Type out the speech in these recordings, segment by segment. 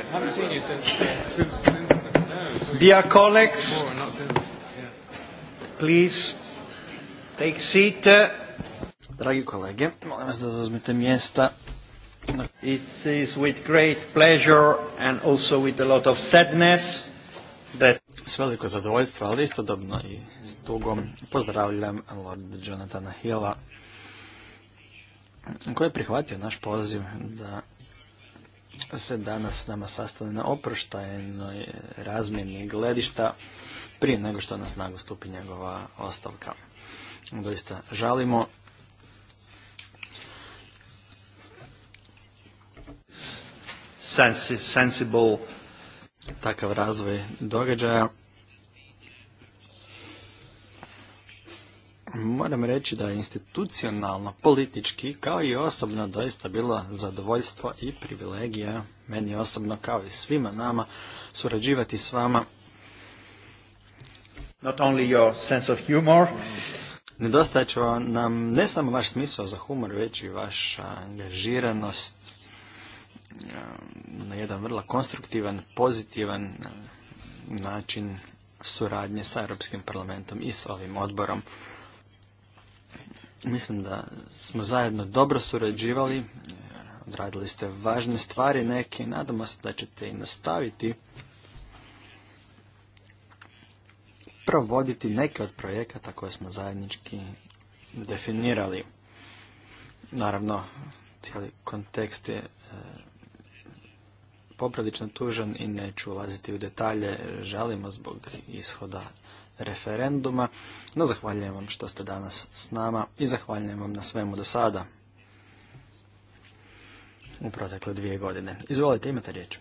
Yes, I Dear colleagues, please take seat. Dragi kolege, molim vas da zauzmite mjesta. It is with great pleasure and also with a lot of sadness that... S veliko zadovoljstvo, ali istodobno i s tugom pozdravljam Lord Jonathana Hilla koji je prihvatio naš poziv da se danas s nama sastane na oproštajnoj razmjeni gledišta prije nego što na snagu stupi njegova ostavka. Doista žalimo. sensible. Takav razvoj događaja Moram reći da je institucionalno, politički, kao i osobno doista bilo zadovoljstvo i privilegija meni osobno kao i svima nama surađivati s vama. Not only your sense of humor. Nedostaje nam ne samo vaš smisao za humor, već i vaša angažiranost ehm, na jedan vrlo konstruktivan, pozitivan ehm, način suradnje sa Europskim parlamentom i s ovim odborom. Mislim da smo zajedno dobro surađivali, odradili ste važne stvari neke i nadamo se da ćete i nastaviti provoditi neke od projekata koje smo zajednički definirali. Naravno, cijeli kontekst je e, poprilično tužan i neću ulaziti u detalje. želimo zbog ishoda referenduma, no zahvaljujem vam što ste danas s nama i zahvaljujem vam na svemu do sada u protekle dvije godine. Izvolite, imate riječ.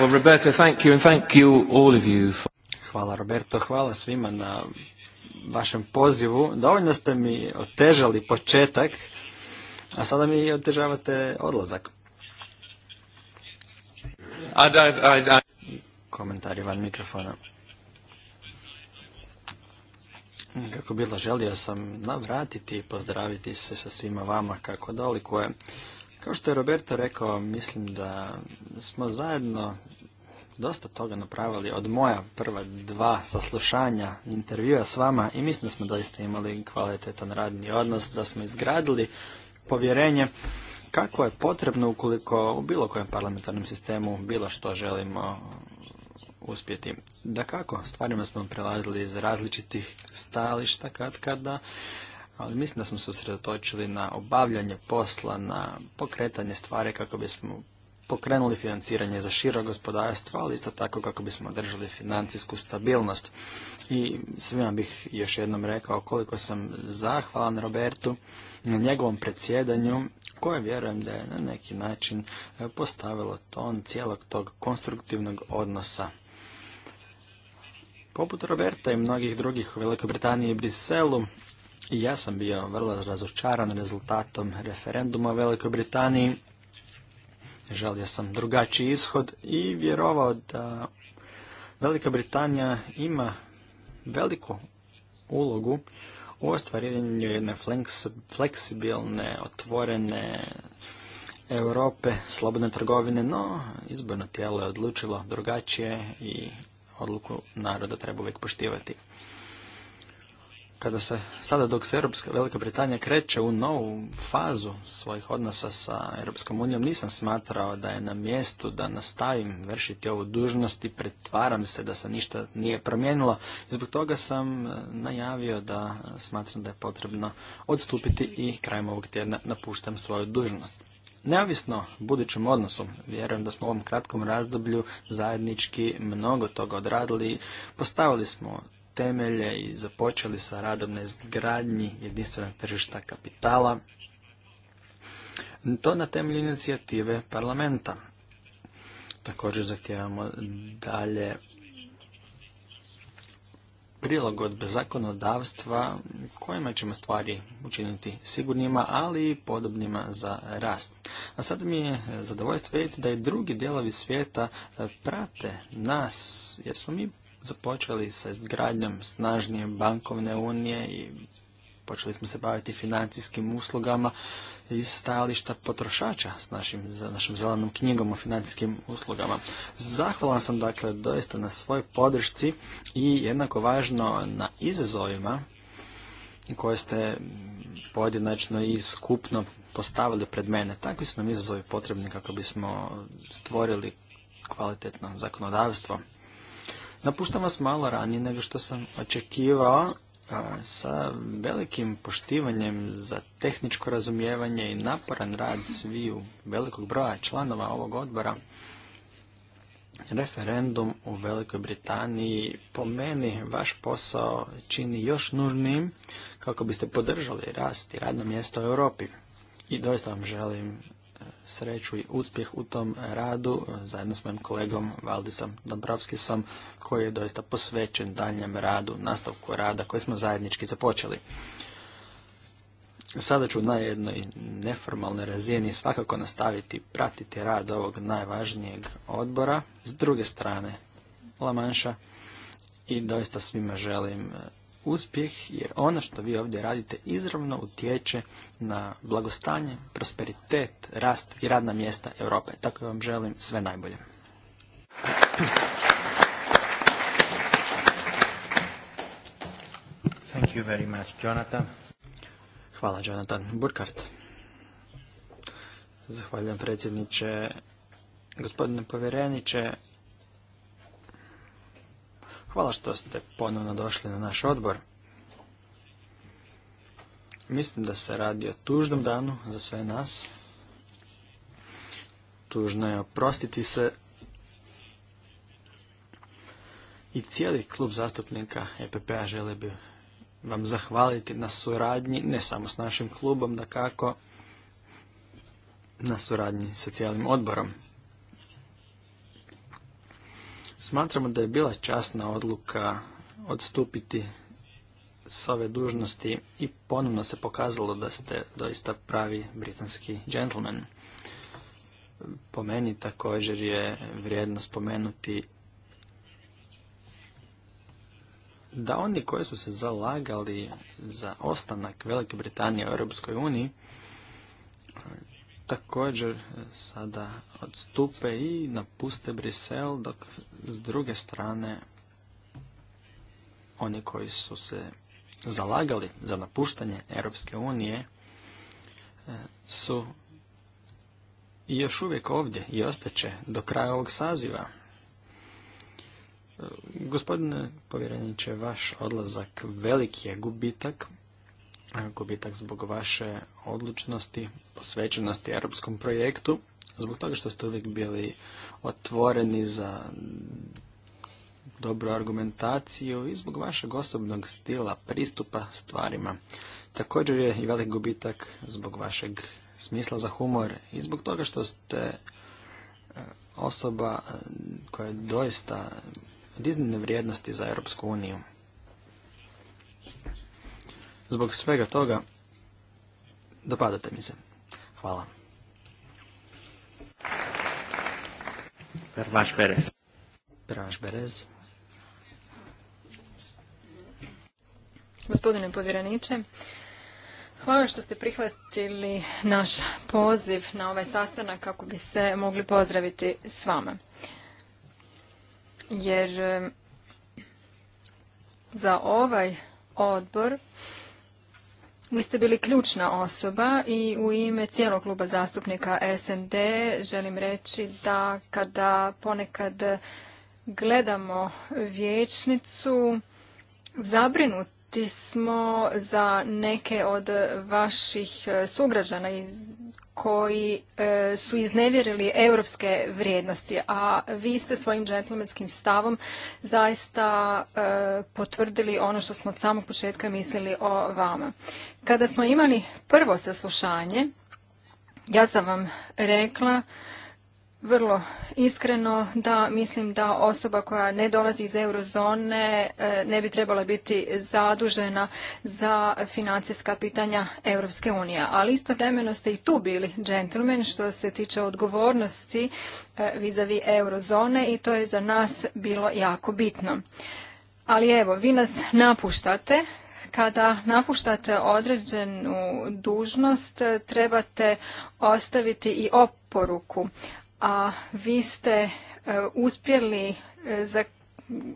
Well, Roberto, thank you and thank you all of you Hvala Roberto, hvala svima na vašem pozivu. Dovoljno ste mi otežali početak, a sada mi otežavate odlazak. Komentari van mikrofona. Kako bilo, želio sam navratiti i pozdraviti se sa svima vama kako je. Kao što je Roberto rekao, mislim da smo zajedno dosta toga napravili od moja prva dva saslušanja, intervjua s vama i mislim da smo doista imali kvalitetan radni odnos, da smo izgradili povjerenje kako je potrebno ukoliko u bilo kojem parlamentarnom sistemu bilo što želimo uspjeti. Da kako, stvarima smo prelazili iz različitih stališta kad kada, ali mislim da smo se usredotočili na obavljanje posla, na pokretanje stvari kako bismo pokrenuli financiranje za širo gospodarstvo, ali isto tako kako bismo održali financijsku stabilnost. I svima bih još jednom rekao koliko sam zahvalan Robertu na njegovom predsjedanju koje vjerujem da je na neki način e, postavilo ton cijelog tog konstruktivnog odnosa. Poput Roberta i mnogih drugih u Velikoj Britaniji i Briselu, i ja sam bio vrlo razočaran rezultatom referenduma u Velikoj Britaniji, Želio sam drugačiji ishod i vjerovao da Velika Britanija ima veliku ulogu u ostvarivanju jedne fleksibilne, otvorene Europe, slobodne trgovine, no izborno tijelo je odlučilo drugačije i odluku naroda treba uvijek poštivati kada se sada dok se Europska Velika Britanija kreće u novu fazu svojih odnosa sa Europskom unijom, nisam smatrao da je na mjestu da nastavim vršiti ovu dužnost i pretvaram se da se ništa nije promijenilo. Zbog toga sam e, najavio da smatram da je potrebno odstupiti i krajem ovog tjedna napuštam svoju dužnost. Neovisno budućem odnosu, vjerujem da smo u ovom kratkom razdoblju zajednički mnogo toga odradili, postavili smo temelje i započeli sa radom na izgradnji jedinstvenog tržišta kapitala. To na temelju inicijative parlamenta. Također zahtijevamo dalje prilagodbe zakonodavstva kojima ćemo stvari učiniti sigurnima, ali i podobnima za rast. A sad mi je zadovoljstvo vidjeti da i drugi dijelovi svijeta prate nas, jer smo mi započeli sa izgradnjom snažnije bankovne unije i počeli smo se baviti financijskim uslugama iz stajališta potrošača s našim, našom zelenom knjigom o financijskim uslugama. Zahvalan sam dakle doista na svoj podršci i jednako važno na izazovima koje ste pojedinačno i skupno postavili pred mene. Takvi su nam izazovi potrebni kako bismo stvorili kvalitetno zakonodavstvo. Napuštam vas malo ranije nego što sam očekivao sa velikim poštivanjem za tehničko razumijevanje i naporan rad sviju velikog broja članova ovog odbora. Referendum u Velikoj Britaniji po meni vaš posao čini još nužnijim kako biste podržali rast i radno mjesto u Europi. I doista vam želim sreću i uspjeh u tom radu e, zajedno s mojim kolegom Valdisom Dombrovskisom koji je doista posvećen daljem radu, nastavku rada koji smo zajednički započeli. Sada ću na jednoj neformalnoj razini svakako nastaviti pratiti rad ovog najvažnijeg odbora s druge strane Lamanša i doista svima želim e, uspjeh jer ono što vi ovdje radite izravno utječe na blagostanje, prosperitet, rast i radna mjesta Europe. Tako vam želim sve najbolje. Thank you very much, Jonathan. Hvala, Jonathan Burkhardt. Zahvaljujem predsjedniče. Gospodine povjereniče, Hvala što ste ponovno došli na naš odbor. Mislim da se radi o tužnom danu za sve nas. Tužno je oprostiti se i cijeli klub zastupnika EPP-a žele bi vam zahvaliti na suradnji, ne samo s našim klubom, da kako, na suradnji sa cijelim odborom. Smatramo da je bila časna odluka odstupiti s ove dužnosti i ponovno se pokazalo da ste doista pravi britanski džentlmen. Po meni također je vrijedno spomenuti da oni koji su se zalagali za ostanak Velike Britanije u Europskoj uniji također e, sada odstupe i napuste Brisel, dok s druge strane oni koji su se zalagali za napuštanje Europske unije e, su i još uvijek ovdje i ostaće do kraja ovog saziva. E, gospodine povjereniče, vaš odlazak veliki je gubitak gubitak zbog vaše odlučnosti, posvećenosti europskom projektu, zbog toga što ste uvijek bili otvoreni za dobru argumentaciju i zbog vašeg osobnog stila pristupa stvarima. Također je i velik gubitak zbog vašeg smisla za humor i zbog toga što ste e, osoba e, koja je doista od iznimne vrijednosti za Europsku uniju. Zbog svega toga dopadate mi se. Hvala. Pervaš Perez. Pervaš Perez. Gospodine povjereniče, Hvala što ste prihvatili naš poziv na ovaj sastanak kako bi se mogli pozdraviti s vama. Jer za ovaj odbor vi ste bili ključna osoba i u ime cijelog kluba zastupnika SND želim reći da kada ponekad gledamo vječnicu, zabrinut smo za neke od vaših e, sugrađana koji e, su iznevjerili europske vrijednosti, a vi ste svojim gentlemanskim stavom zaista e, potvrdili ono što smo od samog početka mislili o vama. Kada smo imali prvo saslušanje, ja sam vam rekla vrlo iskreno da mislim da osoba koja ne dolazi iz eurozone e, ne bi trebala biti zadužena za financijska pitanja Europske unije. Ali istovremeno ste i tu bili džentlmen što se tiče odgovornosti e, vizavi eurozone i to je za nas bilo jako bitno. Ali evo, vi nas napuštate, kada napuštate određenu dužnost e, trebate ostaviti i oporuku a vi ste e, uspjeli e, za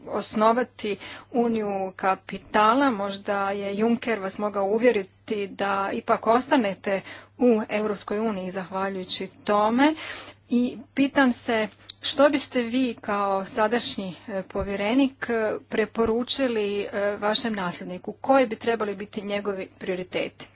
osnovati uniju kapitala. Možda je Juncker vas mogao uvjeriti da ipak ostanete u Europskoj uniji zahvaljujući tome. I pitam se što biste vi kao sadašnji e, povjerenik preporučili vašem nasljedniku? Koji bi trebali biti njegovi prioriteti?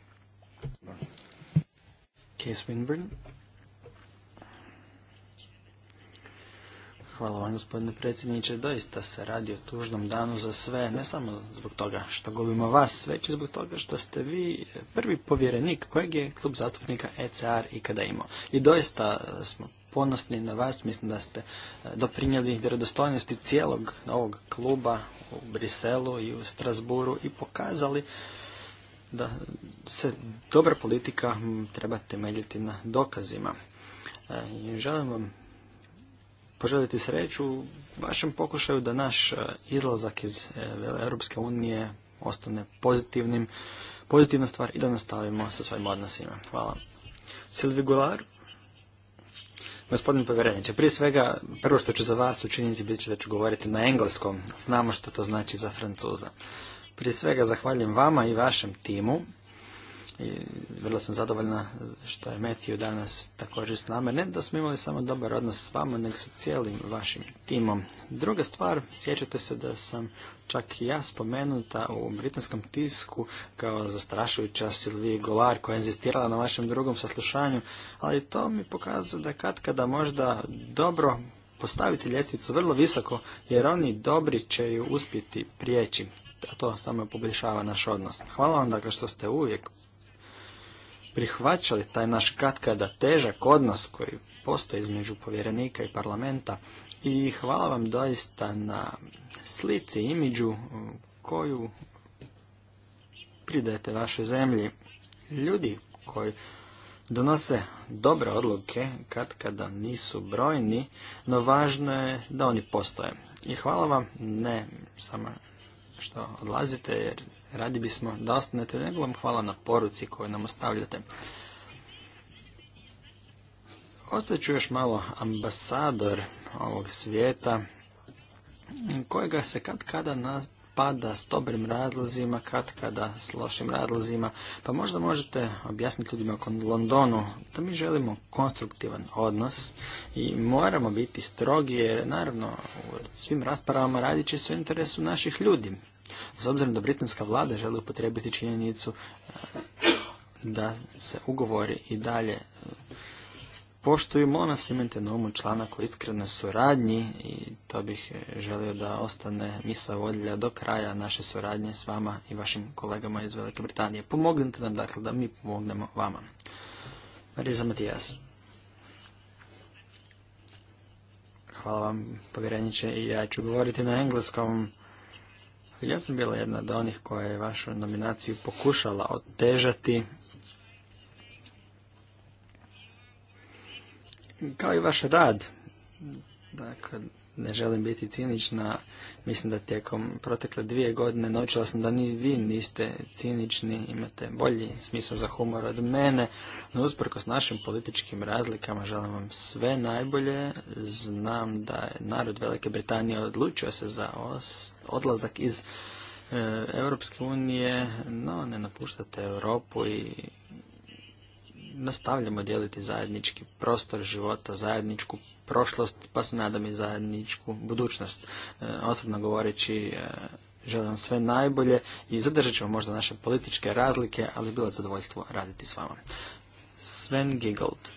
Hvala vam gospodine predsjedniče. Doista se radi o tužnom danu za sve, ne samo zbog toga što gubimo vas, već i zbog toga što ste vi prvi povjerenik kojeg je klub zastupnika ECR ikada imao. I doista smo ponosni na vas, mislim da ste e, doprinijeli vjerodostojnosti cijelog ovog kluba u Briselu i u Strasburu i pokazali da se dobra politika treba temeljiti na dokazima. E, I želim vam poželiti sreću u vašem pokušaju da naš e, izlazak iz e, Europske unije ostane pozitivnim, pozitivna stvar i da nastavimo sa svojim odnosima. Hvala. Silvi Gular, Gospodin povjereniče, prije svega, prvo što ću za vas učiniti bit će da ću govoriti na engleskom. Znamo što to znači za francuza. Prije svega, zahvaljujem vama i vašem timu i vrlo sam zadovoljna što je Matthew danas također s nama. Ne da smo imali samo dobar odnos s vama, nego sa cijelim vašim timom. Druga stvar, sjećate se da sam čak i ja spomenuta u britanskom tisku kao zastrašujuća Silvije Golar koja je inzistirala na vašem drugom saslušanju, ali to mi pokazuje da kad kada možda dobro postaviti ljestvicu vrlo visoko, jer oni dobri će ju uspjeti prijeći. A to samo poboljšava naš odnos. Hvala vam dakle što ste uvijek prihvaćali taj naš katkada kada težak odnos koji postoji između povjerenika i parlamenta i hvala vam doista na slici, imidžu koju pridajete vašoj zemlji. Ljudi koji donose dobre odluke kad kada nisu brojni, no važno je da oni postoje. I hvala vam, ne samo što odlazite, jer radi bismo da ostanete, nego vam hvala na poruci koju nam ostavljate. Ostaću još malo ambasador ovog svijeta, kojega se kad kada napada s dobrim razlozima, kad kada s lošim razlozima, pa možda možete objasniti ljudima kod Londonu da mi želimo konstruktivan odnos i moramo biti strogi jer naravno u svim raspravama radit će se u interesu naših ljudi, s obzirom da britanska vlada želi upotrebiti činjenicu eh, da se ugovori i dalje eh, poštuju, molim vas imajte na umu članak o iskrenoj suradnji i to bih eh, želio da ostane misa vodilja do kraja naše suradnje s vama i vašim kolegama iz Velike Britanije. Pomognite nam dakle da mi pomognemo vama. Mariza Matijas. Hvala vam povjereniče i ja ću govoriti na engleskom ja sam bila jedna od onih koja je vašu nominaciju pokušala otežati. Kao i vaš rad. Dakle, ne želim biti cinična. Mislim da tijekom protekle dvije godine naučila sam da ni vi niste cinični, imate bolji smisao za humor od mene. No s našim političkim razlikama želim vam sve najbolje. Znam da je narod Velike Britanije odlučio se za os odlazak iz e, Europske unije, no ne napuštate Europu i nastavljamo dijeliti zajednički prostor života, zajedničku prošlost, pa se nadam i zajedničku budućnost. E, osobno govoreći, e, želim sve najbolje i zadržat ćemo možda naše političke razlike, ali bilo je zadovoljstvo raditi s vama. Sven Giggold.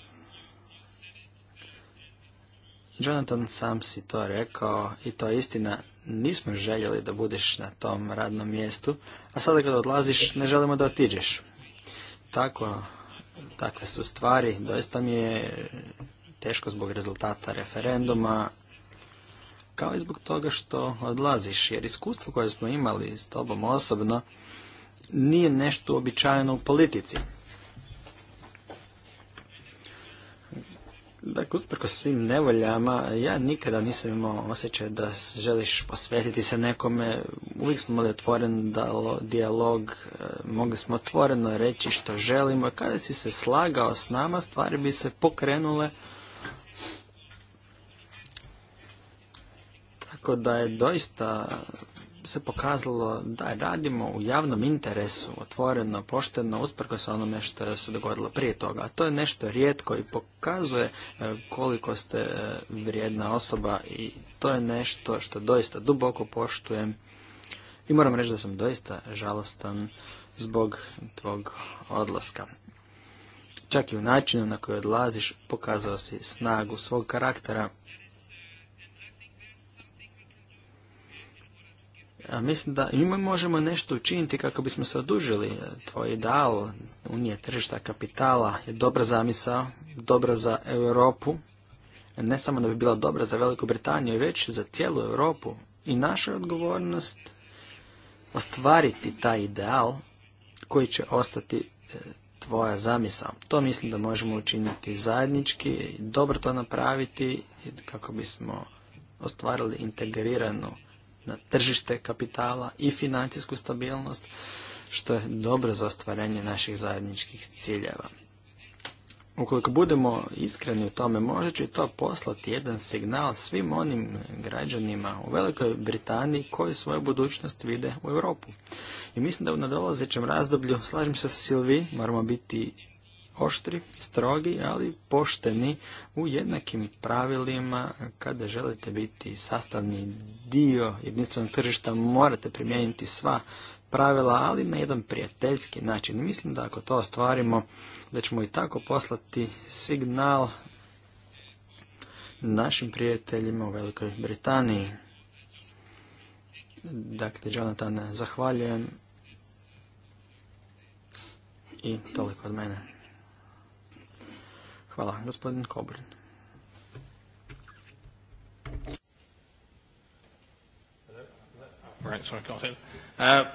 Jonathan sam si to rekao i to je istina, nismo željeli da budeš na tom radnom mjestu, a sada kada odlaziš ne želimo da otiđeš. Tako, takve su stvari. Doista mi je teško zbog rezultata referenduma, kao i zbog toga što odlaziš, jer iskustvo koje smo imali s tobom osobno nije nešto uobičajeno u politici. Dakle, usprko svim nevoljama, ja nikada nisam imao osjećaj da želiš posvetiti se nekome. Uvijek smo imali otvoren dijalog, e, mogli smo otvoreno reći što želimo. Kada si se slagao s nama, stvari bi se pokrenule. Tako da je doista se pokazalo da radimo u javnom interesu, otvoreno, pošteno, usprkos onome što se dogodilo prije toga. A to je nešto rijetko i pokazuje e, koliko ste e, vrijedna osoba i to je nešto što doista duboko poštujem. I moram reći da sam doista žalostan zbog tvog odlaska. Čak i u načinu na koji odlaziš pokazao si snagu svog karaktera mislim da mi možemo nešto učiniti kako bismo se odužili. Tvoj ideal unije tržišta kapitala je dobra zamisao, dobra za Europu, ne samo da bi bila dobra za Veliku Britaniju, već za cijelu Europu. I naša je odgovornost ostvariti taj ideal koji će ostati e, tvoja zamisao. To mislim da možemo učiniti zajednički i dobro to napraviti kako bismo ostvarili integriranu na tržište kapitala i financijsku stabilnost, što je dobro za ostvarenje naših zajedničkih ciljeva. Ukoliko budemo iskreni u tome, može će to poslati jedan signal svim onim građanima u Velikoj Britaniji koji svoju budućnost vide u Europu. I mislim da u nadolazećem razdoblju, slažem se sa Silvi, moramo biti oštri, strogi, ali pošteni u jednakim pravilima kada želite biti sastavni dio jedinstvenog tržišta morate primijeniti sva pravila, ali na jedan prijateljski način. mislim da ako to ostvarimo, da ćemo i tako poslati signal našim prijateljima u Velikoj Britaniji. Dakle, Jonathan, zahvaljujem i toliko od mene. Hvala, gospodin Koburin. Right, got uh,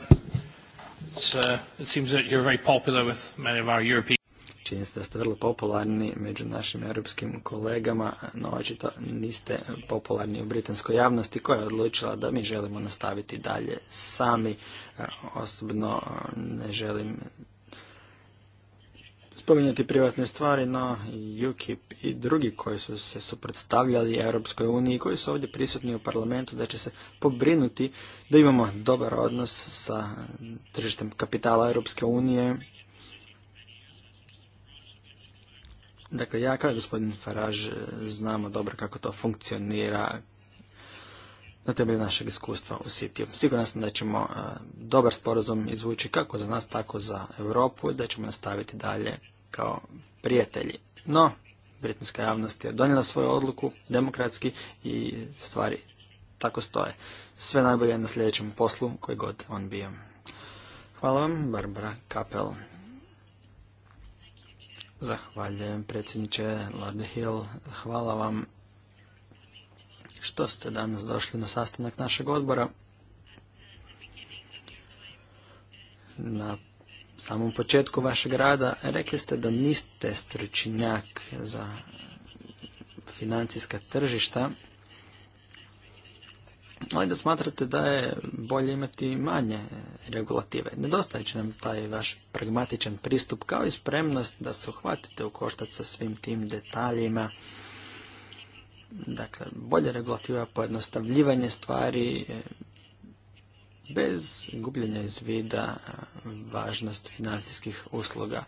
uh, it seems that you're very popular with many of our European... Čini se da ste vrlo popularni među našim europskim kolegama, no očito niste popularni u britanskoj javnosti koja je odlučila da mi želimo nastaviti dalje sami. Uh, osobno uh, ne želim spominjati privatne stvari na UKIP i drugi koji su se suprotstavljali Europskoj uniji, koji su ovdje prisutni u parlamentu, da će se pobrinuti da imamo dobar odnos sa tržištem kapitala Europske unije. Dakle, ja kao gospodin Faraž znamo dobro kako to funkcionira na temelju našeg iskustva u Sitiju. Sigurno sam da ćemo e, dobar sporazum izvući kako za nas, tako za Europu i da ćemo nastaviti dalje kao prijatelji. No, britanska javnost je donijela svoju odluku demokratski i stvari tako stoje. Sve najbolje na sljedećem poslu koji god on bio. Hvala vam, Barbara Kapel. Zahvaljujem predsjedniče Lorde Hill. Hvala vam što ste danas došli na sastanak našeg odbora. Na samom početku vašeg rada rekli ste da niste stručnjak za financijska tržišta, ali da smatrate da je bolje imati manje regulative. Nedostaje će nam taj vaš pragmatičan pristup kao i spremnost da se uhvatite u koštac sa svim tim detaljima. Dakle, bolje regulativa, pojednostavljivanje stvari, bez gubljenja iz vida važnost financijskih usluga.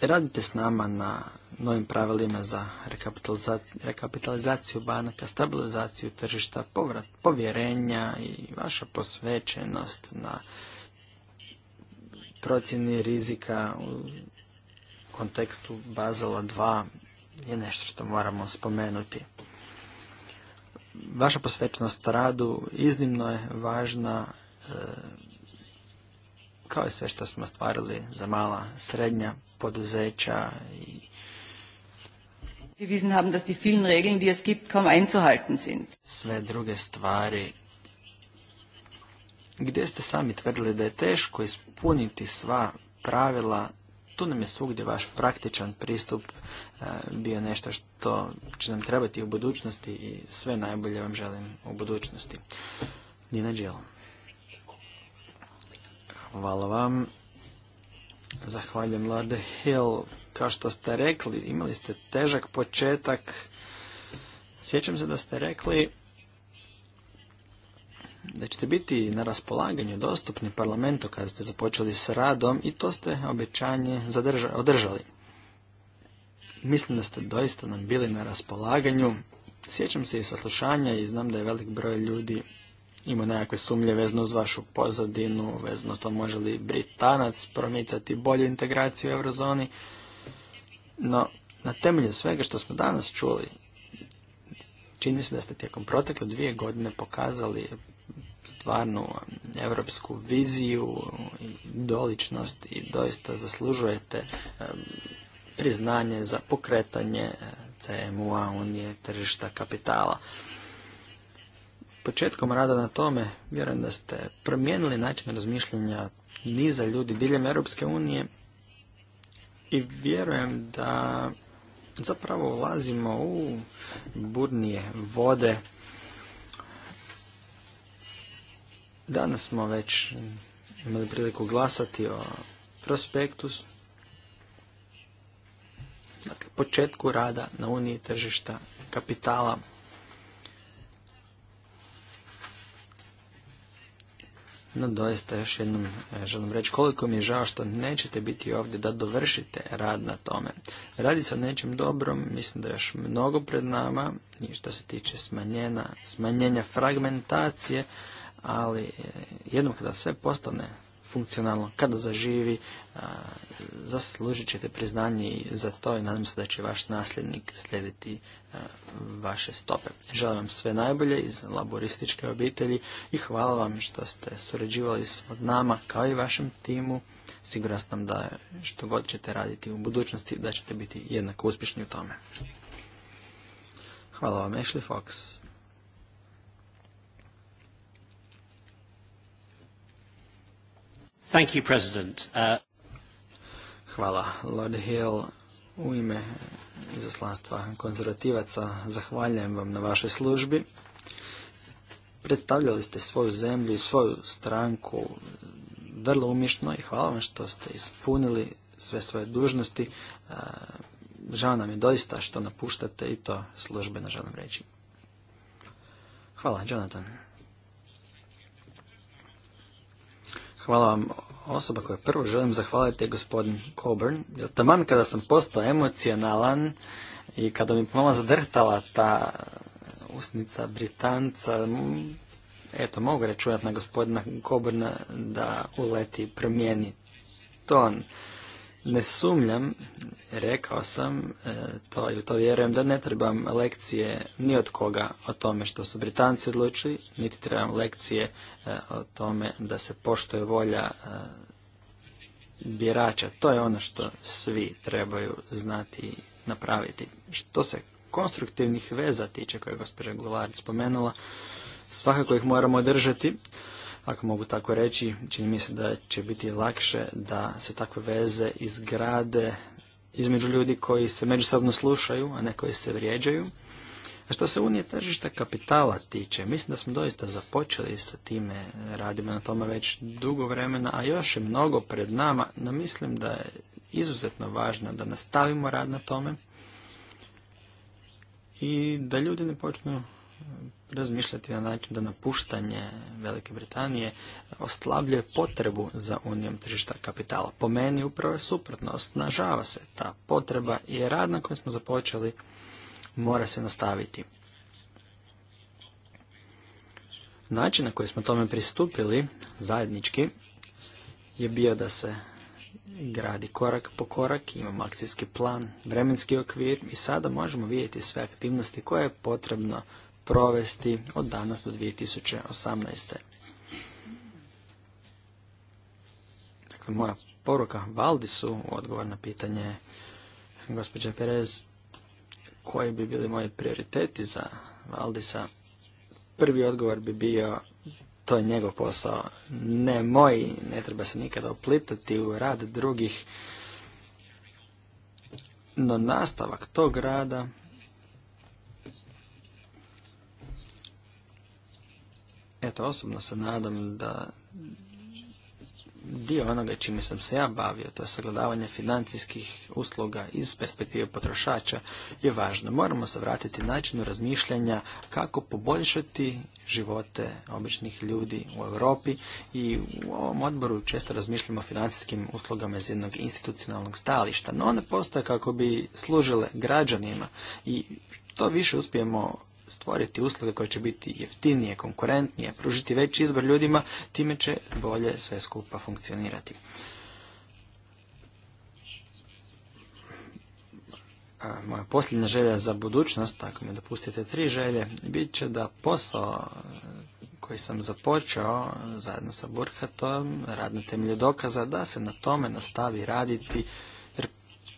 Radite s nama na novim pravilima za rekapitalizaciju banaka, stabilizaciju tržišta, povrat povjerenja i vaša posvećenost na procjeni rizika u kontekstu Bazela 2 je nešto što moramo spomenuti vaša posvećenost radu iznimno je važna e, kao i sve što smo stvarili za mala, srednja poduzeća i haben, dass die vielen Sve druge stvari gdje ste sami tvrdili da je teško ispuniti sva pravila tu nam je svugdje vaš praktičan pristup e, bio nešto što će nam trebati u budućnosti i sve najbolje vam želim u budućnosti. Nina Đelo. Hvala vam. Zahvaljujem Lorde Hill. Kao što ste rekli, imali ste težak početak. Sjećam se da ste rekli da ćete biti na raspolaganju dostupni parlamentu kada ste započeli s radom i to ste obećanje održali. Mislim da ste doista nam bili na raspolaganju. Sjećam se i saslušanja i znam da je velik broj ljudi ima nekakve sumlje vezno uz vašu pozadinu, vezno to može li Britanac promicati bolju integraciju u eurozoni. No, na temelju svega što smo danas čuli, čini se da ste tijekom protekle dvije godine pokazali stvarnu europsku viziju i doličnost i doista zaslužujete priznanje za pokretanje e, CMU-a Unije tržišta kapitala. Početkom rada na tome vjerujem da ste promijenili način razmišljanja niza ljudi diljem Europske unije i vjerujem da zapravo ulazimo u burnije vode Danas smo već imali priliku glasati o prospektus, dakle, početku rada na Uniji tržišta kapitala. No doista još jednom e, želim reći koliko mi je žao što nećete biti ovdje da dovršite rad na tome. Radi se o nečem dobrom, mislim da je još mnogo pred nama i što se tiče smanjena, smanjenja fragmentacije, ali e, jednom kada sve postane funkcionalno, kada zaživi, e, zaslužit ćete priznanje i za to i nadam se da će vaš nasljednik slijediti e, vaše stope. Želim vam sve najbolje iz laborističke obitelji i hvala vam što ste surađivali s nama kao i vašem timu. Siguran sam da što god ćete raditi u budućnosti da ćete biti jednako uspješni u tome. Hvala vam Ashley Fox. Thank you, uh, Hvala, Lord Hill. U ime izaslanstva konzervativaca zahvaljujem vam na vašoj službi. Predstavljali ste svoju zemlju i svoju stranku vrlo umješno i hvala vam što ste ispunili sve svoje dužnosti. Uh, žao nam je doista što napuštate i to službeno želim reći. Hvala, Jonathan. Hvala vam. Osoba koju prvo želim zahvaliti je gospodin Coburn. Taman kada sam postao emocionalan i kada mi pomalo zadrtala ta usnica Britanca, eto, mogu računati na gospodina Coburna da uleti promijeni ton. Ne sumljam, rekao sam, e, to i u to vjerujem, da ne trebam lekcije ni od koga o tome što su Britanci odlučili, niti trebam lekcije e, o tome da se poštuje volja e, birača. To je ono što svi trebaju znati i napraviti. Što se konstruktivnih veza tiče, koje je gospođa Gular spomenula, svakako ih moramo držati ako mogu tako reći, čini mi se da će biti lakše da se takve veze izgrade između ljudi koji se međusobno slušaju, a ne koji se vrijeđaju. A što se unije tržišta kapitala tiče, mislim da smo doista započeli sa time, radimo na tome već dugo vremena, a još je mnogo pred nama, no mislim da je izuzetno važno da nastavimo rad na tome i da ljudi ne počnu razmišljati na način da napuštanje Velike Britanije oslabljuje potrebu za unijom tržišta kapitala. Po meni upravo je suprotno, osnažava se ta potreba i rad na kojem smo započeli mora se nastaviti. Način na koji smo tome pristupili zajednički je bio da se gradi korak po korak, imamo akcijski plan, vremenski okvir i sada možemo vidjeti sve aktivnosti koje je potrebno provesti od danas do 2018. Dakle, moja poruka Valdisu u odgovor na pitanje gospođe Perez koji bi bili moji prioriteti za Valdisa. Prvi odgovor bi bio to je njegov posao, ne moj, ne treba se nikada oplitati u rad drugih. No nastavak tog rada Eto, osobno se nadam da dio onoga čime sam se ja bavio, to je sagledavanje financijskih usluga iz perspektive potrošača, je važno. Moramo se vratiti načinu razmišljanja kako poboljšati živote običnih ljudi u Europi i u ovom odboru često razmišljamo o financijskim uslugama iz jednog institucionalnog stališta, no one postoje kako bi služile građanima i što više uspijemo stvoriti usluge koje će biti jeftinije, konkurentnije, pružiti veći izbor ljudima, time će bolje sve skupa funkcionirati. moja posljednja želja za budućnost, ako mi dopustite tri želje, bit će da posao koji sam započeo zajedno sa Burhatom, rad na temelju dokaza, da se na tome nastavi raditi, jer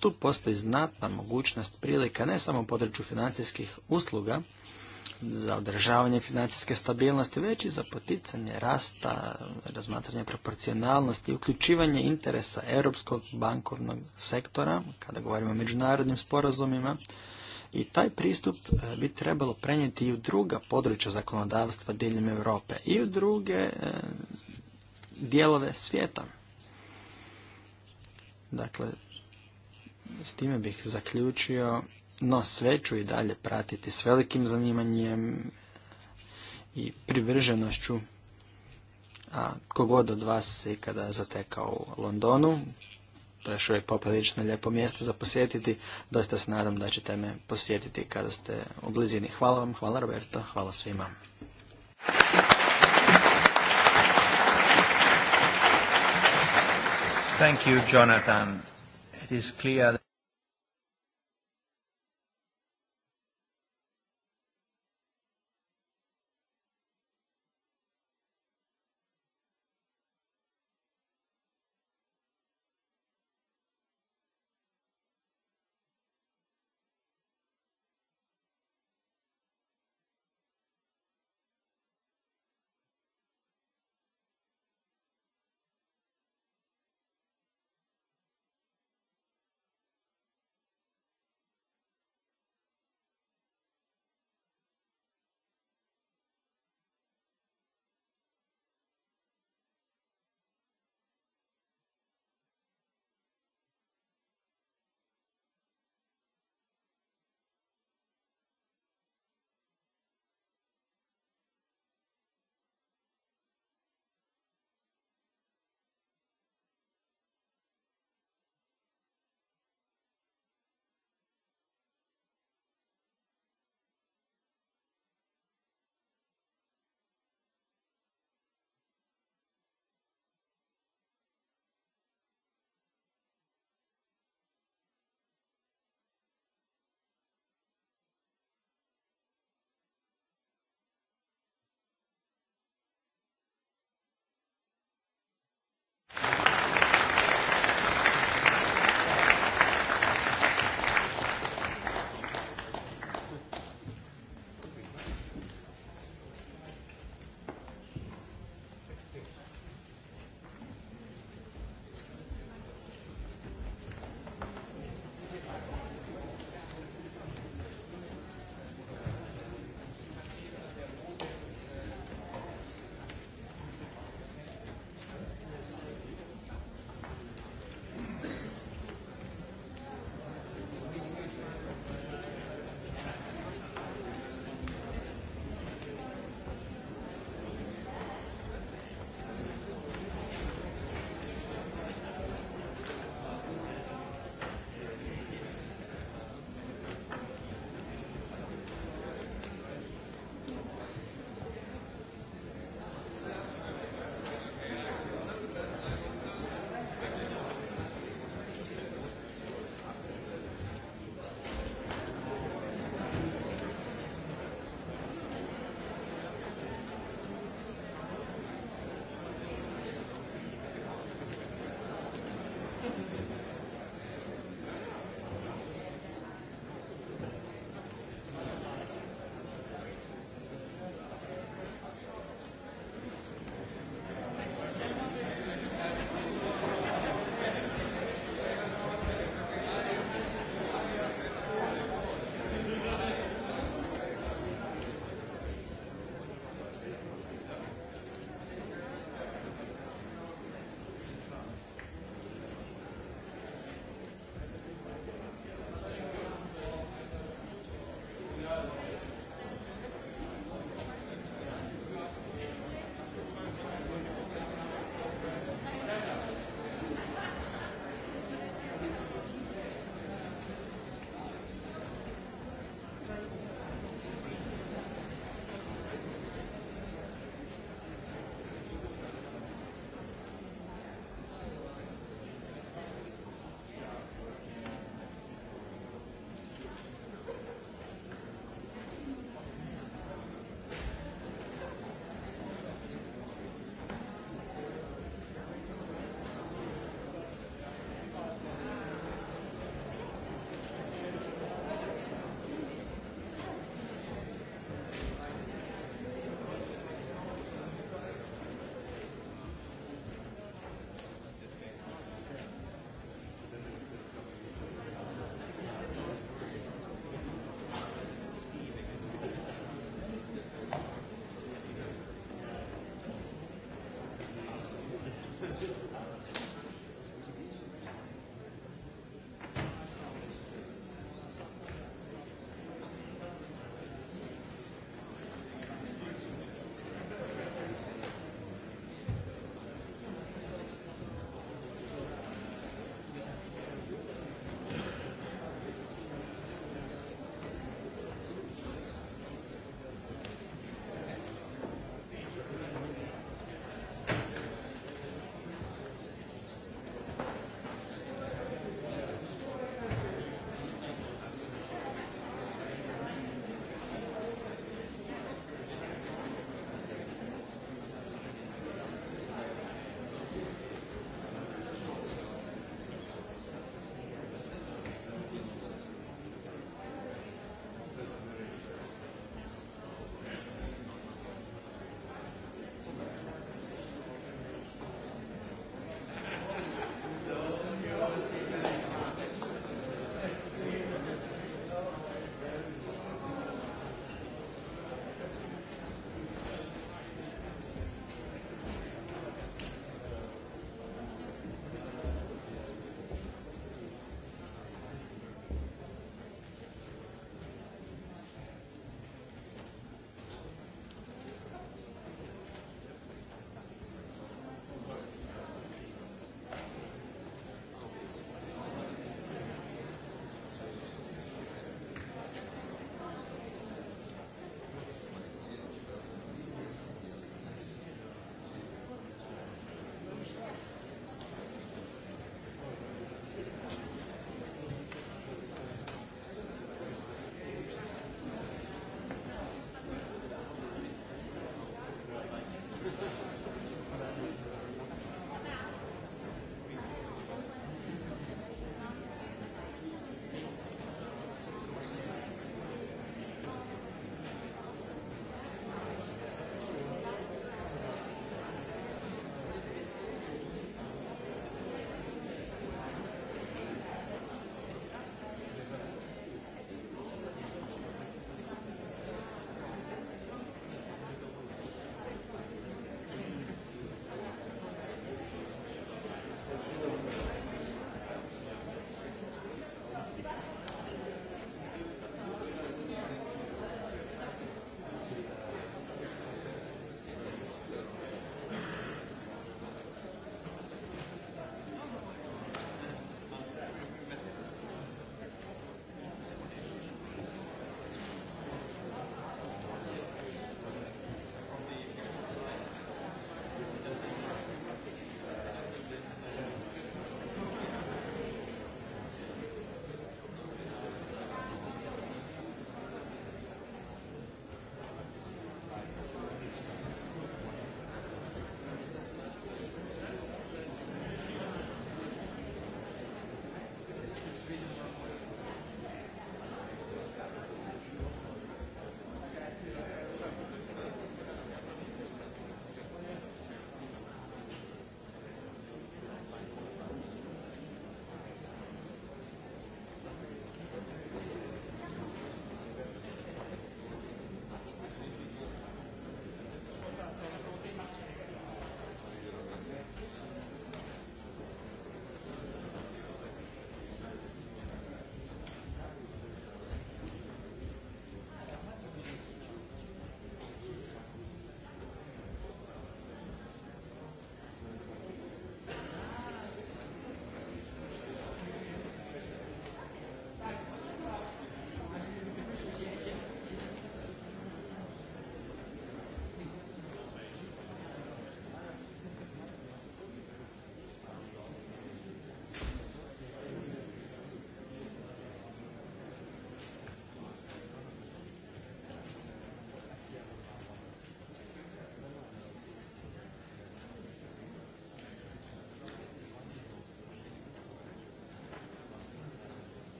tu postoji znatna mogućnost prilika ne samo u području financijskih usluga, za održavanje financijske stabilnosti, već i za poticanje rasta, razmatranje proporcionalnosti, uključivanje interesa europskog bankovnog sektora, kada govorimo o međunarodnim sporazumima, i taj pristup e, bi trebalo prenijeti i u druga područja zakonodavstva diljem Europe i u druge e, dijelove svijeta. Dakle, s time bih zaključio no sve ću i dalje pratiti s velikim zanimanjem i privrženošću. A kogod od vas se ikada zatekao u Londonu, to je još uvijek poprilično lijepo mjesto za posjetiti. dosta se nadam da ćete me posjetiti kada ste u blizini. Hvala vam, hvala Roberto, hvala svima. Thank you, Jonathan. It is clear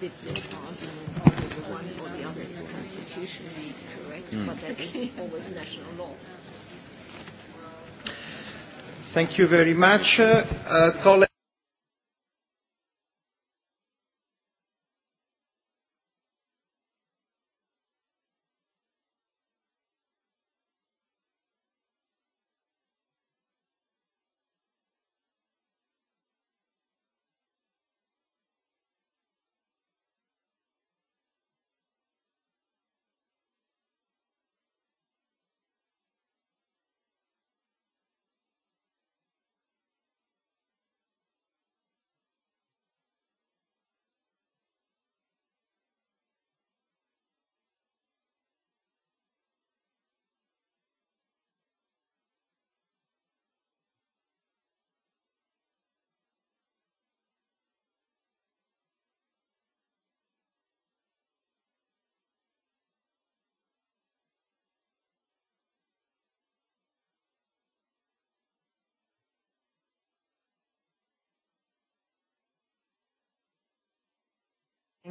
fit It's hard the one or the other is constitutionally correct, mm. but that is always national law. Thank you very much. Uh, colleague-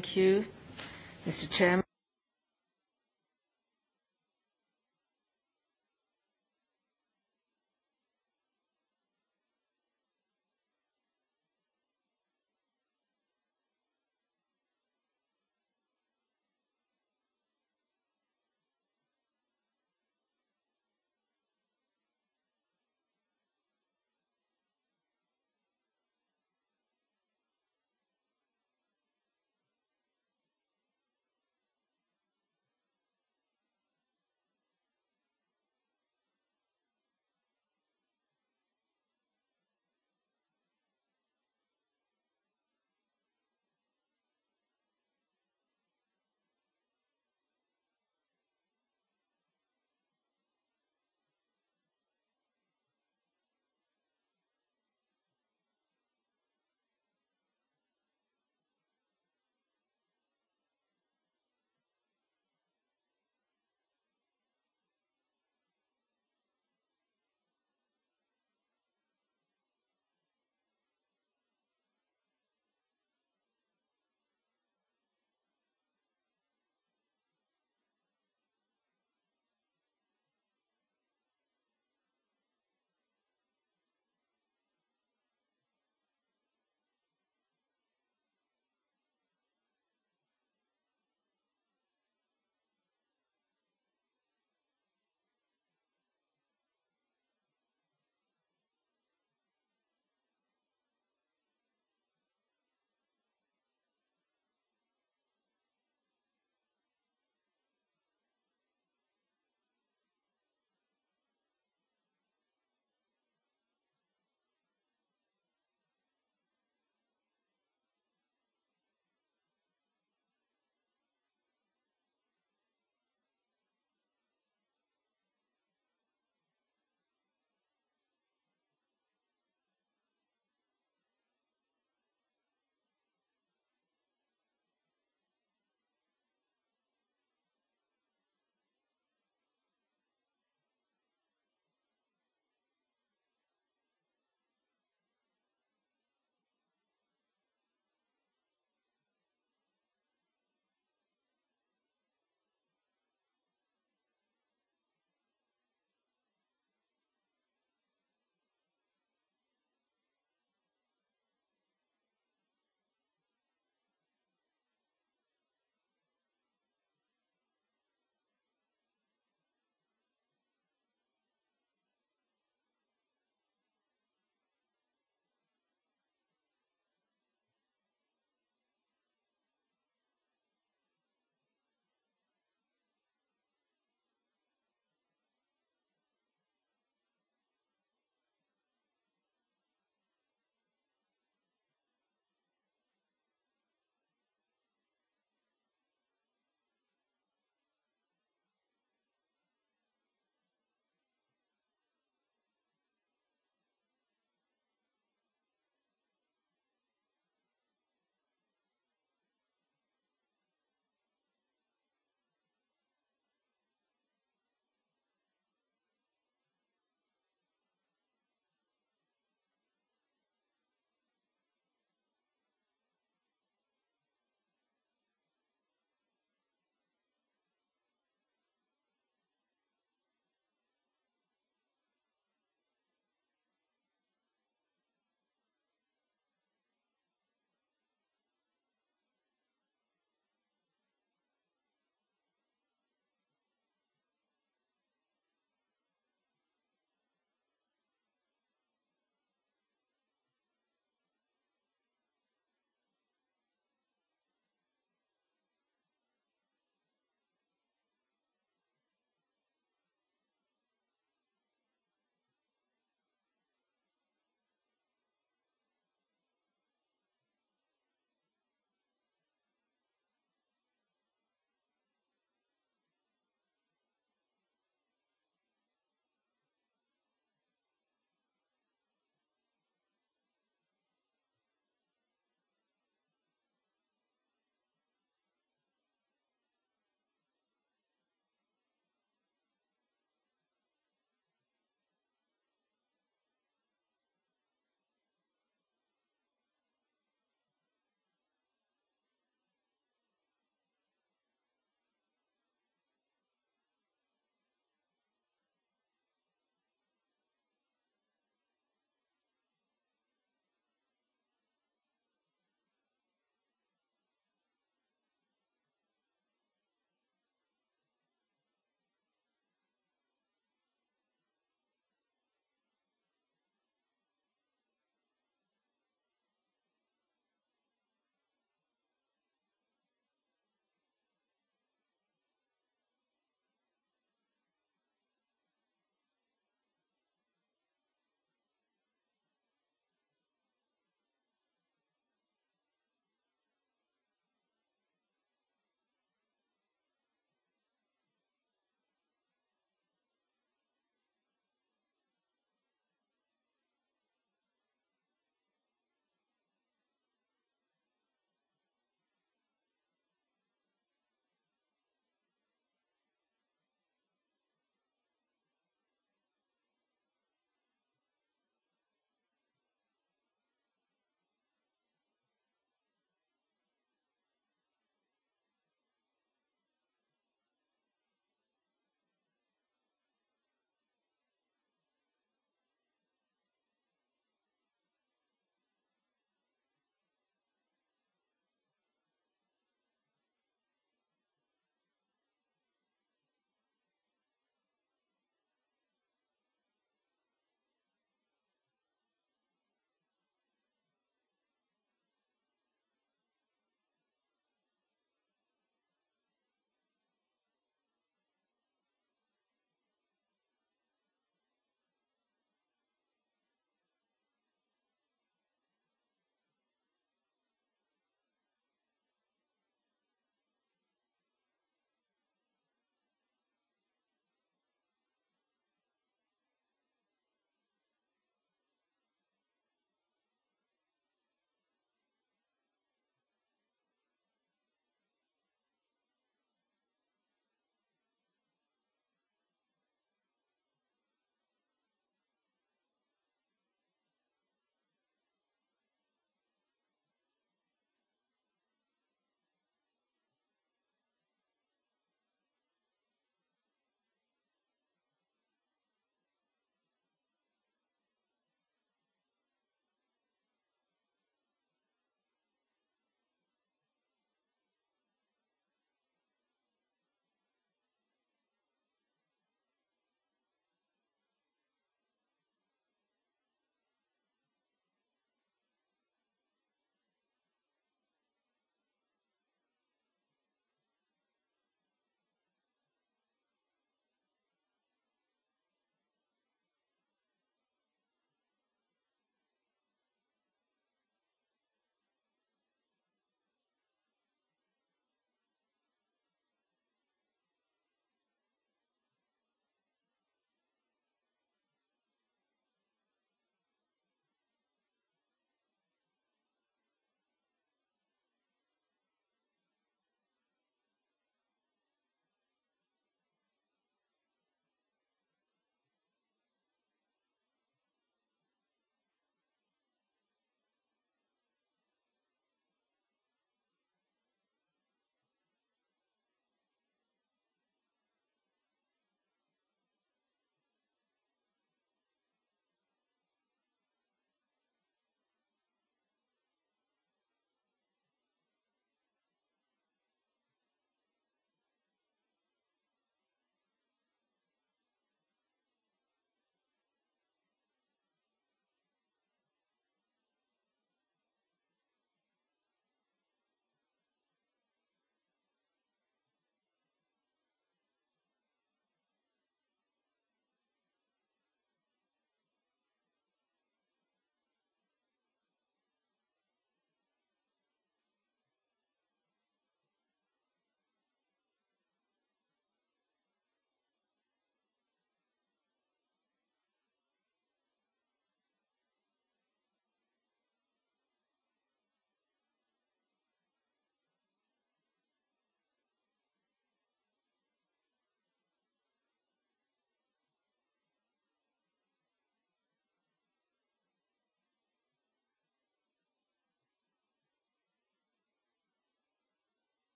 Thank you, Mr.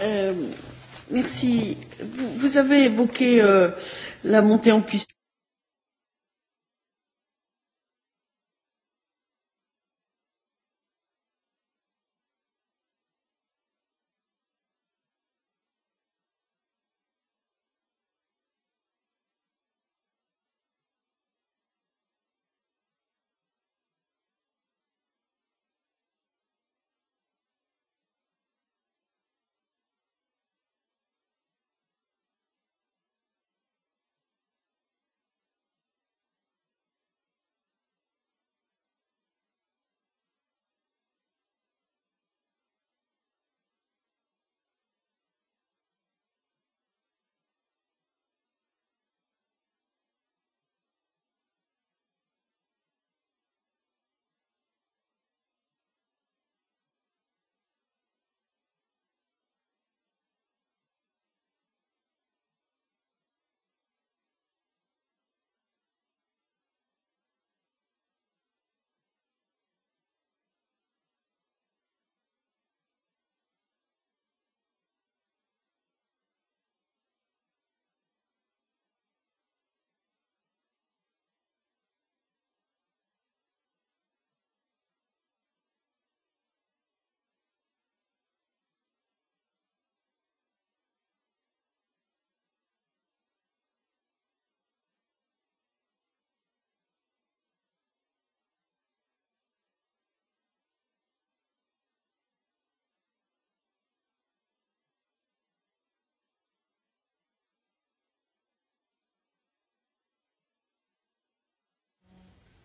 Euh, merci. Vous avez évoqué euh, la montée en puissance.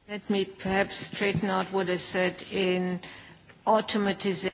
Let me perhaps straighten out what I said in automatization.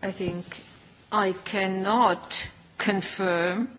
I think I cannot confirm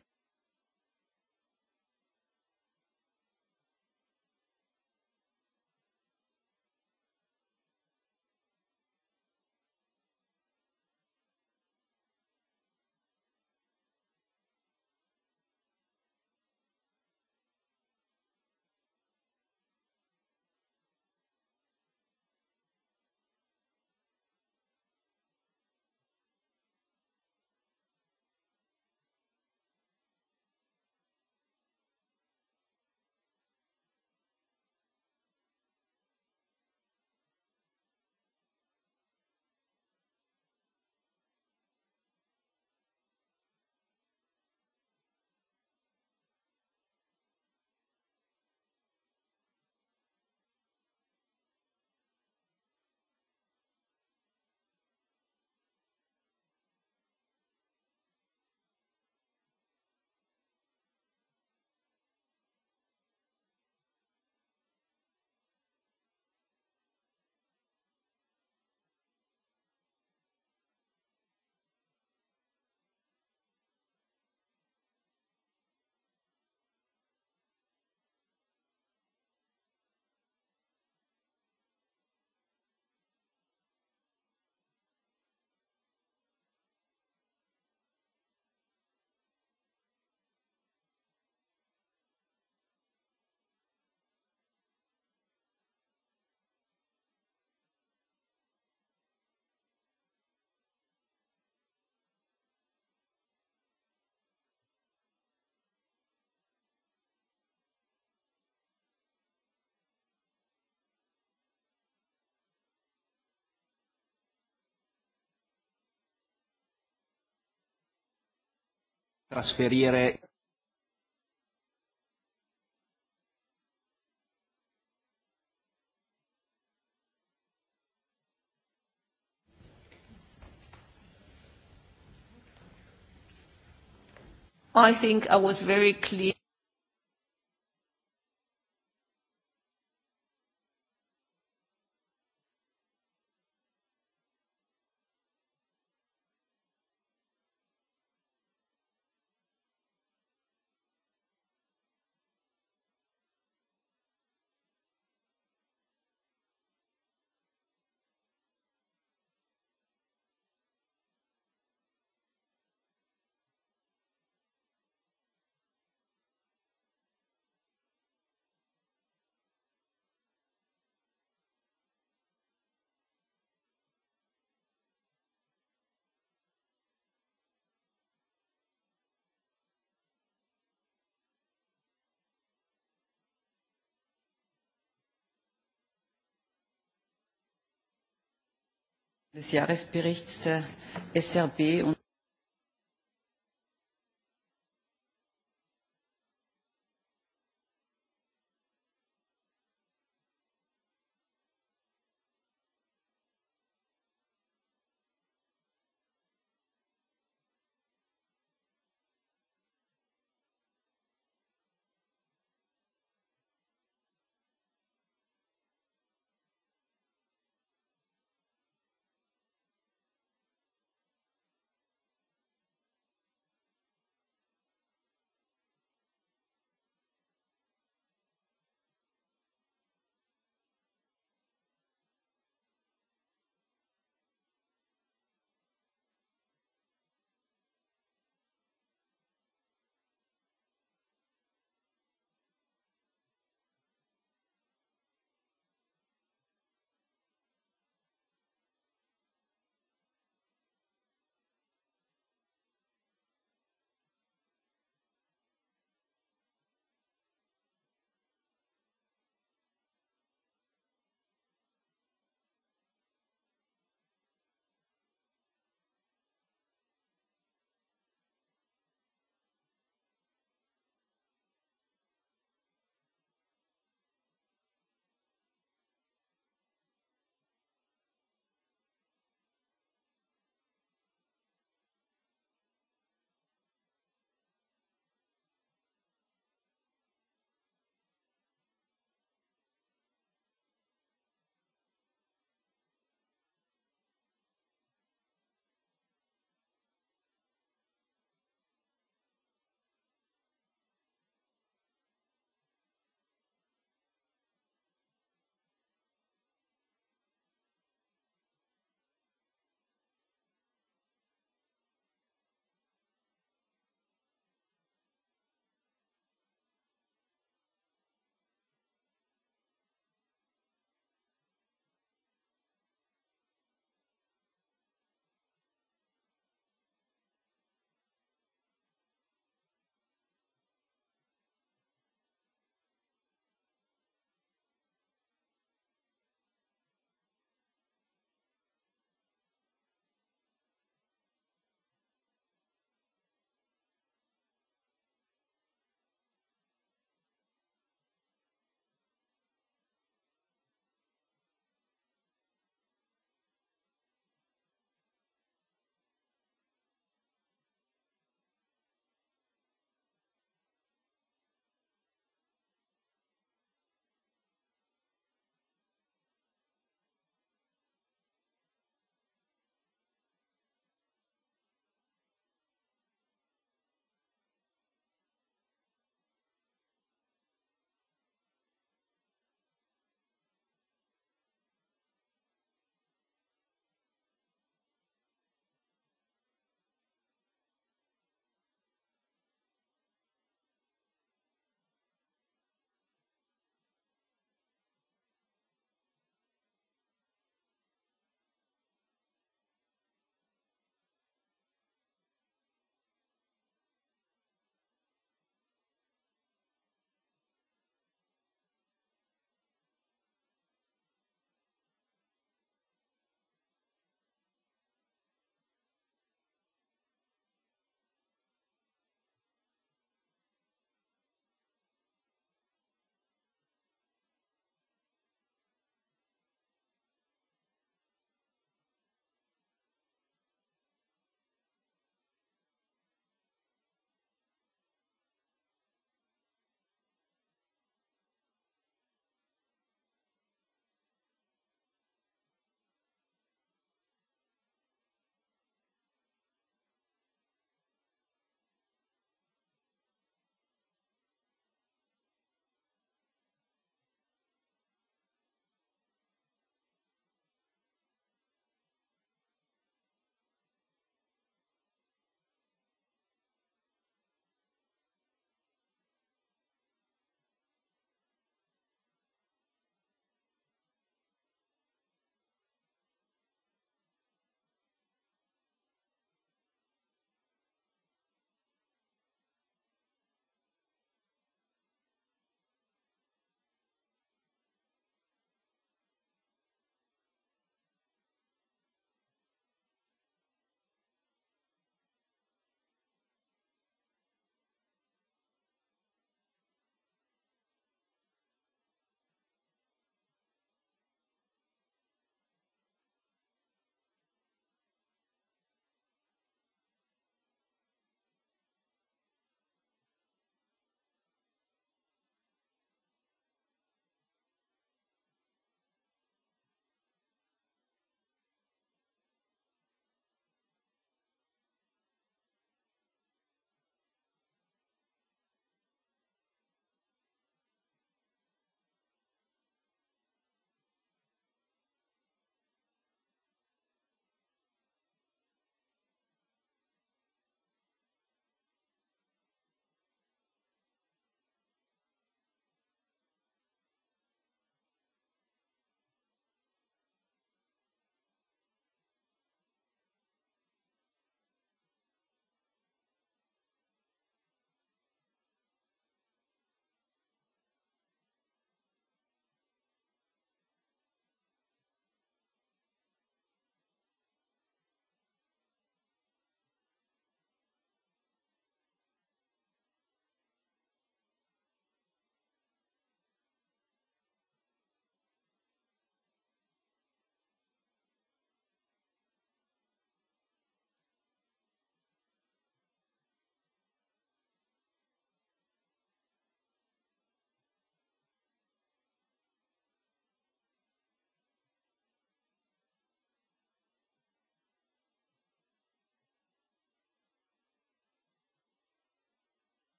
trasferire I think I was very clear. des Jahresberichts der SRB und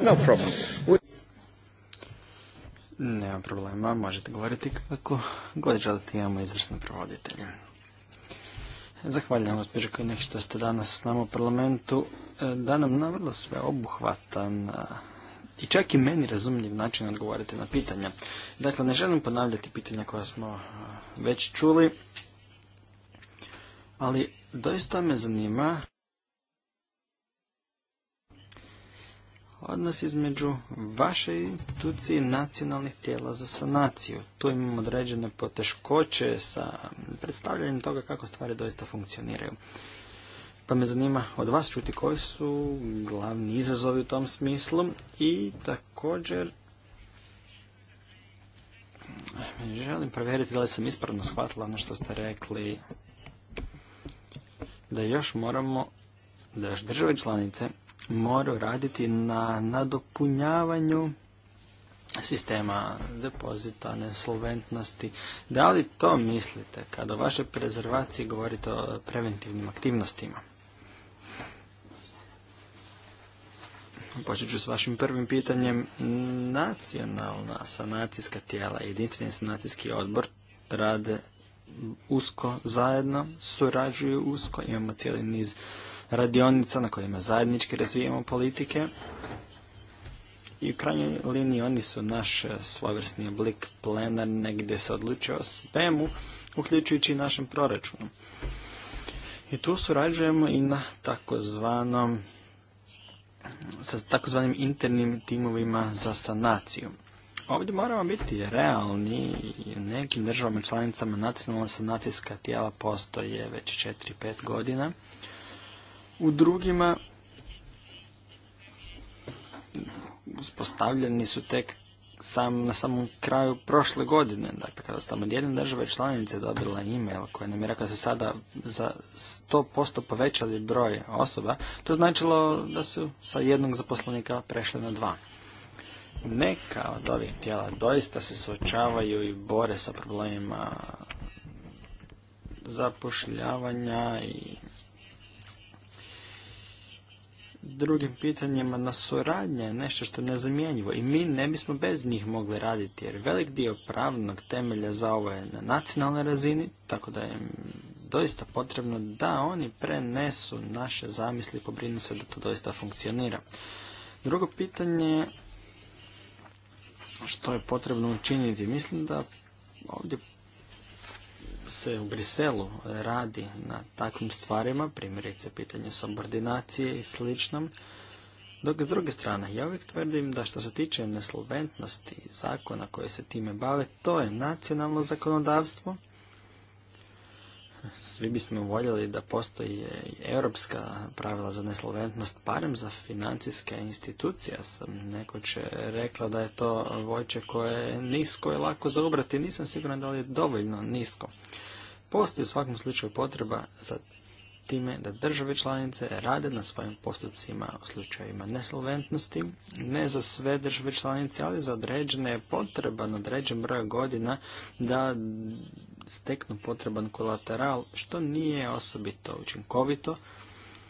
No problem. Nema problema, možete govoriti kako god želite, imamo izvrsne provoditelje. Zahvaljujem gospođo Kojnek što ste danas s nama u parlamentu. E, da nam na vrlo sve obuhvatan i čak i meni razumljiv način odgovoriti na pitanja. Dakle, ne želim ponavljati pitanja koja smo već čuli, ali doista me zanima odnos između vaše institucije i nacionalnih tijela za sanaciju. Tu imamo određene poteškoće sa predstavljanjem toga kako stvari doista funkcioniraju. Pa me zanima od vas čuti koji su glavni izazovi u tom smislu i također želim provjeriti da li sam ispravno shvatila ono što ste rekli da još moramo da još države članice moraju raditi na nadopunjavanju sistema depozita, nesolventnosti. Da li to mislite kada o vašoj prezervaciji govorite o preventivnim aktivnostima? Počet ću s vašim prvim pitanjem. Nacionalna sanacijska tijela i jedinstveni sanacijski odbor rade usko zajedno, surađuju usko, imamo cijeli niz radionica na kojima zajednički razvijamo politike. I u krajnjoj liniji oni su naš svojvrsni oblik plenarne negdje se odlučuje o svemu, uključujući i našem proračunu. I tu surađujemo i na takozvanom sa takozvanim internim timovima za sanaciju. Ovdje moramo biti realni i u nekim državama članicama nacionalna sanacijska tijela postoje već 4-5 godina u drugima uspostavljeni su tek sam, na samom kraju prošle godine, dakle kada sam od jedne države članice dobila e-mail koja nam je rekao da su sada za 100% povećali broj osoba, to značilo da su sa jednog zaposlenika prešli na dva. Neka od ovih tijela doista se suočavaju i bore sa problemima zapošljavanja i drugim pitanjima na suradnje je nešto što je nezamjenjivo i mi ne bismo bez njih mogli raditi jer velik dio pravnog temelja za ovo je na nacionalnoj razini, tako da je doista potrebno da oni prenesu naše zamisli i pobrinu se da to doista funkcionira. Drugo pitanje što je potrebno učiniti, mislim da ovdje se u Briselu radi na takvim stvarima, primjerice pitanju subordinacije i sličnom, dok s druge strane, ja uvijek tvrdim da što se tiče nesloventnosti zakona koje se time bave, to je nacionalno zakonodavstvo, svi bismo voljeli da postoji europska pravila za nesloventnost, barem za financijske institucije. Sam će rekla da je to vojče koje je nisko i lako za Nisam siguran da li je dovoljno nisko. Postoji u svakom slučaju potreba za time da države članice rade na svojim postupcima u slučajevima nesolventnosti, ne za sve države članice, ali za određene potrebe na određen broj godina da steknu potreban kolateral, što nije osobito učinkovito.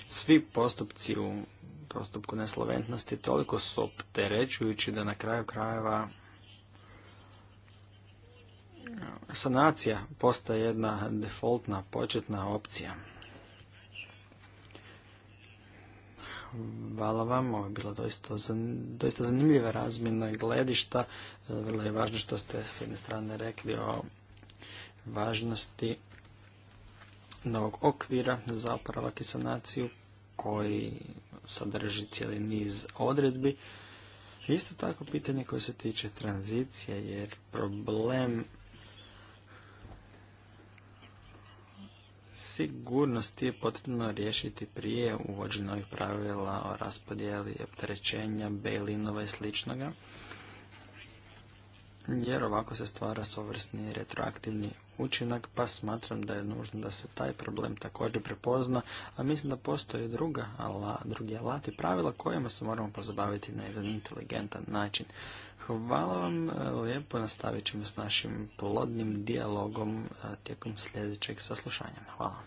Svi postupci u postupku nesolventnosti toliko su opterećujući da na kraju krajeva sanacija postaje jedna defaultna početna opcija. Hvala vam, ovo je bila doista, zanimljiva razmjena i gledišta. E, vrlo je važno što ste s jedne strane rekli o važnosti novog okvira za oporavak i sanaciju koji sadrži cijeli niz odredbi. Isto tako pitanje koje se tiče tranzicije jer problem sigurnosti je potrebno riješiti prije uvođenja ovih pravila o raspodjeli opterećenja, bailinova i sličnoga, jer ovako se stvara sovrsni retroaktivni učinak, pa smatram da je nužno da se taj problem također prepozna, a mislim da postoji druga, drugi alati pravila kojima se moramo pozabaviti na jedan inteligentan način. Hvala vam e, lijepo, nastavit ćemo s našim plodnim dijalogom e, tijekom sljedećeg saslušanja. Hvala.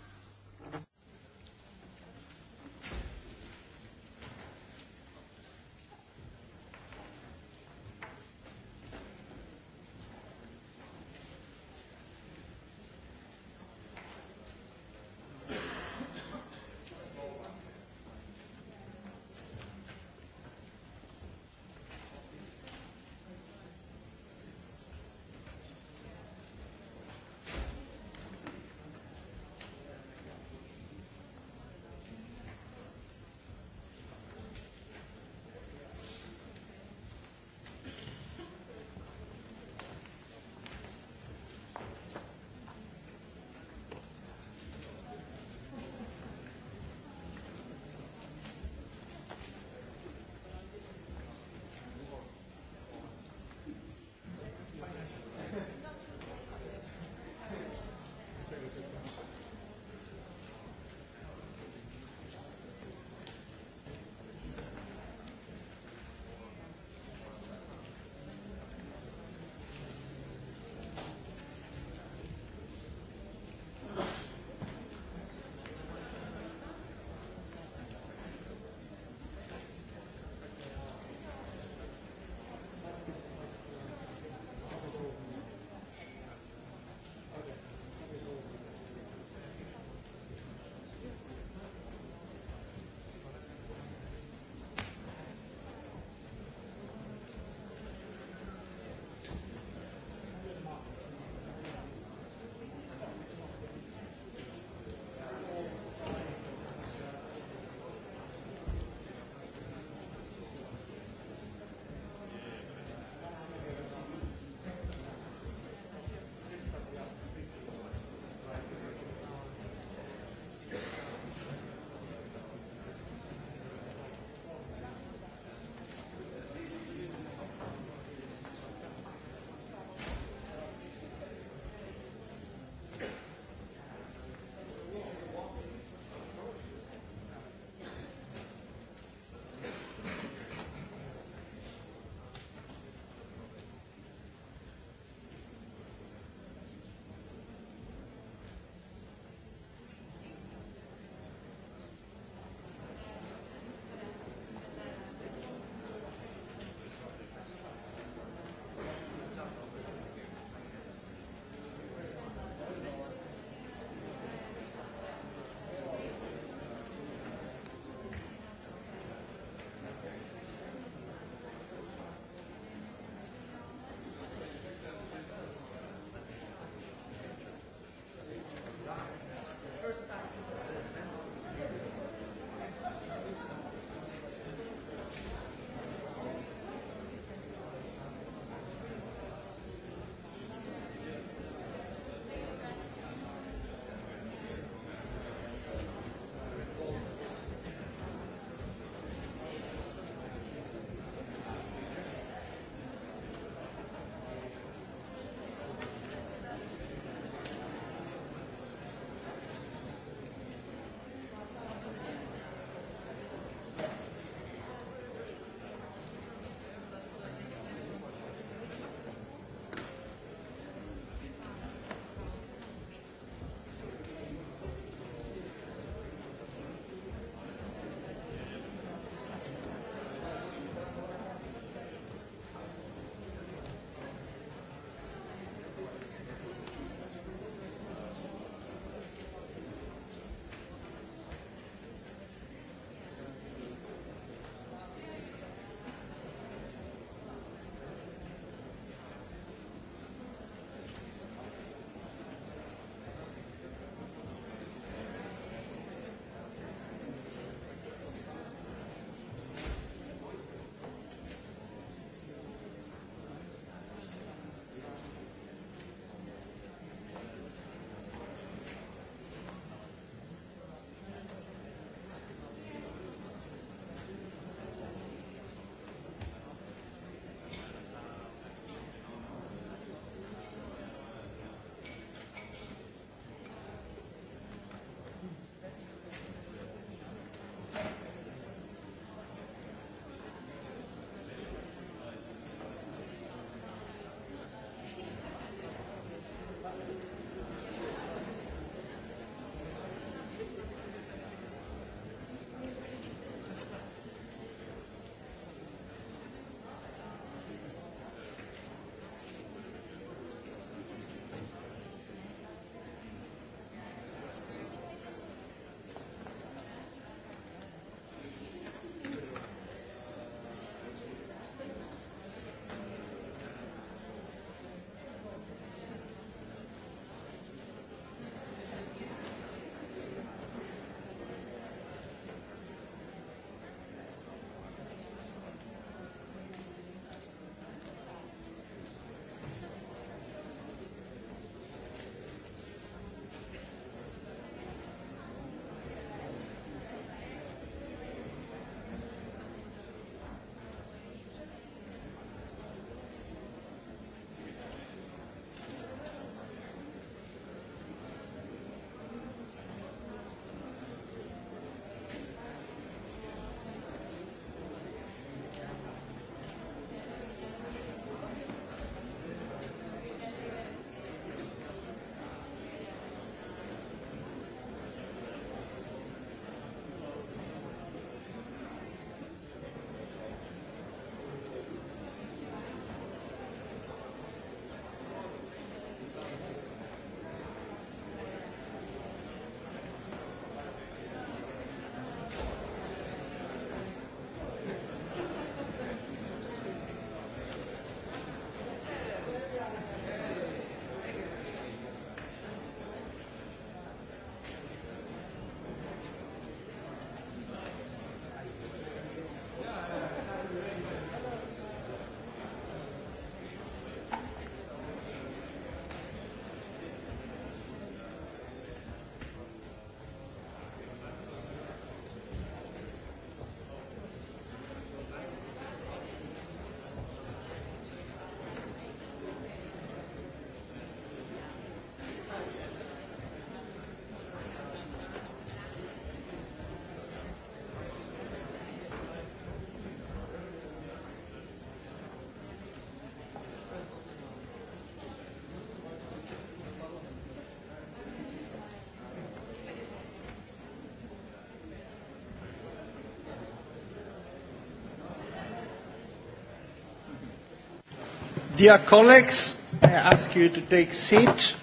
Dear colleagues, I ask you to take seat.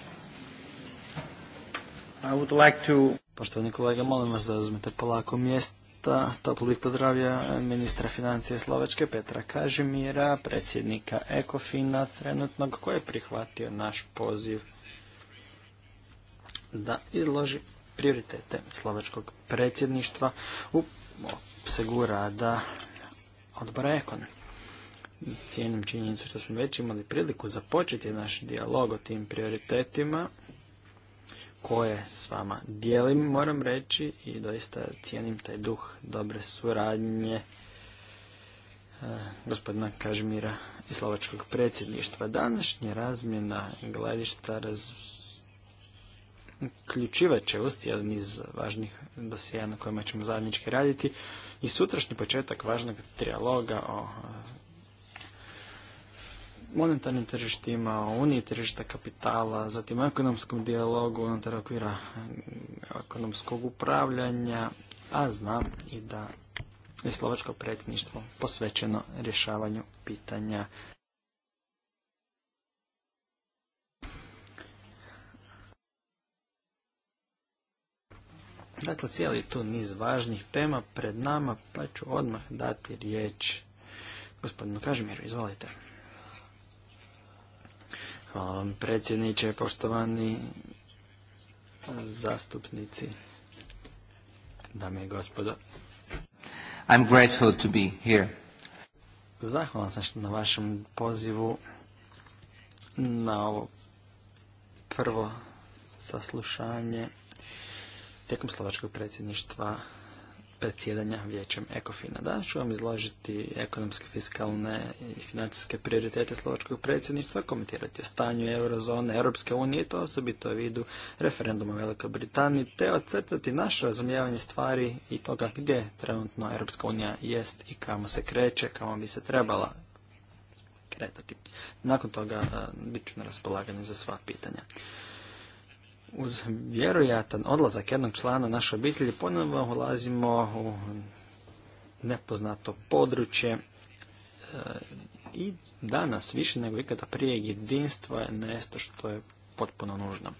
Poštovani kolega, molim vas da uzmete polako mjesta. Toplo bih pozdravio ministra financije Slovačke Petra Kažimira, predsjednika Ekofina trenutnog, koji je prihvatio naš poziv da izloži prioritete slovačkog predsjedništva u segura rada odbora Ekon cijenim činjenicu što smo već imali priliku započeti naš dijalog o tim prioritetima koje s vama dijelim, moram reći, i doista cijenim taj duh dobre suradnje e, gospodina Kažmira i slovačkog predsjedništva. Današnja razmjena gledišta raz... uključivat će uz cijeli niz važnih dosijena na kojima ćemo zajednički raditi i sutrašnji početak važnog trijaloga o monetarnim tržištima, uniji tržišta kapitala, zatim ekonomskom dijalogu unutar okvira mm, ekonomskog upravljanja, a znam i da je slovačko predsjedništvo posvećeno rješavanju pitanja Dakle, cijeli tu niz važnih tema pred nama, pa ću odmah dati riječ gospodinu Kažimiru, izvolite. Hvala vam predsjedniče, poštovani zastupnici, dame i gospodo. I'm grateful to be here. Zahvalan sam što na vašem pozivu na ovo prvo saslušanje tijekom slovačkog predsjedništva predsjedanja vijećem Ekofina. Danas ću vam izložiti ekonomske, fiskalne i financijske prioritete slovačkog predsjedništva, komentirati o stanju eurozone, Europske unije i to osobito u vidu referenduma u Velikoj Britaniji, te ocrtati naše razumijevanje stvari i toga gdje trenutno Europska unija jest i kamo se kreće, kamo bi se trebala kretati. Nakon toga eh, bit ću na raspolaganju za sva pitanja uz vjerojatan odlazak jednog člana naše obitelji ponovno ulazimo u nepoznato područje e, i danas više nego ikada prije jedinstvo je nešto što je potpuno nužno.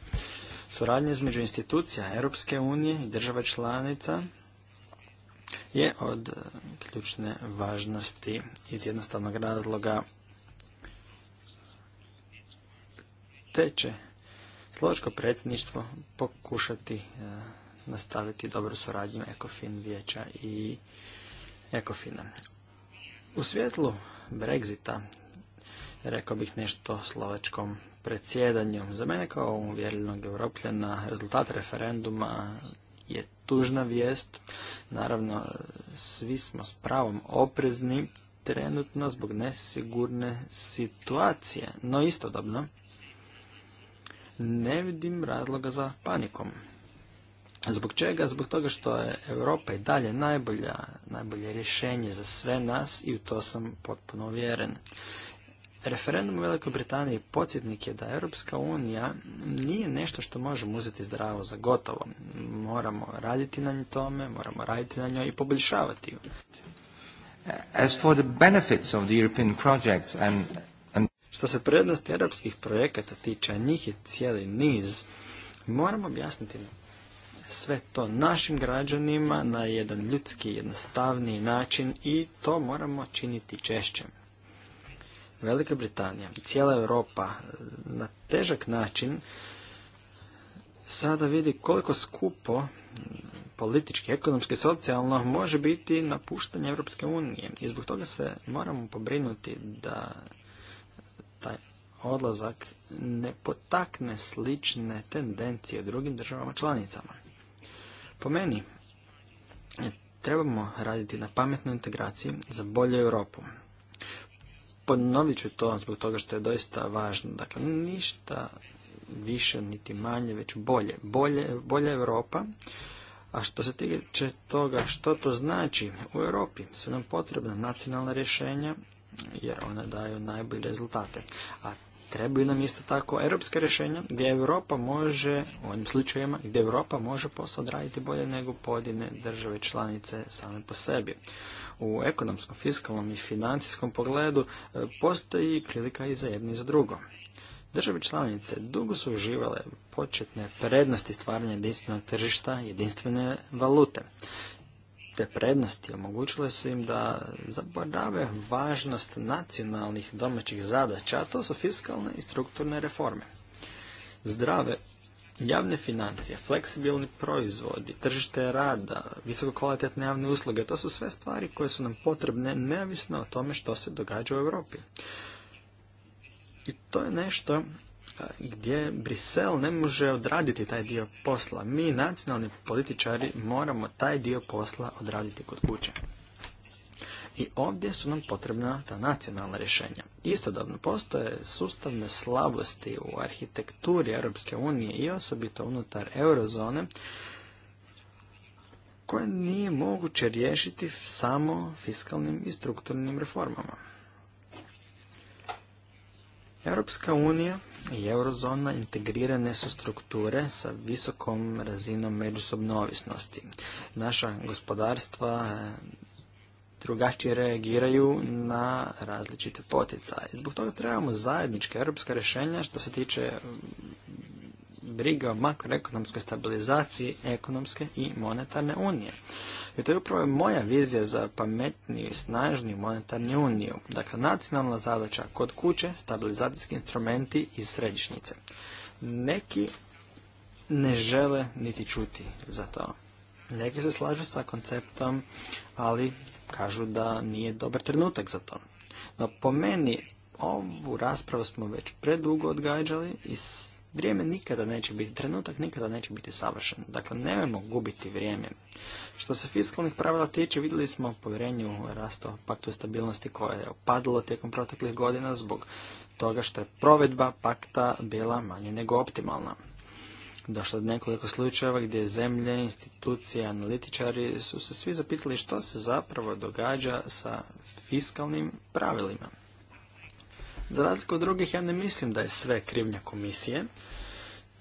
Suradnja između institucija Europske unije i država članica je od e, ključne važnosti iz jednostavnog razloga teče slovačko predsjedništvo pokušati e, nastaviti dobru suradnju ECOFIN vijeća i ECOFINA. U svjetlu Brexita rekao bih nešto slovačkom predsjedanju. Za mene kao uvjerljenog europljana rezultat referenduma je tužna vijest. Naravno, svi smo s pravom oprezni trenutno zbog nesigurne situacije, no istodobno ne vidim razloga za panikom. Zbog čega? Zbog toga što je Europa i dalje najbolja, najbolje rješenje za sve nas i u to sam potpuno uvjeren. Referendum u Velikoj Britaniji podsjetnik je da Europska unija nije nešto što možemo uzeti zdravo za gotovo. Moramo raditi na tome, moramo raditi na njoj i poboljšavati ju. As for the benefits of the European and što se prednosti europskih projekata tiče, a njih je cijeli niz, moramo objasniti sve to našim građanima na jedan ljudski, jednostavni način i to moramo činiti češće. Velika Britanija i cijela Europa na težak način sada vidi koliko skupo politički, ekonomski, socijalno može biti napuštanje Europske unije. I zbog toga se moramo pobrinuti da odlazak ne potakne slične tendencije drugim državama članicama. Po meni, trebamo raditi na pametnoj integraciji za bolju Europu. Ponovit ću to zbog toga što je doista važno. Dakle, ništa više niti manje, već bolje. Bolje, bolja Europa, a što se tiče toga što to znači, u Europi su nam potrebna nacionalna rješenja jer ona daju najbolje rezultate. A Trebaju nam isto tako europske rješenja gdje Europa može, u ovim slučajevima gdje Europa može posao odraditi bolje nego pojedine države članice same po sebi. U ekonomskom, fiskalnom i financijskom pogledu e, postoji prilika i za jedno i za drugo. Države članice dugo su uživale početne prednosti stvaranja jedinstvenog tržišta, jedinstvene valute te prednosti omogućile su im da zaborave važnost nacionalnih domaćih zadaća, a to su fiskalne i strukturne reforme. Zdrave javne financije, fleksibilni proizvodi, tržište rada, visokokvalitetne javne usluge, to su sve stvari koje su nam potrebne neovisno o tome što se događa u Europi. I to je nešto gdje Brisel ne može odraditi taj dio posla. Mi, nacionalni političari, moramo taj dio posla odraditi kod kuće. I ovdje su nam potrebna ta nacionalna rješenja. Istodobno postoje sustavne slabosti u arhitekturi Europske unije i osobito unutar eurozone koje nije moguće riješiti samo fiskalnim i strukturnim reformama. Europska unija i eurozona integrirane su strukture sa visokom razinom međusobne ovisnosti. Naša gospodarstva e, drugačije reagiraju na različite poticaje. Zbog toga trebamo zajedničke europska rješenja što se tiče briga o makroekonomskoj stabilizaciji ekonomske i monetarne unije. I to je upravo moja vizija za pametniju i snažniju monetarnu uniju. Dakle, nacionalna zadaća kod kuće, stabilizacijski instrumenti i središnjice. Neki ne žele niti čuti za to. Neki se slažu sa konceptom, ali kažu da nije dobar trenutak za to. No po meni ovu raspravu smo već predugo odgađali i Vrijeme nikada neće biti, trenutak nikada neće biti savršen. Dakle, nemojmo gubiti vrijeme. Što se fiskalnih pravila tiče, vidjeli smo povjerenju rasto paktu stabilnosti koje je opadalo tijekom proteklih godina zbog toga što je provedba pakta bila manje nego optimalna. Došlo od nekoliko slučajeva gdje zemlje, institucije, analitičari su se svi zapitali što se zapravo događa sa fiskalnim pravilima. Za razliku od drugih, ja ne mislim da je sve krivnja komisije.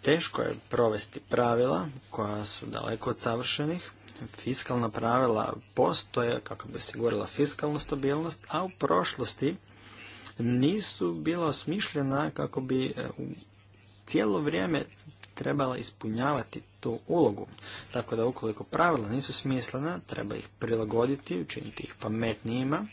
Teško je provesti pravila koja su daleko od savršenih. Fiskalna pravila postoje kako bi osigurala fiskalnu stabilnost, a u prošlosti nisu bila osmišljena kako bi e, cijelo vrijeme trebala ispunjavati tu ulogu. Tako da ukoliko pravila nisu smislena, treba ih prilagoditi, učiniti ih pametnijima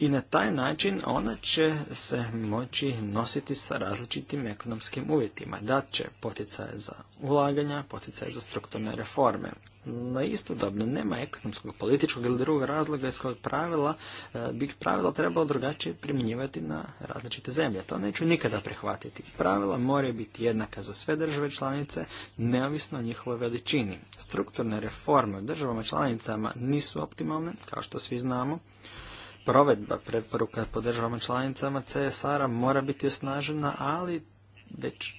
i na taj način ona će se moći nositi sa različitim ekonomskim uvjetima. Dat će poticaje za ulaganja, poticaje za strukturne reforme. No istodobno nema ekonomskog, političkog ili drugog razloga iz kojeg pravila e, bi pravila trebalo drugačije primjenjivati na različite zemlje. To neću nikada prihvatiti. Pravila moraju biti jednaka za sve države članice, neovisno o njihovoj veličini. Strukturne reforme u državama članicama nisu optimalne, kao što svi znamo, Provedba preporuka po državama članicama CSR-a mora biti osnažena, ali već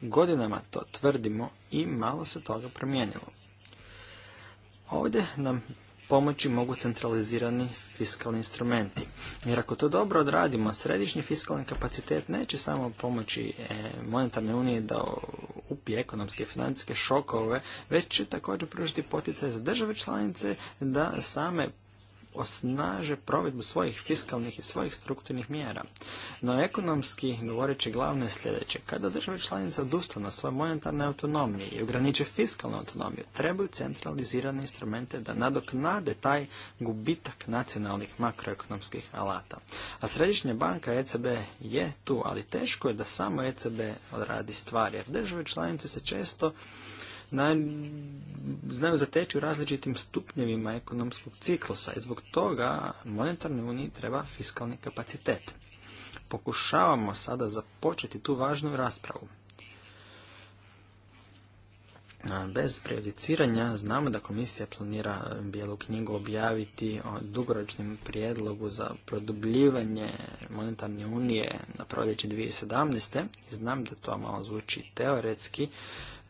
godinama to tvrdimo i malo se toga promijenilo. Ovdje nam pomoći mogu centralizirani fiskalni instrumenti. Jer ako to dobro odradimo, središnji fiskalni kapacitet neće samo pomoći e, monetarne unije da upije ekonomske i financijske šokove, već će također pružiti poticaj za države članice da same osnaže provedbu svojih fiskalnih i svojih strukturnih mjera. No ekonomski govoreći glavno je sljedeće. Kada države članice na svoje monetarne autonomije i ograniče fiskalnu autonomiju, trebaju centralizirane instrumente da nadoknade taj gubitak nacionalnih makroekonomskih alata. A središnja banka ECB je tu, ali teško je da samo ECB odradi stvari, jer države članice se često naj, znaju zateći u različitim stupnjevima ekonomskog ciklusa i zbog toga Monetarne uniji treba fiskalni kapacitet. Pokušavamo sada započeti tu važnu raspravu. Bez prejudiciranja znamo da komisija planira bijelu knjigu objaviti o dugoročnim prijedlogu za produbljivanje monetarne unije na proljeće 2017. Znam da to malo zvuči teoretski,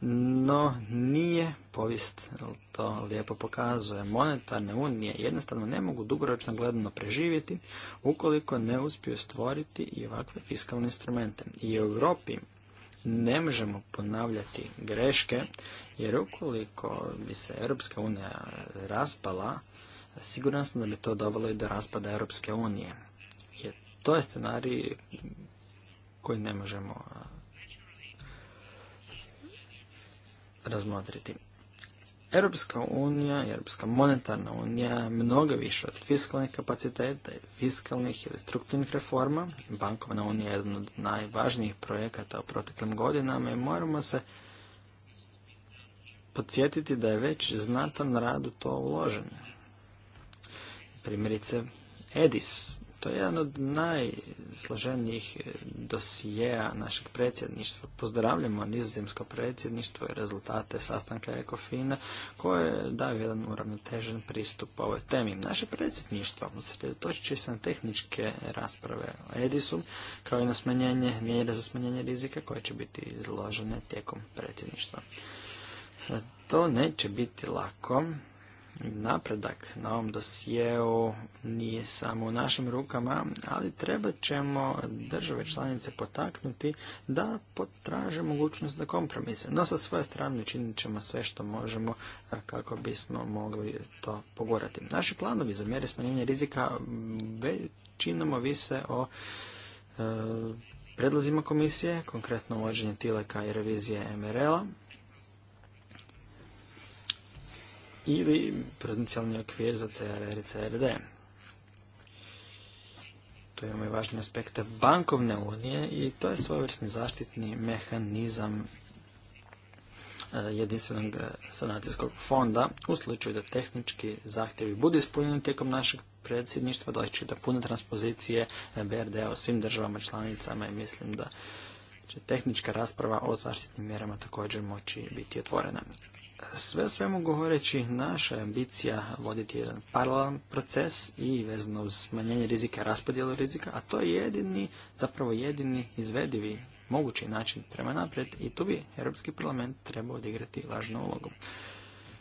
no nije povijest to lijepo pokazuje. Monetarne unije jednostavno ne mogu dugoročno gledano preživjeti ukoliko ne uspiju stvoriti i ovakve fiskalne instrumente. I u Europi ne možemo ponavljati greške, jer ukoliko bi se Europska unija raspala, siguran sam da bi to dovelo i do raspada Europske unije. Jer to je scenarij koji ne možemo razmotriti. Europska unija i Europska monetarna unija mnogo više od fiskalnih kapaciteta fiskalnih ili strukturnih reforma. Bankovna unija je jedan od najvažnijih projekata u proteklim godinama i moramo se podsjetiti da je već znatan rad u to uložen. Primjerice, EDIS to je jedan od najsloženijih dosijeja našeg predsjedništva. Pozdravljamo nizozemsko predsjedništvo i rezultate sastanka Ekofina koje daju jedan uravnotežen pristup ovoj temi. Naše predsjedništvo usredotočit će se na tehničke rasprave o Edisu kao i na smanjenje mjere za smanjenje rizika koje će biti izložene tijekom predsjedništva. To neće biti lako napredak na ovom dosijeu nije samo u našim rukama, ali treba ćemo države članice potaknuti da potraže mogućnost za kompromise. No sa svoje strane učinit ćemo sve što možemo kako bismo mogli to pogorati. Naši planovi za mjere smanjenja rizika većinom ovise o e, predlazima komisije, konkretno uvođenje tileka i revizije MRL-a. ili prudencijalni okvir za CRR i CRD. To je moj važni aspekte bankovne unije i to je svojevrsni zaštitni mehanizam e, jedinstvenog sanacijskog fonda u slučaju da tehnički zahtjevi budu ispunjeni tijekom našeg predsjedništva, doći do pune transpozicije brd o u svim državama članicama i mislim da će tehnička rasprava o zaštitnim mjerama također moći biti otvorena. Sve svemu govoreći, naša ambicija voditi jedan paralelan proces i vezano uz smanjenje rizika, raspodjelu rizika, a to je jedini, zapravo jedini izvedivi mogući način prema naprijed i tu bi Europski parlament trebao odigrati važnu ulogu.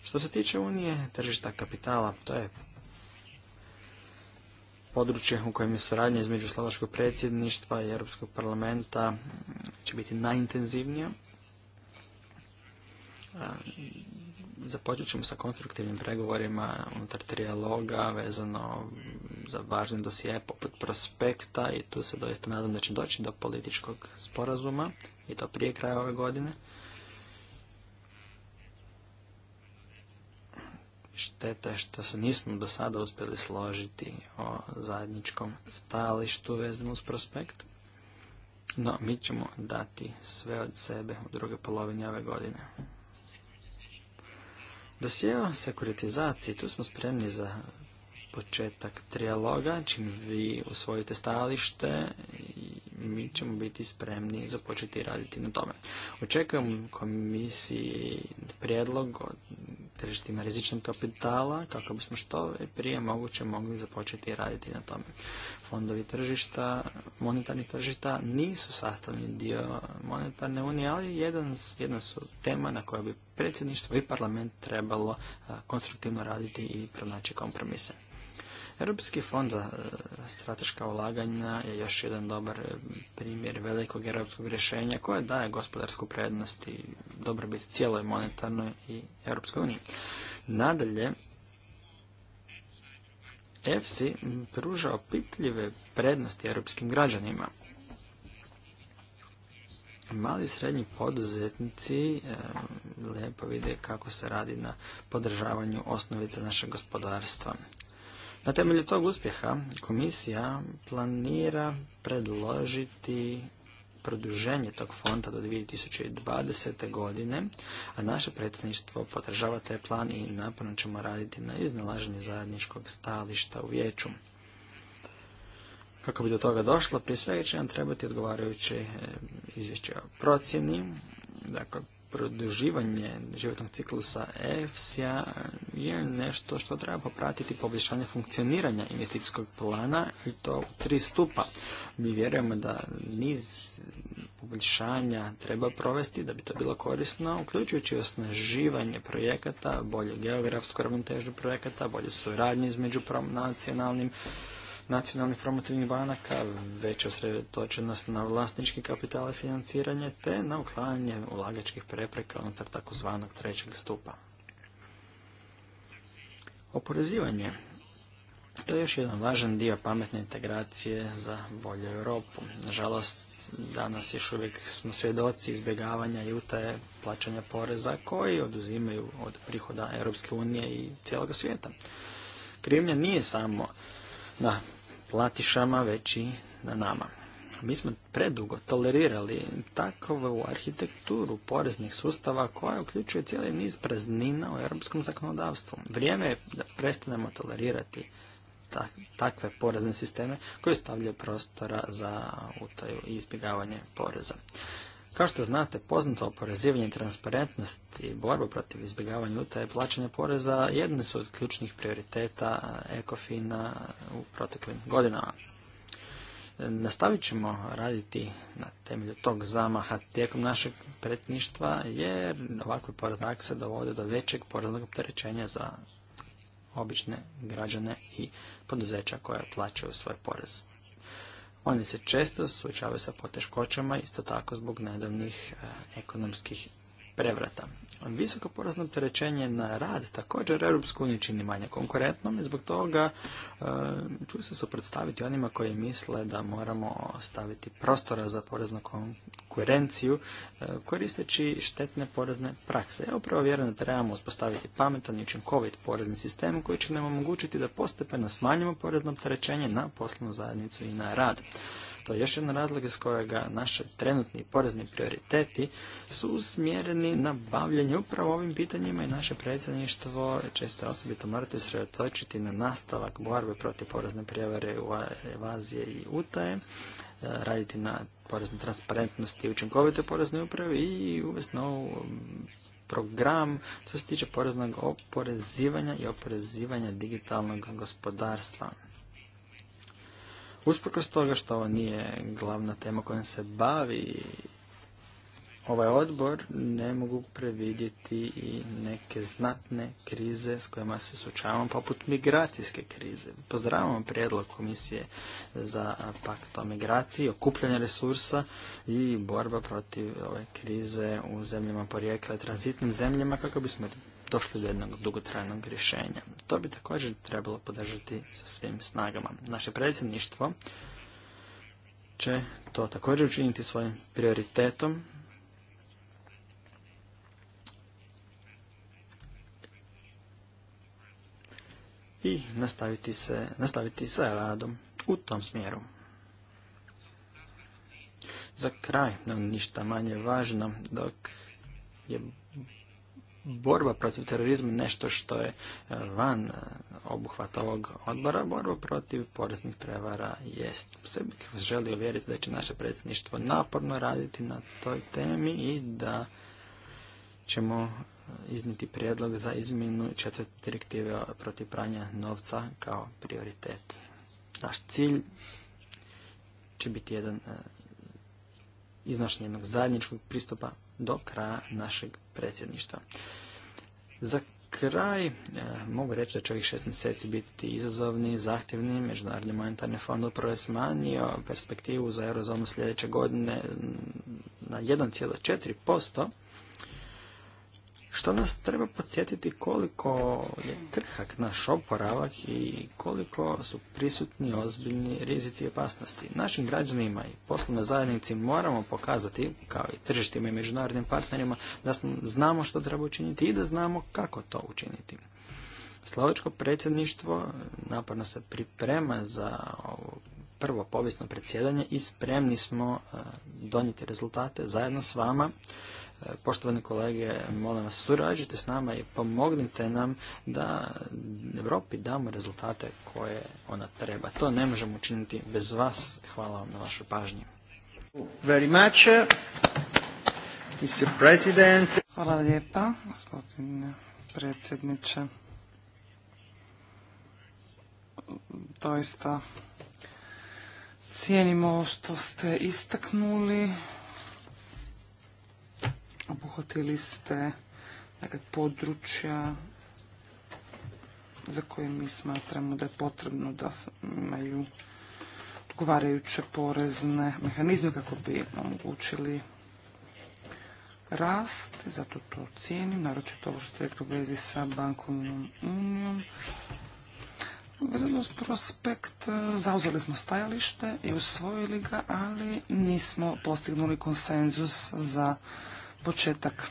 Što se tiče Unije, tržišta kapitala, to je područje u kojem je suradnja između Slovačkog predsjedništva i Europskog parlamenta mm, će biti najintenzivnija. Započet ćemo sa konstruktivnim pregovorima unutar trijaloga vezano za važne dosije poput prospekta i tu se doista nadam da će doći do političkog sporazuma i to prije kraja ove godine. Šteta je što se nismo do sada uspjeli složiti o zajedničkom stajalištu vezano uz prospekt, no mi ćemo dati sve od sebe u druge polovini ove godine. Dosije o sekuritizaciji, tu smo spremni za početak trijaloga, čim vi usvojite stajalište i mi ćemo biti spremni započeti raditi na tome. Očekujem komisiji prijedlog od tržištima rizičnog kapitala kako bismo što prije moguće mogli započeti raditi na tome. Fondovi tržišta, monetarni tržišta nisu sastavni dio monetarne unije, ali jedan, jedna su tema na kojoj bi predsjedništvo i parlament trebalo konstruktivno raditi i pronaći kompromise. Europski fond za e, strateška ulaganja je još jedan dobar e, primjer velikog europskog rješenja koje daje gospodarsku prednost i dobrobit cijeloj monetarnoj i Europskoj uniji. Nadalje, EFSI pruža opipljive prednosti europskim građanima. Mali i srednji poduzetnici e, lijepo vide kako se radi na podržavanju osnovice našeg gospodarstva. Na temelju tog uspjeha komisija planira predložiti produženje tog fonda do 2020. godine, a naše predsjedništvo podržava taj plan i naporno ćemo raditi na iznalaženju zajedničkog stališta u vijeću. Kako bi do toga došlo, prije svega će nam trebati odgovarajuće e, izvješće o procjeni, dakle produživanje životnog ciklusa EFSI-a je nešto što treba popratiti poboljšanje funkcioniranja investicijskog plana i to u tri stupa. Mi vjerujemo da niz poboljšanja treba provesti da bi to bilo korisno, uključujući osnaživanje projekata, bolju geografsku ravnotežu projekata, bolju suradnju između nacionalnim nacionalnih promotivnih banaka, veća osredotočenost na vlasnički kapitale financiranje, te na uklanjanje ulagačkih prepreka unutar takozvanog trećeg stupa. Oporezivanje. To je još jedan važan dio pametne integracije za bolju Europu. Nažalost, danas još uvijek smo svjedoci izbjegavanja i utaje plaćanja poreza koji oduzimaju od prihoda Europske unije i cijelog svijeta. Krivnja nije samo na platišama, već i na nama. Mi smo predugo tolerirali takvu arhitekturu poreznih sustava koja uključuje cijeli niz praznina u europskom zakonodavstvu. Vrijeme je da prestanemo tolerirati takve porezne sisteme koje stavljaju prostora za utaju i izbjegavanje poreza. Kao što znate, poznato oporezivanje transparentnosti i borba protiv izbjegavanja utaje plaćanja poreza jedne su od ključnih prioriteta Ekofina u proteklim godinama. Nastavit ćemo raditi na temelju tog zamaha tijekom našeg pretništva jer ovakve porezne akse dovode do većeg poreznog opterećenja za obične građane i poduzeća koje plaćaju svoj porez. Oni se često suočavaju sa poteškoćama isto tako zbog nedavnih e, ekonomskih prevrata. Visoko porezno opterećenje na rad također Europsku uniju čini manje konkurentnom i zbog toga e, ću se suprotstaviti onima koji misle da moramo staviti prostora za poreznu konkurenciju e, koristeći štetne porezne prakse. Ja upravo vjerujem da trebamo uspostaviti pametan i učinkovit porezni sistem koji će nam omogućiti da postepeno smanjimo porezno opterećenje na poslovnu zajednicu i na rad. To je još jedan razlog iz kojega naše trenutni porezni prioriteti su usmjereni na bavljanje upravo ovim pitanjima i naše predsjedništvo će se osobito morati usredotočiti na nastavak borbe protiv porezne prijevare, evazije i utaje, e, raditi na poreznoj transparentnosti i učinkovitoj poreznoj upravi i uvesti novu program što se tiče poreznog oporezivanja i oporezivanja digitalnog gospodarstva. Usprkos toga što ovo nije glavna tema kojom se bavi ovaj odbor, ne mogu previdjeti i neke znatne krize s kojima se sučavamo, poput migracijske krize. Pozdravamo prijedlog Komisije za pakt o migraciji, okupljanje resursa i borba protiv ove krize u zemljama porijekla i tranzitnim zemljama kako bismo došli do jednog dugotrajnog rješenja. To bi također trebalo podržati sa svim snagama. Naše predsjedništvo će to također učiniti svojim prioritetom i nastaviti, se, sa radom u tom smjeru. Za kraj, no ništa manje važno, dok je borba protiv terorizma nešto što je e, van e, obuhvata ovog odbora. Borba protiv poreznih prevara jest. Sve bih želio vjeriti da će naše predsjedništvo naporno raditi na toj temi i da ćemo e, izniti prijedlog za izmjenu četvrte direktive protiv pranja novca kao prioritet. Naš cilj će biti jedan iznošenje jednog zajedničkog pristupa do kraja našeg predsjedništva. Za kraj e, mogu reći da će ovih šest mjeseci biti izazovni, zahtjevni. Međunarodni monetarni fond upravo je smanjio perspektivu za eurozonu sljedeće godine na 1,4% što nas treba podsjetiti koliko je krhak naš oporavak i koliko su prisutni ozbiljni rizici i opasnosti. Našim građanima i poslovnoj zajednici moramo pokazati, kao i tržištima i međunarodnim partnerima, da znamo što treba učiniti i da znamo kako to učiniti. Slovačko predsjedništvo naporno se priprema za prvo povijesno predsjedanje i spremni smo eh, donijeti rezultate zajedno s vama Poštovani kolege, molim vas, surađite s nama i pomognite nam da Europi damo rezultate koje ona treba. To ne možemo učiniti bez vas. Hvala vam na vašoj pažnji. Hvala lijepa, gospodine predsjedniče. Doista cijenimo ovo što ste istaknuli. Obuhvatili ste dakle, područja za koje mi smatramo da je potrebno da imaju odgovarajuće porezne mehanizme kako bi omogućili rast, zato to cijenim, naročito ovo što je u vezi sa bankovnom unijom. Vezano uz prospekt, zauzeli smo stajalište i usvojili ga, ali nismo postignuli konsenzus za početak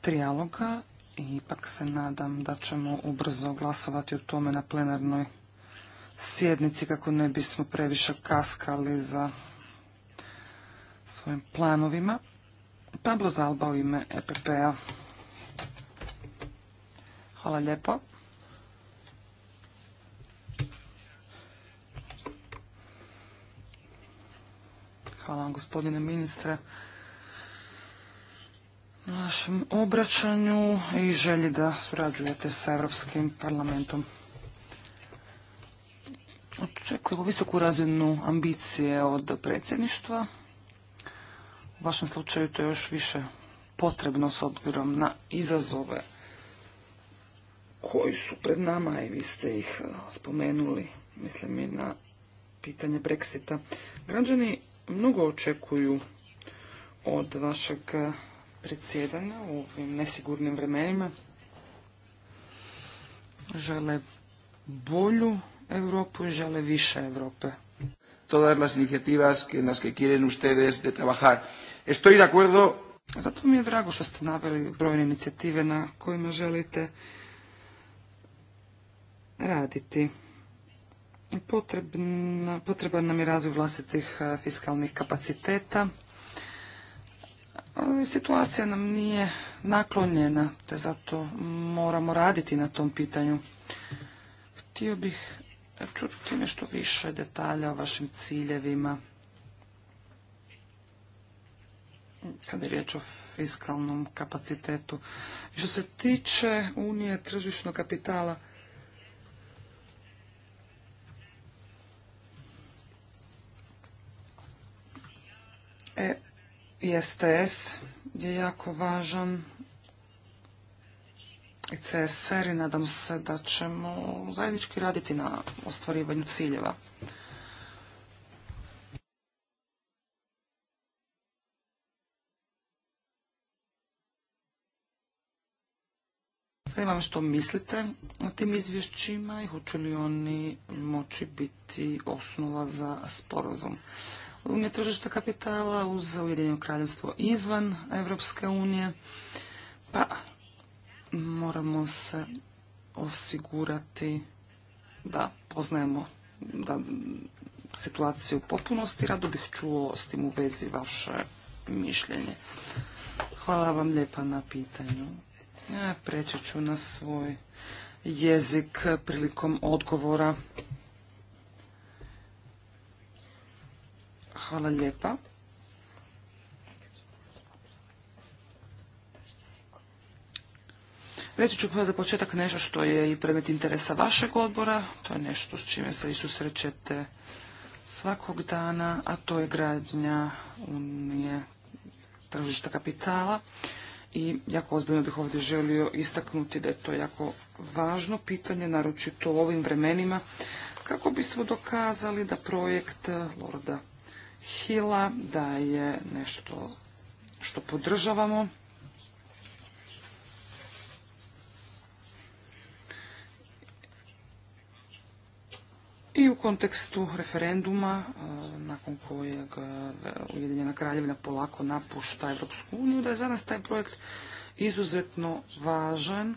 trijaloga i ipak se nadam da ćemo ubrzo glasovati o tome na plenarnoj sjednici kako ne bismo previše kaskali za svojim planovima. Pablo Zalba u ime EPP-a. Hvala lijepo. Hvala vam gospodine ministre na vašem obraćanju i želji da surađujete sa Europskim parlamentom. Očekujemo visoku razinu ambicije od predsjedništva. U vašem slučaju to je još više potrebno s obzirom na izazove koji su pred nama i vi ste ih spomenuli, mislim i na pitanje Brexita. Građani mnogo očekuju od vašeg predsjedanja u ovim nesigurnim vremenima. Žele bolju Europu i žele više Europe. Todas las iniciativas en que quieren ustedes de trabajar. Estoy de acuerdo. Zato mi je drago što ste naveli brojne inicijative na kojima želite raditi potreban nam je razvoj vlastitih e, fiskalnih kapaciteta. E, situacija nam nije naklonjena, te zato moramo raditi na tom pitanju. Htio bih čuti nešto više detalja o vašim ciljevima. Kada je riječ o fiskalnom kapacitetu. što se tiče Unije tržišnog kapitala, STS e, je jako važan i CSR i nadam se da ćemo zajednički raditi na ostvarivanju ciljeva. Sve vam što mislite o tim izvješćima i hoće li oni moći biti osnova za sporazum unije tržišta kapitala uz Ujedinjeno kraljevstvo izvan Europske unije. Pa moramo se osigurati da poznajemo da situaciju u potpunosti. Rado bih čuo s tim u vezi vaše mišljenje. Hvala vam lijepa na pitanju. E, preći ću na svoj jezik prilikom odgovora. Hvala lijepa. Reći ću za početak nešto što je i predmet interesa vašeg odbora, to je nešto s čime se i susrećete svakog dana, a to je gradnja unije tržišta kapitala. I jako ozbiljno bih ovdje želio istaknuti da je to jako važno pitanje, naročito u ovim vremenima, kako bismo dokazali da projekt Lorda Hila, da je nešto što podržavamo. I u kontekstu referenduma, e, nakon kojeg e, Ujedinjena kraljevina polako napušta Evropsku uniju, da je za nas taj projekt izuzetno važan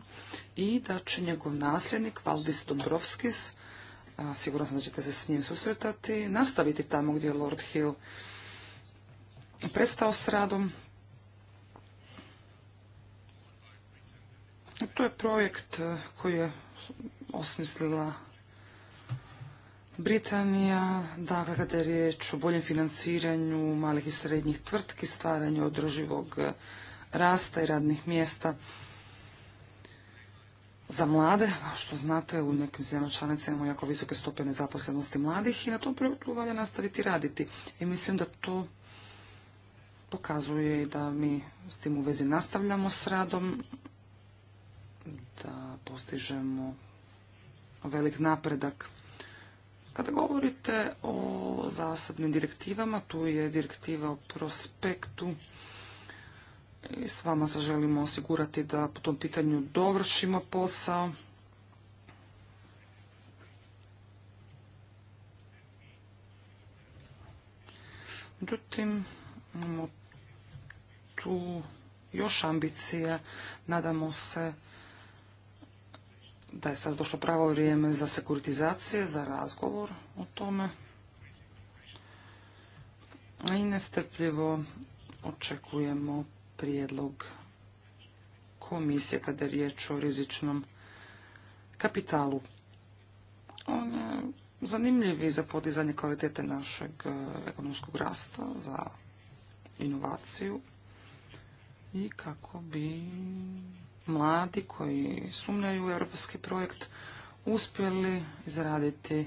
i da će njegov nasljednik Valdis Dombrovskis Sigurno sam da ćete se s njim susretati. Nastaviti tamo gdje je Lord Hill prestao s radom. To je projekt e, koji je osmislila Britanija, dakle kada je riječ o boljem financiranju malih i srednjih tvrtki, stvaranju održivog e, rasta i radnih mjesta za mlade, što znate u nekim zemljama članicama imamo jako visoke stope nezaposlenosti mladih i na tom projektu valja nastaviti raditi. I mislim da to pokazuje da mi s tim u vezi nastavljamo s radom, da postižemo velik napredak. Kada govorite o zasebnim direktivama, tu je direktiva o prospektu i s vama se želimo osigurati da po tom pitanju dovršimo posao. Međutim, imamo tu još ambicije. Nadamo se da je sad došlo pravo vrijeme za sekuritizacije, za razgovor o tome. I nestrpljivo očekujemo prijedlog komisije kada je riječ o rizičnom kapitalu. On je zanimljiv i za podizanje kvalitete našeg e, ekonomskog rasta, za inovaciju i kako bi mladi koji sumnjaju u europski projekt uspjeli izraditi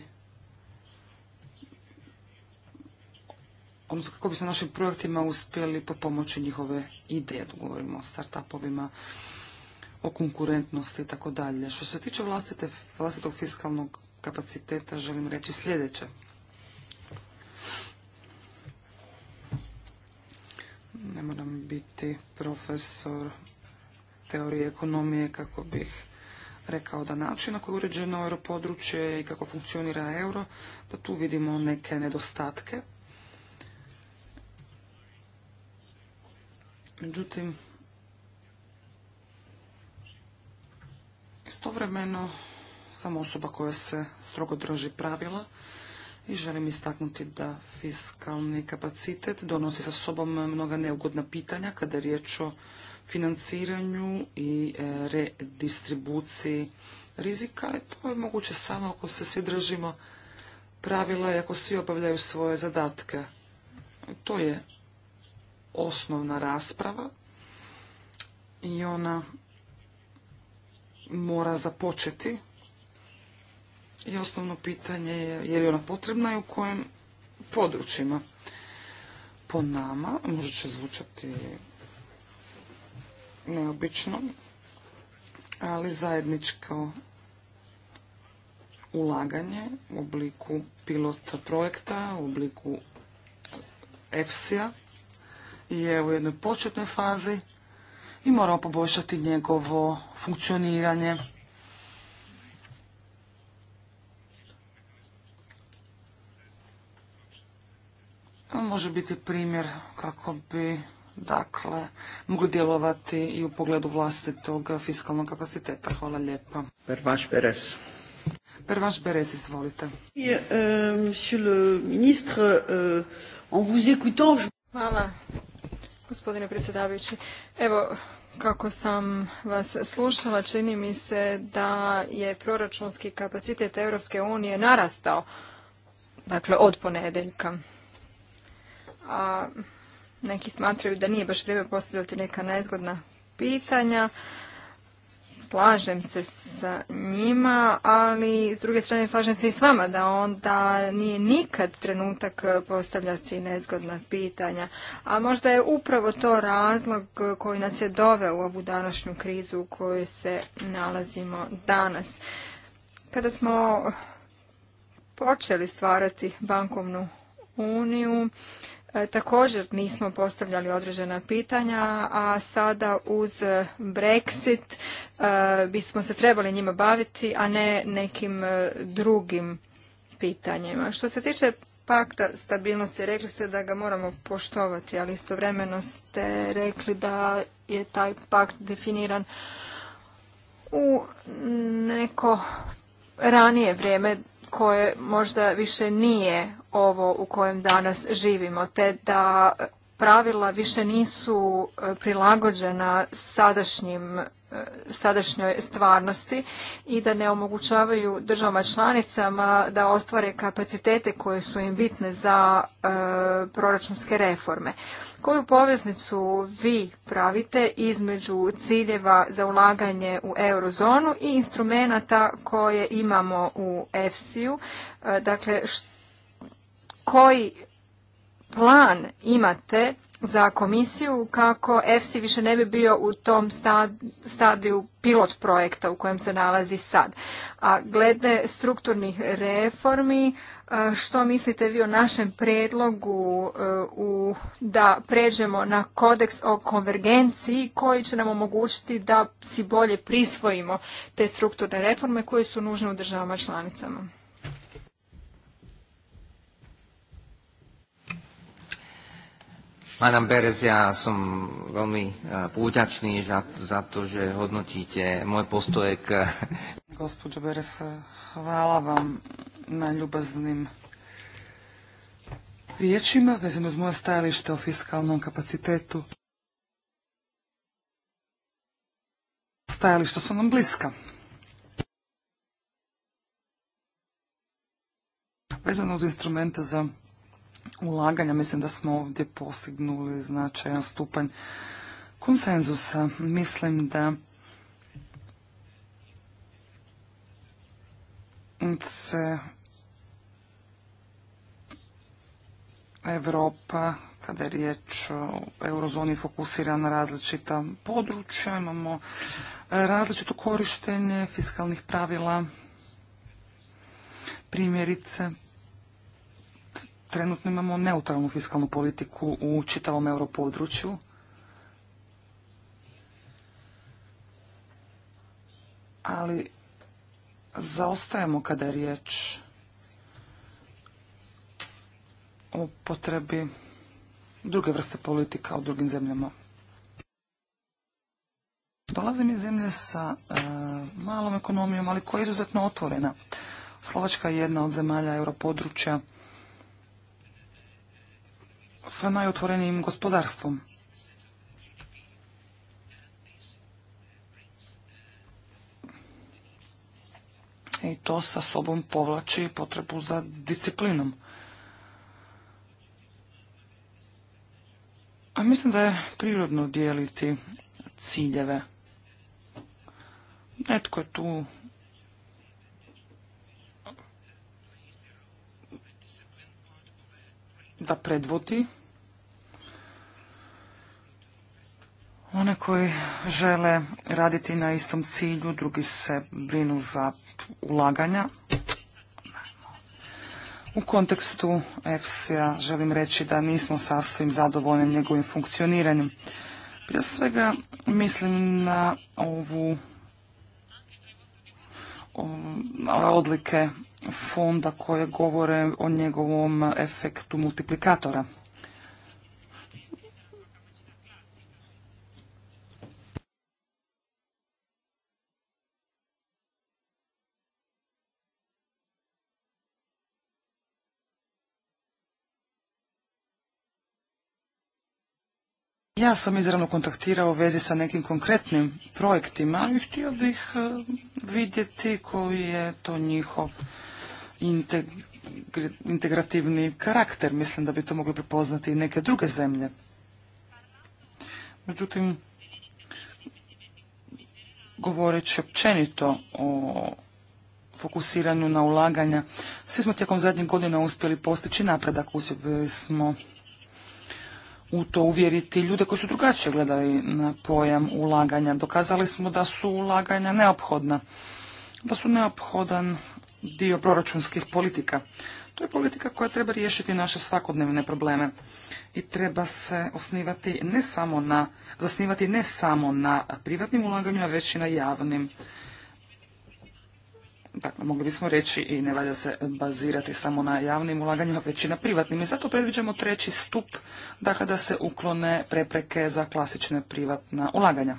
odnosno kako bismo našim projektima uspjeli po pomoći njihove ideje, govorimo o startupovima, o konkurentnosti i tako dalje. Što se tiče vlastite, vlastitog fiskalnog kapaciteta, želim reći sljedeće. Ne moram biti profesor teorije ekonomije kako bih rekao da način na koji je uređeno europodručje i kako funkcionira euro, da tu vidimo neke nedostatke Međutim, istovremeno sam osoba koja se strogo drži pravila i želim istaknuti da fiskalni kapacitet donosi sa sobom mnoga neugodna pitanja kada je riječ o financiranju i e, redistribuciji rizika. I e, to je moguće samo ako se svi držimo pravila i ako svi obavljaju svoje zadatke. To je osnovna rasprava i ona mora započeti. I osnovno pitanje je je li ona potrebna i u kojem područjima. Po nama, možda će zvučati neobično, ali zajedničko ulaganje u obliku pilot projekta, u obliku EFSI-a, je u jednoj početnoj fazi i moramo poboljšati njegovo funkcioniranje. On može biti primjer kako bi dakle mogli djelovati i u pogledu vlastitog fiskalnog kapaciteta. Hvala lijepa. Pervaš Beres. Pervaš Beres, izvolite. Euh, euh, Hvala gospodine predsjedavajući. Evo, kako sam vas slušala, čini mi se da je proračunski kapacitet Europske unije narastao, dakle, od ponedjeljka, A neki smatraju da nije baš vrijeme postavljati neka nezgodna pitanja, slažem se s njima, ali s druge strane slažem se i s vama da onda nije nikad trenutak postavljati nezgodna pitanja. A možda je upravo to razlog koji nas je doveo u ovu današnju krizu u kojoj se nalazimo danas. Kada smo počeli stvarati bankovnu uniju, E, također nismo postavljali određena pitanja, a sada uz Brexit e, bismo se trebali njima baviti, a ne nekim e, drugim pitanjima. Što se tiče pakta stabilnosti, rekli ste da ga moramo poštovati, ali istovremeno ste rekli da je taj pakt definiran u neko ranije vrijeme koje možda više nije ovo u kojem danas živimo, te da pravila više nisu e, prilagođena sadašnjim sadašnjoj stvarnosti i da ne omogućavaju državama članicama da ostvare kapacitete koje su im bitne za e, proračunske reforme. Koju poveznicu vi pravite između ciljeva za ulaganje u eurozonu i instrumenata koje imamo u EFSI-u? E, dakle, koji plan imate za komisiju kako EFSI više ne bi bio u tom stadiju pilot projekta u kojem se nalazi sad. A glede strukturnih reformi, e, što mislite vi o našem predlogu e, da pređemo na kodeks o konvergenciji koji će nam omogućiti da si bolje prisvojimo te strukturne reforme koje su nužne u državama članicama? Madam Perez, ja som veľmi e, púťačný za, za to, že hodnotíte môj postojek. Gospođo Beres, hvala vam na ljubaznim riječima vezano uz moje stajalište o fiskalnom kapacitetu. Stajališta su nam bliska. Vezano uz instrumenta za ulaganja. Mislim da smo ovdje postignuli značajan stupanj konsenzusa. Mislim da se Europa, kada je riječ o eurozoni, fokusira na različita područja. Imamo e, različito korištenje fiskalnih pravila, primjerice trenutno imamo neutralnu fiskalnu politiku u čitavom europodručju. Ali zaostajemo kada je riječ o potrebi druge vrste politika u drugim zemljama. Dolazim iz zemlje sa e, malom ekonomijom, ali koja je izuzetno otvorena. Slovačka je jedna od zemalja europodručja sa najotvorenijim gospodarstvom. I to sa sobom povlači potrebu za disciplinom. A mislim da je prirodno dijeliti ciljeve. Netko je tu da predvodi one koji žele raditi na istom cilju, drugi se brinu za ulaganja. U kontekstu EFSI-a želim reći da nismo sasvim zadovoljni njegovim funkcioniranjem. Prije svega mislim na ovu odlike fonda koje govore o njegovom efektu multiplikatora. Ja sam izravno kontaktirao u vezi sa nekim konkretnim projektima ali htio bih eh, vidjeti koji je to njihov integrativni karakter. Mislim da bi to mogli prepoznati i neke druge zemlje. Međutim, govoreći općenito o fokusiranju na ulaganja, svi smo tijekom zadnjih godina uspjeli postići napredak. Uspjeli smo u to uvjeriti ljude koji su drugačije gledali na pojam ulaganja. Dokazali smo da su ulaganja neophodna, da su neophodan dio proračunskih politika. To je politika koja treba riješiti naše svakodnevne probleme i treba se osnivati ne samo na, zasnivati ne samo na privatnim ulaganjima, već i na javnim. Dakle, mogli bismo reći i ne valja se bazirati samo na javnim ulaganjima, već i na privatnim. I zato predviđamo treći stup, dakle da se uklone prepreke za klasične privatna ulaganja.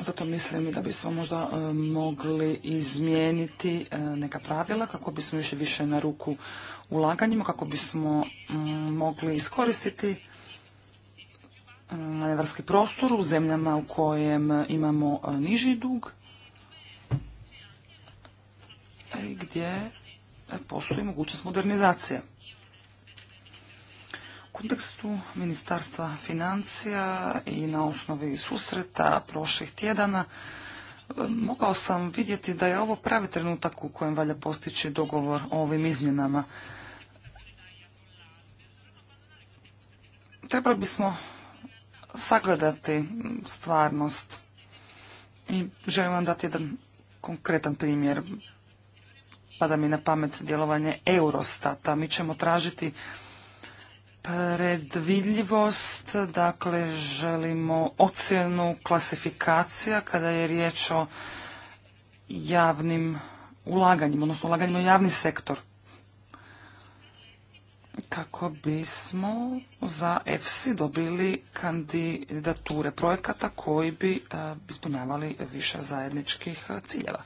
Zato mislim da bismo možda e, mogli izmijeniti e, neka pravila kako bismo još više na ruku ulaganjima, kako bismo mm, mogli iskoristiti e, manevarski prostor u zemljama u kojem imamo niži dug gdje postoji mogućnost modernizacije kontekstu Ministarstva financija i na osnovi susreta prošlih tjedana mogao sam vidjeti da je ovo pravi trenutak u kojem valja postići dogovor o ovim izmjenama. Trebali bismo sagledati stvarnost i želim vam dati jedan konkretan primjer. Pada mi na pamet djelovanje Eurostata. Mi ćemo tražiti predvidljivost, dakle želimo ocjenu klasifikacija kada je riječ o javnim ulaganjima, odnosno ulaganjima u javni sektor. Kako bismo za EFSI dobili kandidature projekata koji bi e, ispunjavali više zajedničkih ciljeva.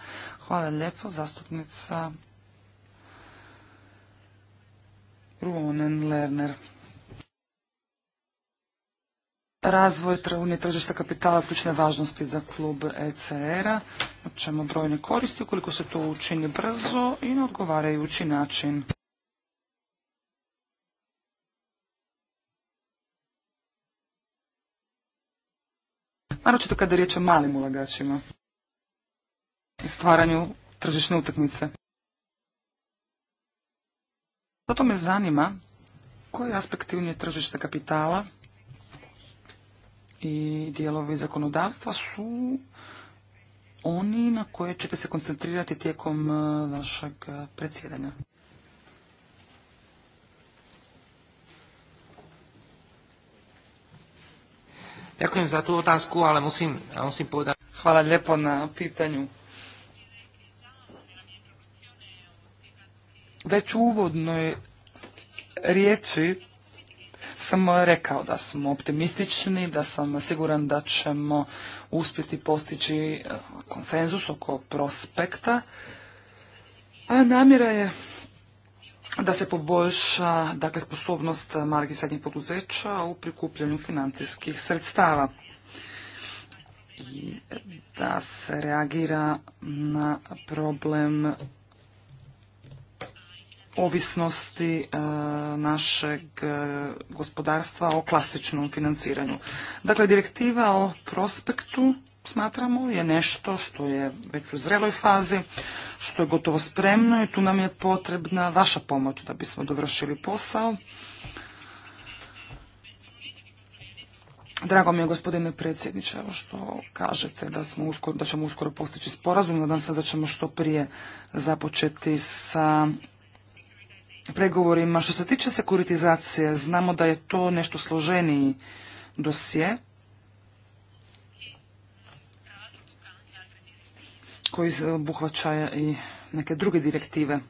Hvala lijepo, zastupnica Ruonen Lerner. Razvoj unije tržišta kapitala ključne važnosti za klub ECR-a, ćemo brojne koristi ukoliko se to učini brzo i na odgovarajući način. Naročito kada je riječ o malim ulagačima i stvaranju tržišne utakmice. Zato me zanima koji aspekti unije tržišta kapitala i dijelovi zakonodavstva su oni na koje ćete se koncentrirati tijekom e, vašeg e, predsjedanja. Ďakujem za tu otázku, ali musim, musim Hvala lijepo na pitanju. Već u uvodnoj riječi sam rekao da smo optimistični, da sam siguran da ćemo uspjeti postići e, konsenzus oko prospekta, a namjera je da se poboljša dakle, sposobnost malih i srednjih poduzeća u prikupljanju financijskih sredstava i da se reagira na problem ovisnosti e, našeg e, gospodarstva o klasičnom financiranju. Dakle, direktiva o prospektu smatramo je nešto što je već u zreloj fazi, što je gotovo spremno i tu nam je potrebna vaša pomoć da bismo dovršili posao. Drago mi je gospodine predsjedniče što kažete da, smo uskoro, da ćemo uskoro postići sporazum. Nadam se da ćemo što prije započeti sa pregovorima. Što se tiče sekuritizacije, znamo da je to nešto složeniji dosje koji obuhvaća i neke druge direktive.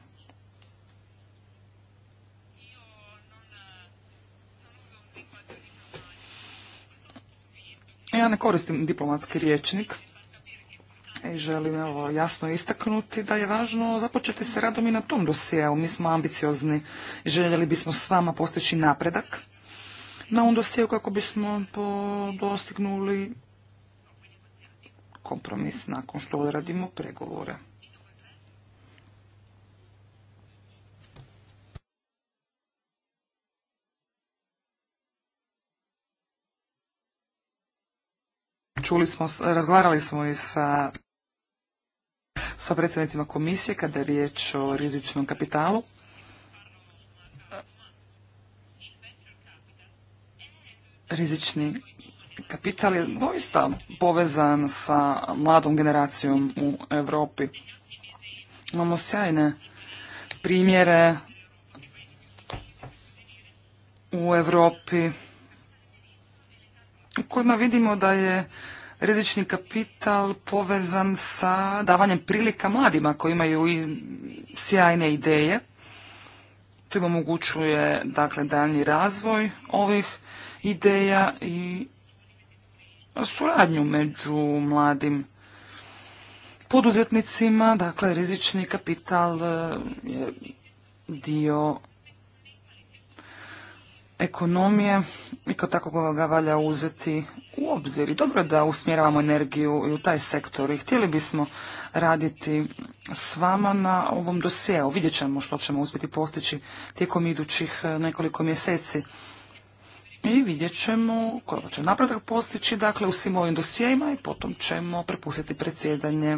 Ja ne koristim diplomatski riječnik. I želim evo, jasno istaknuti da je važno započeti se radom i na tom dosijeu. Mi smo ambiciozni i željeli bismo s vama postići napredak na ovom dosijeu kako bismo dostignuli kompromis nakon što odradimo pregovore. Čuli smo, razgovarali smo i sa sa predsjednicima komisije kada je riječ o rizičnom kapitalu. Rizični kapital je doista povezan sa mladom generacijom u Europi. Imamo sjajne primjere u Europi u kojima vidimo da je rizični kapital povezan sa davanjem prilika mladima koji imaju sjajne ideje. To im omogućuje dakle, daljnji razvoj ovih ideja i suradnju među mladim poduzetnicima. Dakle, rizični kapital e, je dio ekonomije i kao tako ga valja uzeti u obzir i dobro da usmjeravamo energiju i u taj sektor i htjeli bismo raditi s vama na ovom dosjeu. Vidjet ćemo što ćemo uspjeti postići tijekom idućih e, nekoliko mjeseci. I vidjet ćemo koliko će napredak postići, dakle, u svim ovim dosijejima i potom ćemo prepustiti predsjedanje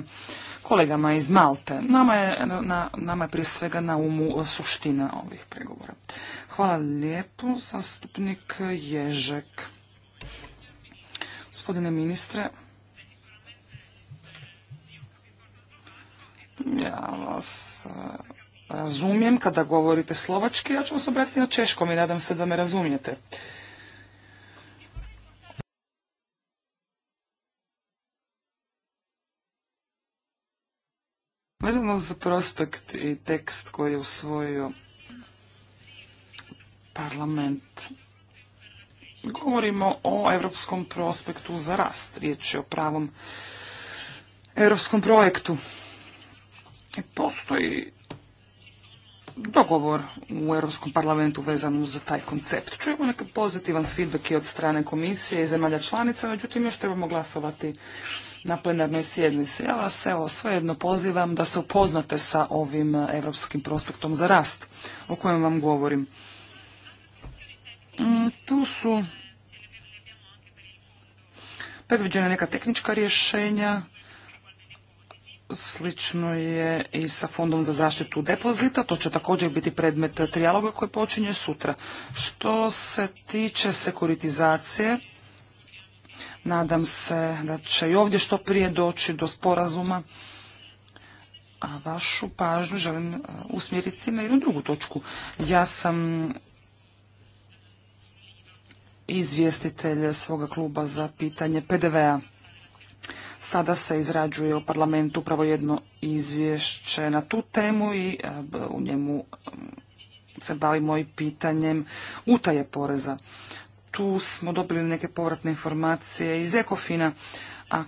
kolegama iz Malte. Nama je, na, nama je prije svega na umu suština ovih pregovora. Hvala lijepo, zastupnik Ježek. Gospodine ministre, ja vas eh, razumijem kada govorite slovački, ja ću vas obratiti na češkom i nadam se da me razumijete. Vezano za prospekt i tekst koji je usvojio parlament, Govorimo o Europskom prospektu za rast. Riječ je o pravom europskom projektu. E, postoji dogovor u Europskom parlamentu vezan uz taj koncept. Čujemo neki pozitivan feedback i od strane komisije i zemalja članica, međutim još trebamo glasovati na plenarnoj sjednici. Ja vas evo svejedno pozivam da se upoznate sa ovim Europskim prospektom za rast o kojem vam govorim. Mm, tu su predviđena neka tehnička rješenja, slično je i sa Fondom za zaštitu depozita, to će također biti predmet trijaloga koji počinje sutra. Što se tiče sekuritizacije, nadam se da će i ovdje što prije doći do sporazuma, a vašu pažnju želim e, usmjeriti na jednu drugu točku. Ja sam izvjestitelj svoga kluba za pitanje PDV-a. Sada se izrađuje u parlamentu upravo jedno izvješće na tu temu i e, u njemu se bavimo i pitanjem utaje poreza. Tu smo dobili neke povratne informacije iz Ekofina, a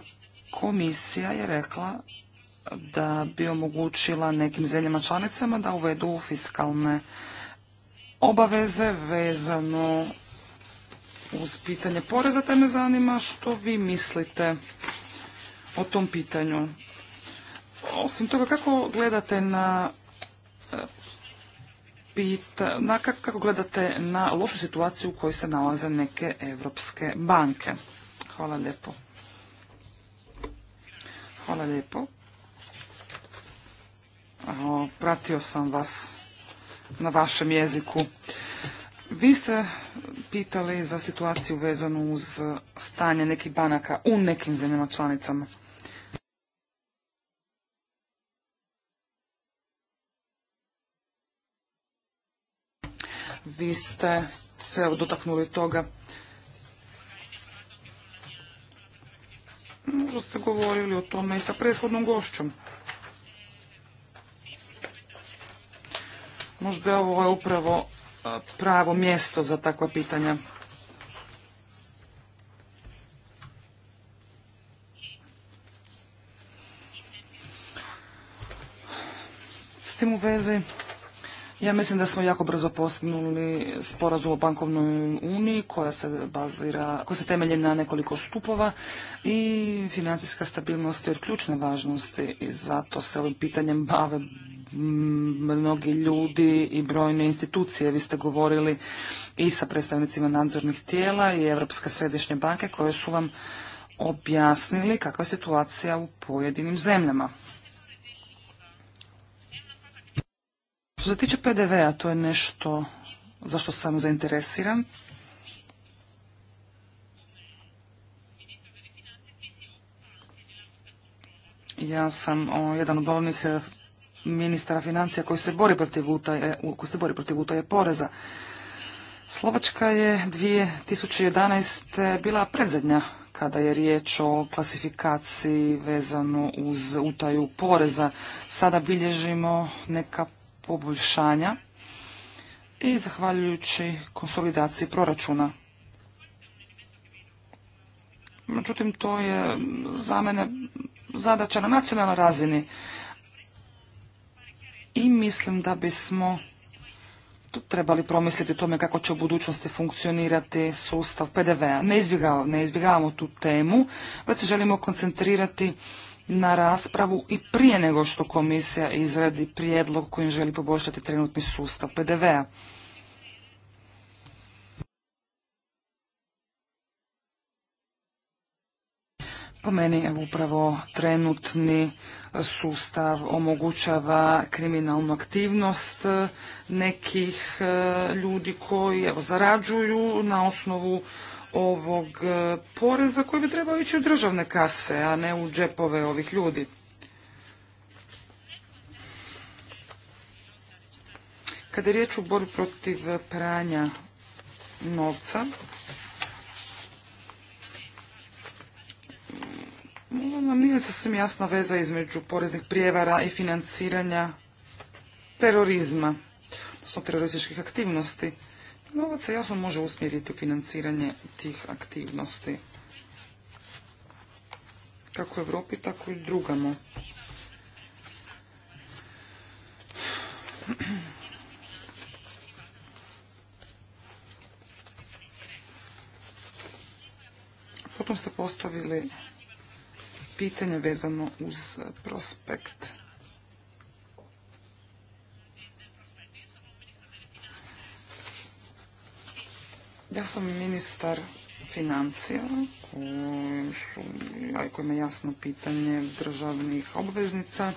komisija je rekla da bi omogućila nekim zemljama članicama da uvedu fiskalne obaveze vezano uz pitanje poreza, te me zanima što vi mislite o tom pitanju. Osim toga, kako gledate na e, pita, na, kako gledate na lošu situaciju u kojoj se nalaze neke evropske banke? Hvala lijepo. Hvala lijepo. Pratio sam vas na vašem jeziku. Vi ste pitali za situaciju vezanu uz stanje nekih banaka u nekim zemljama članicama. Vi ste se dotaknuli toga. Možda ste govorili o tome i sa prethodnom gošćom. Možda je ovo upravo pravo mjesto za takva pitanja. S tim u vezi ja mislim da smo jako brzo postignuli sporazum o bankovnoj uniji koja se bazira, koja se temelji na nekoliko stupova i financijska stabilnost je od ključne važnosti i zato se ovim pitanjem bave mnogi ljudi i brojne institucije. Vi ste govorili i sa predstavnicima nadzornih tijela i Europske središnje banke koje su vam objasnili kakva je situacija u pojedinim zemljama. Što se tiče PDV-a, to je nešto za što sam zainteresiran. Ja sam o, jedan od bolnih eh, ministara financija koji se bori protiv utaje, koji se bori protiv utaje poreza. Slovačka je 2011. bila predzadnja kada je riječ o klasifikaciji vezano uz utaju poreza. Sada bilježimo neka poboljšanja i zahvaljujući konsolidaciji proračuna. Međutim, to je za mene zadaća na nacionalnoj razini i mislim da bismo trebali promisliti o tome kako će u budućnosti funkcionirati sustav PDV-a. Ne, izbjegavamo, tu temu, već se želimo koncentrirati na raspravu i prije nego što komisija izradi prijedlog kojim želi poboljšati trenutni sustav PDV-a. Po meni je upravo trenutni sustav omogućava kriminalnu aktivnost e, nekih e, ljudi koji evo, zarađuju na osnovu ovog e, poreza koji bi trebao ići u državne kase, a ne u džepove ovih ljudi. Kada je riječ o borbi protiv pranja novca, Nije sasvim jasna veza između poreznih prijevara i financiranja terorizma, odnosno terorističkih aktivnosti. Novac se jasno može usmjeriti u financiranje tih aktivnosti. Kako u Europi, tako i drugamo. Potom ste postavili pitanje vezano uz prospekt. Ja sam ministar financija, koji ima jasno pitanje državnih obveznica.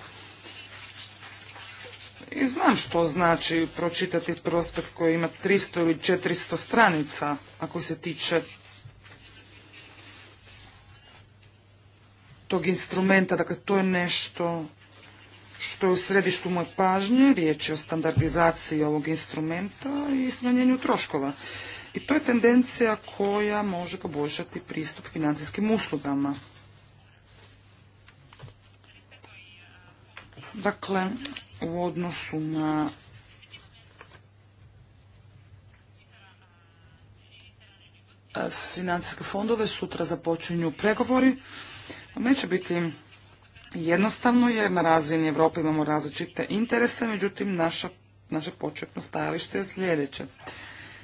I znam što znači pročitati prospekt koji ima 300 ili 400 stranica, ako se tiče tog instrumenta, dakle to je nešto što je u središtu moje pažnje, riječ je o standardizaciji ovog instrumenta i smanjenju troškova. I to je tendencija koja može poboljšati pristup financijskim uslugama. Dakle, u odnosu na financijske fondove sutra započinju pregovori. Neće biti jednostavno jer na razini Europe imamo različite interese, međutim naša, naše početno stajalište je sljedeće.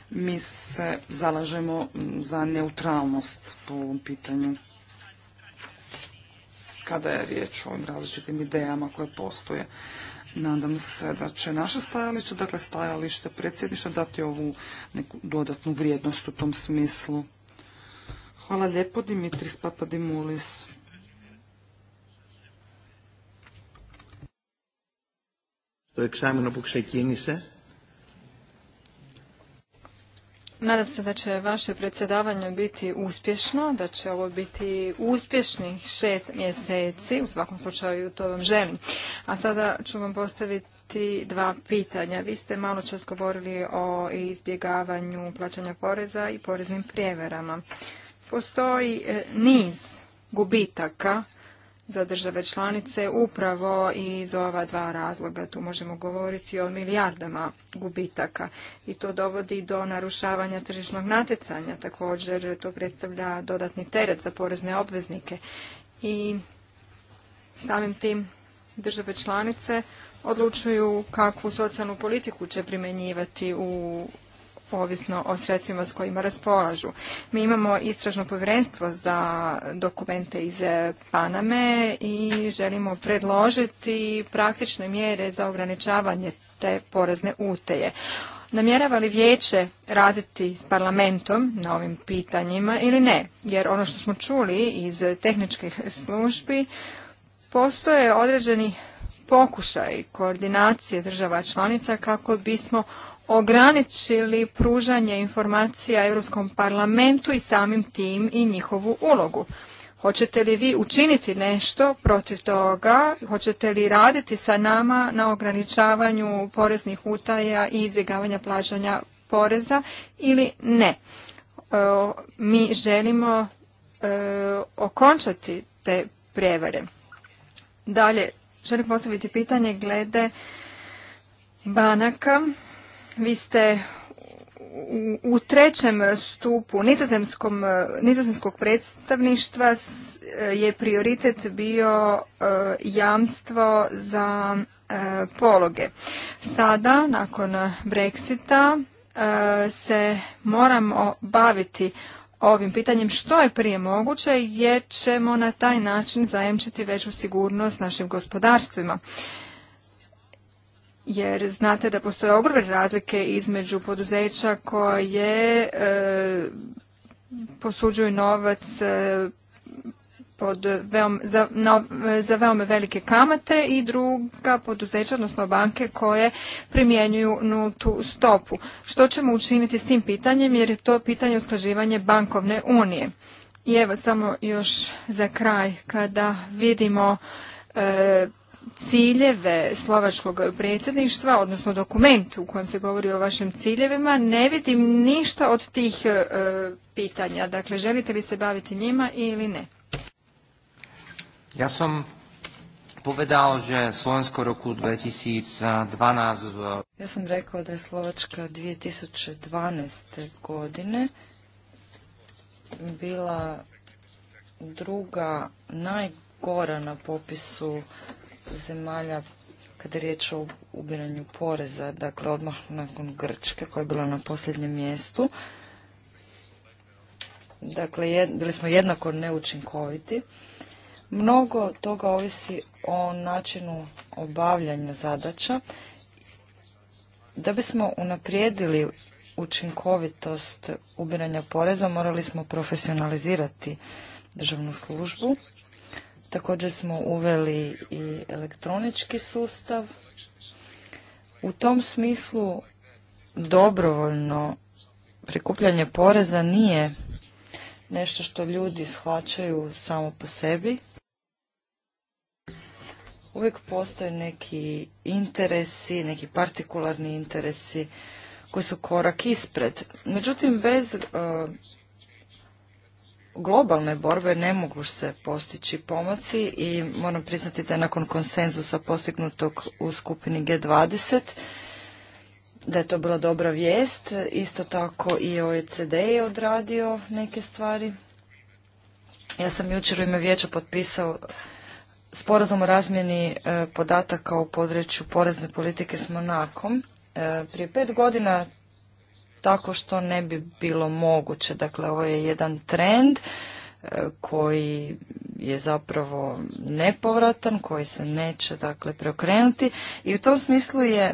Mi se zalažemo mm, za neutralnost po ovom pitanju kada je riječ o ovim različitim idejama koje postoje. Nadam se da će naše stajalište, dakle stajalište predsjedništva, dati ovu neku dodatnu vrijednost u tom smislu. Hvala lijepo, Dimitris Papadimulis. το εξάμεινο που ξεκίνησε. Nadam se da će vaše predsjedavanje biti uspješno, da će ovo biti uspješni šest mjeseci, u svakom slučaju to vam želim. A sada ću vam postaviti dva pitanja. Vi ste malo čas govorili o izbjegavanju plaćanja poreza i poreznim prijeverama. Postoji e, niz gubitaka za države članice upravo iz ova dva razloga. Tu možemo govoriti o milijardama gubitaka i to dovodi do narušavanja tržišnog natjecanja. Također to predstavlja dodatni teret za porezne obveznike i samim tim države članice odlučuju kakvu socijalnu politiku će primjenjivati u ovisno o sredstvima s kojima raspolažu. Mi imamo istražno povjerenstvo za dokumente iz Paname i želimo predložiti praktične mjere za ograničavanje te porezne uteje. Namjerava li vijeće raditi s parlamentom na ovim pitanjima ili ne? Jer ono što smo čuli iz tehničkih službi, postoje određeni pokušaj koordinacije država članica kako bismo ograničili pružanje informacija Europskom parlamentu i samim tim i njihovu ulogu. Hoćete li vi učiniti nešto protiv toga? Hoćete li raditi sa nama na ograničavanju poreznih utaja i izbjegavanja plaćanja poreza ili ne? E, mi želimo e, okončati te prijevare. Dalje, želim postaviti pitanje glede banaka vi ste u trećem stupu e, nizozemskog predstavništva e, je prioritet bio e, jamstvo za pologe. Sada, nakon Brexita, se moramo baviti ovim pitanjem što je prije moguće jer ćemo na taj način zajemčiti veću sigurnost našim gospodarstvima jer znate da postoje ogromne razlike između poduzeća koje e, posuđuju novac e, pod za, za veoma velike kamate i druga poduzeća, odnosno banke koje primjenjuju nultu stopu. Što ćemo učiniti s tim pitanjem jer je to pitanje usklaživanje bankovne unije. I evo samo još za kraj kada vidimo e, ciljeve slovačkog predsjedništva, odnosno dokument u kojem se govori o vašim ciljevima, ne vidim ništa od tih e, pitanja. Dakle, želite li se baviti njima ili ne? Ja sam povedao že Slovensko roku 2012... E, ja sam rekao da je Slovačka 2012. godine bila druga najgora na popisu zemalja kada je riječ o ubiranju poreza, dakle odmah nakon Grčke koja je bila na posljednjem mjestu. Dakle, bili smo jednako neučinkoviti. Mnogo toga ovisi o načinu obavljanja zadaća. Da bismo unaprijedili učinkovitost ubiranja poreza, morali smo profesionalizirati državnu službu. Također smo uveli i elektronički sustav. U tom smislu dobrovoljno prikupljanje poreza nije nešto što ljudi shvaćaju samo po sebi. Uvijek postoje neki interesi, neki partikularni interesi koji su korak ispred. Međutim, bez e, globalne borbe ne mogu se postići pomaci i moram priznati da je nakon konsenzusa postignutog u skupini G20 da je to bila dobra vijest. Isto tako i OECD je odradio neke stvari. Ja sam jučer u ime vijeća potpisao sporazum o razmjeni e, podataka u području porezne politike s Monakom. E, prije pet godina tako što ne bi bilo moguće. Dakle, ovo je jedan trend e, koji je zapravo nepovratan, koji se neće dakle preokrenuti i u tom smislu je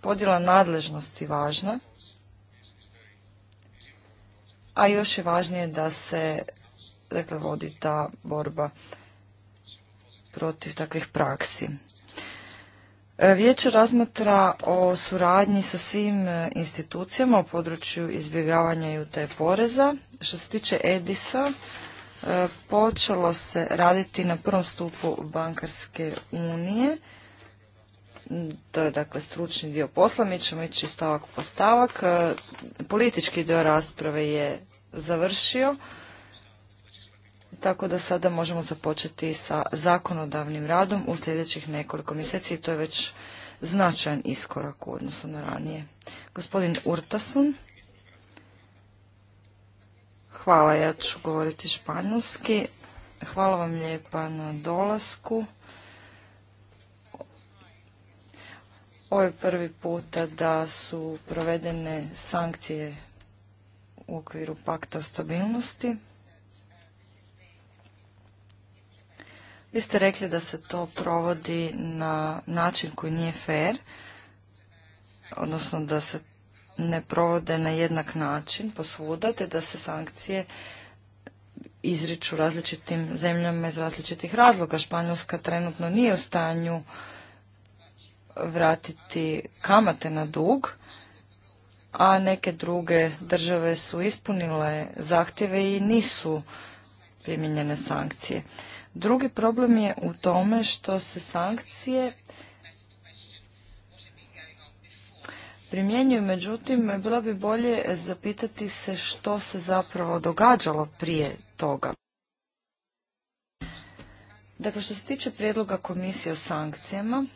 podjela nadležnosti važna. A još je važnije da se dakle vodi ta borba protiv takvih praksi. Vijeće razmatra o suradnji sa svim e, institucijama u području izbjegavanja i utaje poreza. Što se tiče Edisa, e, počelo se raditi na prvom stupu bankarske unije. To je dakle stručni dio posla, mi ćemo ići stavak po stavak. E, politički dio rasprave je završio tako da sada možemo započeti sa zakonodavnim radom u sljedećih nekoliko mjeseci i to je već značajan iskorak u odnosu na ranije. Gospodin Urtasun. Hvala, ja ću govoriti španjolski. Hvala vam lijepa na dolasku. Ovo je prvi puta da su provedene sankcije u okviru pakta stabilnosti. Vi ste rekli da se to provodi na način koji nije fair, odnosno da se ne provode na jednak način posvuda, te da se sankcije izriču različitim zemljama iz različitih razloga. Španjolska trenutno nije u stanju vratiti kamate na dug, a neke druge države su ispunile zahtjeve i nisu primijenjene sankcije. Drugi problem je u tome što se sankcije primjenjuju, međutim, bilo bi bolje zapitati se što se zapravo događalo prije toga. Dakle, što se tiče prijedloga komisije o sankcijama,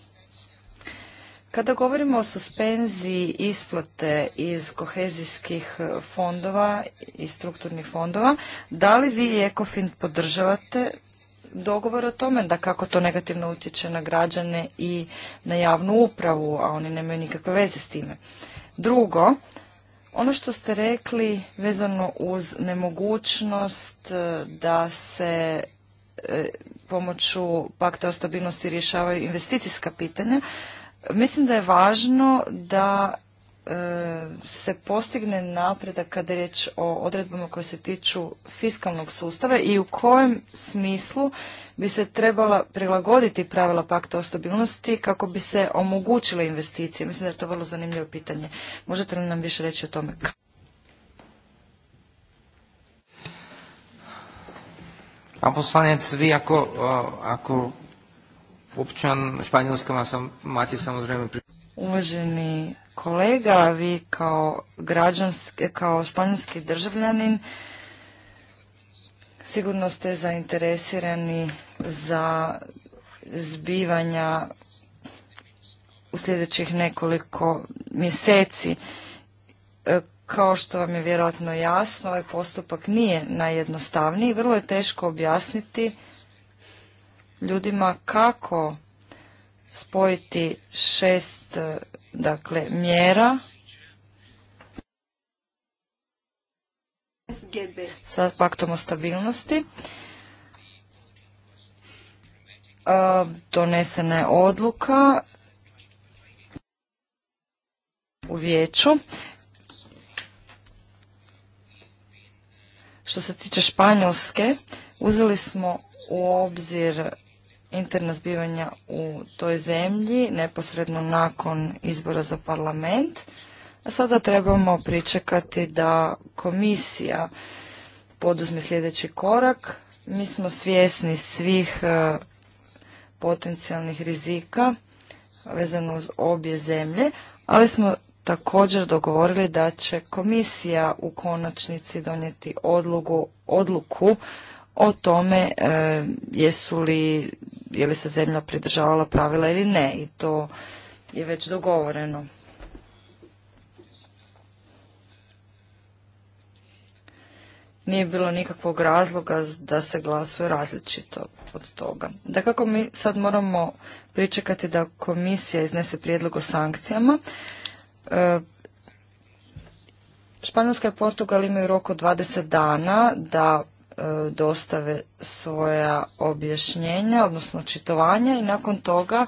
kada govorimo o suspenziji isplate iz kohezijskih fondova i strukturnih fondova, da li vi i ECOFIN podržavate dogovor o tome da kako to negativno utječe na građane i na javnu upravu, a oni nemaju nikakve veze s time. Drugo, ono što ste rekli vezano uz nemogućnost e, da se e, pomoću pakta o stabilnosti rješavaju investicijska pitanja, mislim da je važno da E, se postigne napredak kada je riječ o odredbama koje se tiču fiskalnog sustava i u kojem smislu bi se trebala prilagoditi pravila pakta o stabilnosti kako bi se omogućile investicije? Mislim da je to vrlo zanimljivo pitanje. Možete li nam više reći o tome? poslanec, vi ako, ako sam, mati samozrejme... Uvaženi kolega, vi kao građanski, kao španjolski državljanin sigurno ste zainteresirani za zbivanja u sljedećih nekoliko mjeseci. E, kao što vam je vjerojatno jasno, ovaj postupak nije najjednostavniji. Vrlo je teško objasniti ljudima kako spojiti šest dakle mjera sa paktom o stabilnosti. E, donesena je odluka u vijeću. Što se tiče Španjolske, uzeli smo u obzir interna zbivanja u toj zemlji neposredno nakon izbora za parlament. A sada trebamo pričekati da komisija poduzme sljedeći korak. Mi smo svjesni svih e, potencijalnih rizika vezano uz obje zemlje, ali smo također dogovorili da će komisija u konačnici donijeti odluku o tome e, jesu li je li se zemlja pridržavala pravila ili ne i to je već dogovoreno. Nije bilo nikakvog razloga da se glasuje različito od toga. Da kako mi sad moramo pričekati da komisija iznese prijedlog o sankcijama, e, Španjolska i Portugal imaju rok od 20 dana da E, dostave svoja objašnjenja, odnosno očitovanja i nakon toga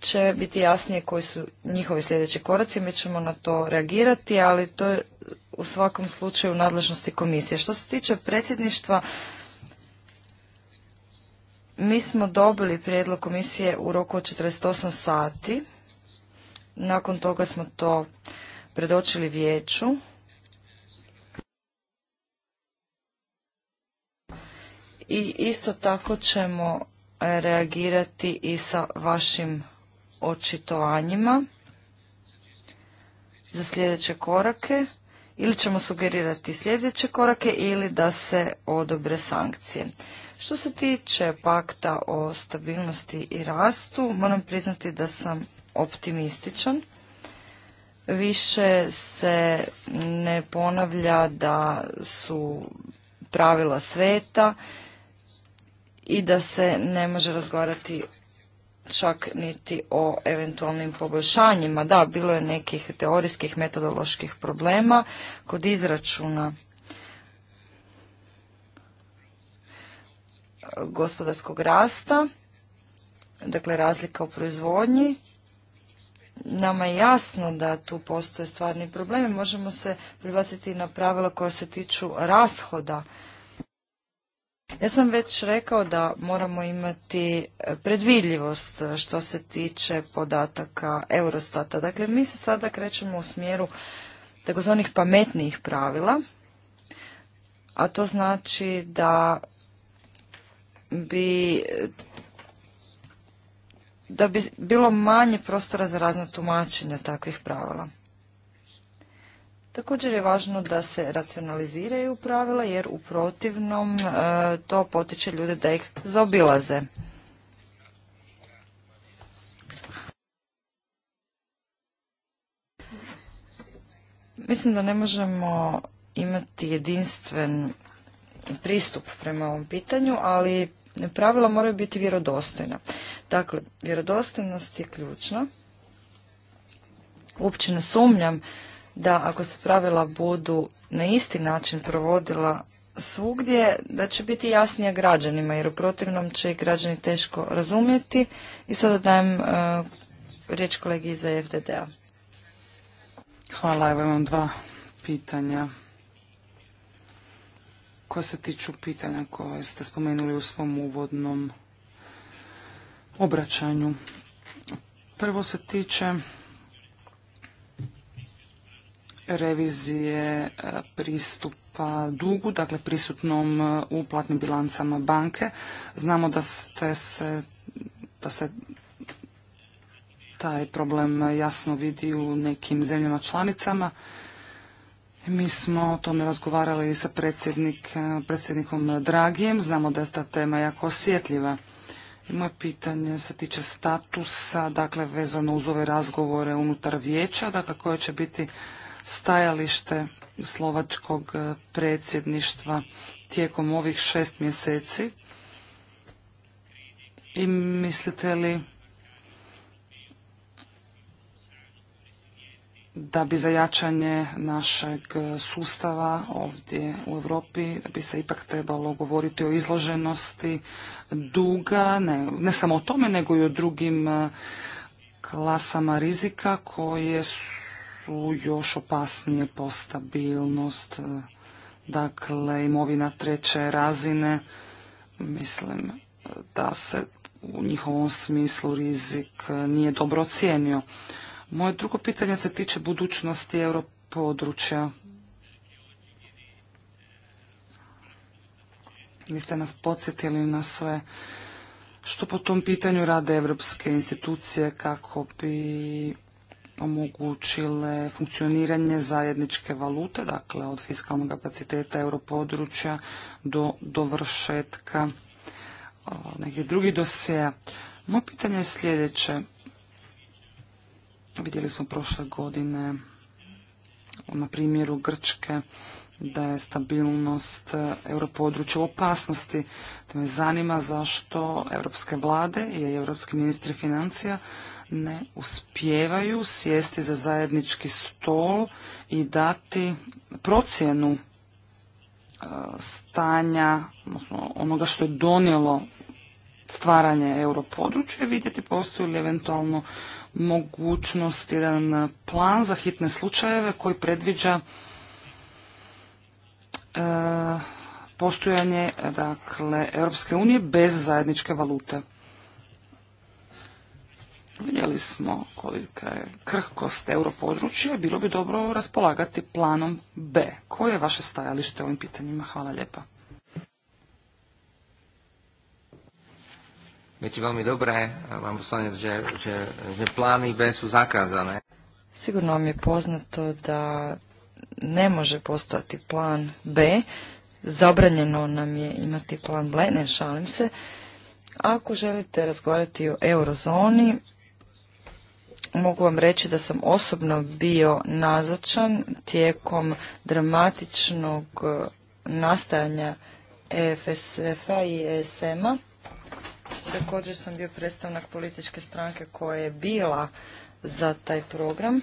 će biti jasnije koji su njihovi sljedeći koraci, mi ćemo na to reagirati, ali to je u svakom slučaju u nadležnosti komisije. Što se tiče predsjedništva, mi smo dobili prijedlog komisije u roku od 48 sati. Nakon toga smo to predočili vijeću i isto tako ćemo reagirati i sa vašim očitovanjima za sljedeće korake ili ćemo sugerirati sljedeće korake ili da se odobre sankcije. Što se tiče pakta o stabilnosti i rastu, moram priznati da sam optimističan. Više se ne ponavlja da su pravila sveta, i da se ne može razgovarati čak niti o eventualnim poboljšanjima. Da, bilo je nekih teorijskih metodoloških problema kod izračuna gospodarskog rasta, dakle razlika u proizvodnji. Nama je jasno da tu postoje stvarni problemi. Možemo se pribaciti na pravila koja se tiču rashoda ja sam već rekao da moramo imati e, predvidljivost e, što se tiče podataka Eurostata. Dakle, mi se sada krećemo u smjeru takozvanih pametnijih pravila, a to znači da bi da bi bilo manje prostora za razna tumačenja takvih pravila. Također je važno da se racionaliziraju pravila jer u protivnom e, to potiče ljude da ih zaobilaze. Mislim da ne možemo imati jedinstven pristup prema ovom pitanju, ali pravila moraju biti vjerodostojna. Dakle, vjerodostojnost je ključna. Uopće ne sumnjam da ako se pravila budu na isti način provodila svugdje, da će biti jasnija građanima, jer u protivnom će i građani teško razumjeti. I sada dajem e, riječ kolegi iz e fdd Hvala, evo imam dva pitanja koja se tiču pitanja koje ste spomenuli u svom uvodnom obraćanju. Prvo se tiče revizije e, pristupa dugu, dakle prisutnom e, u platnim bilancama banke. Znamo da ste se, da se taj problem jasno vidi u nekim zemljama članicama. Mi smo o tome razgovarali i sa predsjednik, e, predsjednikom Dragijem. Znamo da je ta tema jako osjetljiva. I moje pitanje se tiče statusa, dakle vezano uz ove razgovore unutar vijeća, dakle koje će biti stajalište slovačkog e, predsjedništva tijekom ovih šest mjeseci i mislite li da bi za jačanje našeg sustava ovdje u Europi da bi se ipak trebalo govoriti o izloženosti duga, ne, ne samo o tome nego i o drugim e, klasama rizika koje su su još opasnije po stabilnost, e, dakle imovina treće razine, mislim e, da se u njihovom smislu rizik e, nije dobro ocijenio. Moje drugo pitanje se tiče budućnosti europodručja. Vi ste nas podsjetili na sve što po tom pitanju rade evropske institucije kako bi omogućile funkcioniranje zajedničke valute, dakle od fiskalnog kapaciteta europodručja do dovršetka nekih drugih dosjeja. Moje pitanje je sljedeće. Vidjeli smo prošle godine na primjeru Grčke da je stabilnost europodručja u opasnosti. To me zanima zašto europske vlade i europski ministri financija ne uspijevaju sjesti za zajednički stol i dati procjenu e, stanja, odnosno onoga što je donijelo stvaranje europodručja, vidjeti postoji li eventualno mogućnost, jedan plan za hitne slučajeve koji predviđa e, postojanje dakle, Europske unije bez zajedničke valute. Vidjeli smo kolika je krhkost europodručja, bilo bi dobro raspolagati planom B. Koje je vaše stajalište o ovim pitanjima? Hvala lijepa. Već je veoma že, B su zakazane. Sigurno vam je poznato da ne može postojati plan B. Zabranjeno nam je imati plan B, ne šalim se. Ako želite razgovarati o eurozoni, mogu vam reći da sam osobno bio nazočan tijekom dramatičnog e, nastajanja EFSF-a i ESM-a. Također sam bio predstavnik političke stranke koja je bila za taj program.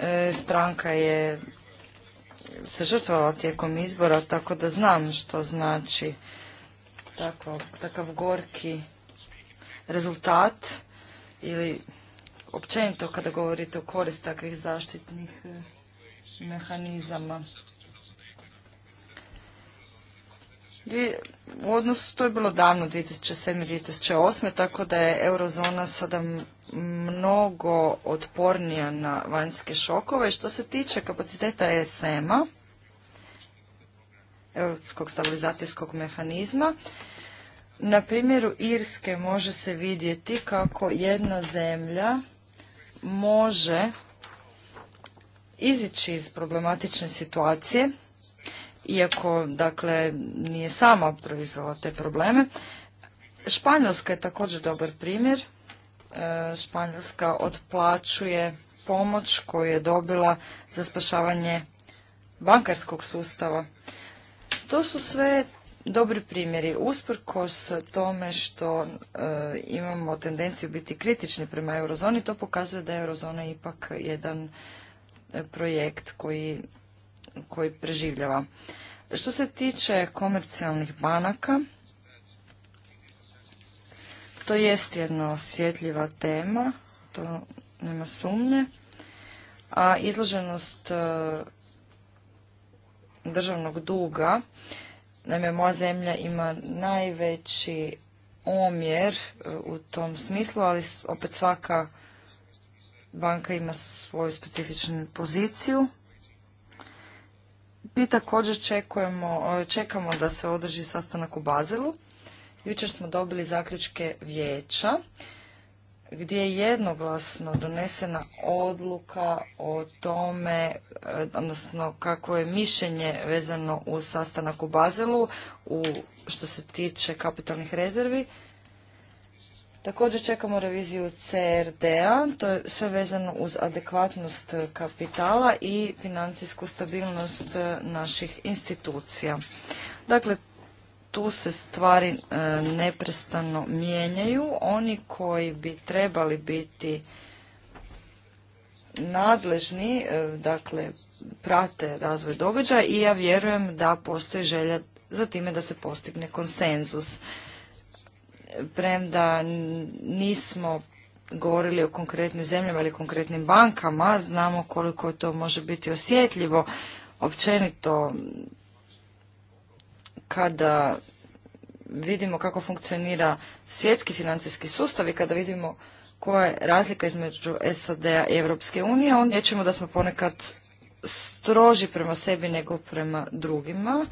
E, stranka je se tijekom izbora, tako da znam što znači tako, takav gorki rezultat ili općenito kada govorite o korist takvih zaštitnih e, mehanizama. U odnosu to je bilo davno 2007. 2008. tako da je eurozona sada mnogo otpornija na vanjske šokove. Što se tiče kapaciteta ESM-a, Europskog stabilizacijskog mehanizma, na primjeru Irske može se vidjeti kako jedna zemlja može izići iz problematične situacije, iako dakle nije sama proizvela te probleme. Španjolska je također dobar primjer. E, Španjolska otplaćuje pomoć koju je dobila za spašavanje bankarskog sustava. To su sve dobri primjeri. Usprkos tome što e, imamo tendenciju biti kritični prema eurozoni, to pokazuje da je eurozona ipak jedan e, projekt koji, koji preživljava. Što se tiče komercijalnih banaka, to jest jedna osjetljiva tema, to nema sumnje, a izloženost e, državnog duga Naime, moja zemlja ima najveći omjer e, u tom smislu, ali opet svaka banka ima svoju specifičnu poziciju. Mi također e, čekamo da se održi sastanak u Bazelu. Jučer smo dobili zaključke vijeća gdje je jednoglasno donesena odluka o tome, e, odnosno kako je mišljenje vezano u sastanak u Bazelu u, što se tiče kapitalnih rezervi. Također čekamo reviziju CRD-a, to je sve vezano uz adekvatnost kapitala i financijsku stabilnost e, naših institucija. Dakle, tu se stvari e, neprestano mijenjaju. Oni koji bi trebali biti nadležni, e, dakle prate razvoj događaja i ja vjerujem da postoji želja za time da se postigne konsenzus. Premda nismo govorili o konkretnim zemljama ili konkretnim bankama, znamo koliko to može biti osjetljivo općenito kada vidimo kako funkcionira svjetski financijski sustav i kada vidimo koja je razlika između SAD-a i Europske unije, onda nećemo da smo ponekad stroži prema sebi nego prema drugima.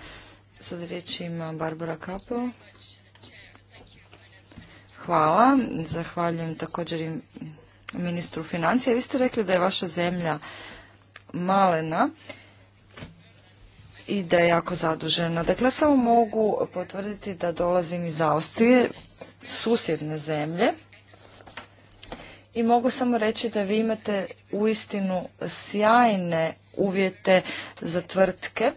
Sad riječ ima Barbara Kapo. Hvala. Zahvaljujem također i ministru financija. Vi ste rekli da je vaša zemlja malena i da je jako zadužena. Dakle, samo mogu potvrditi da dolazim iz Austrije, susjedne zemlje. I mogu samo reći da vi imate uistinu sjajne uvjete za tvrtke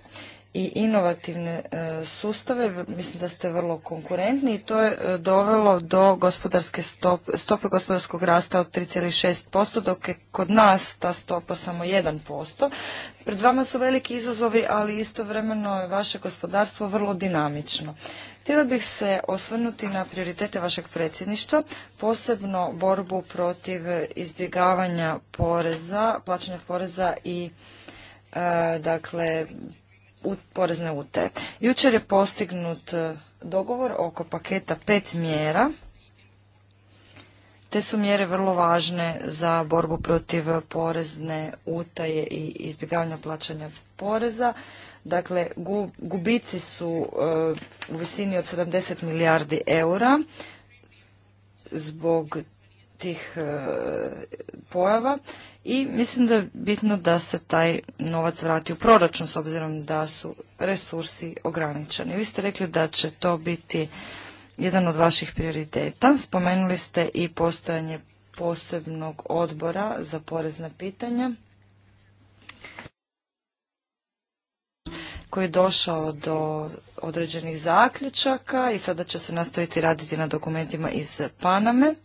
i inovativne e, sustave, mislim da ste vrlo konkurentni i to je e, dovelo do gospodarske stope, stope gospodarskog rasta od 3,6%, dok je kod nas ta stopa samo 1%. Pred vama su veliki izazovi, ali istovremeno je vaše gospodarstvo vrlo dinamično. Htjela bih se osvrnuti na prioritete vašeg predsjedništva, posebno borbu protiv izbjegavanja poreza, plaćanja poreza i e, dakle porezne ute. Jučer je postignut e, dogovor oko paketa pet mjera. Te su mjere vrlo važne za borbu protiv porezne utaje i izbjegavanja plaćanja poreza. Dakle, gubici su e, u visini od 70 milijardi eura zbog tih e, pojava i mislim da je bitno da se taj novac vrati u proračun s obzirom da su resursi ograničeni. Vi ste rekli da će to biti jedan od vaših prioriteta. Spomenuli ste i postojanje posebnog odbora za porezna pitanja koji je došao do određenih zaključaka i sada će se nastaviti raditi na dokumentima iz Paname.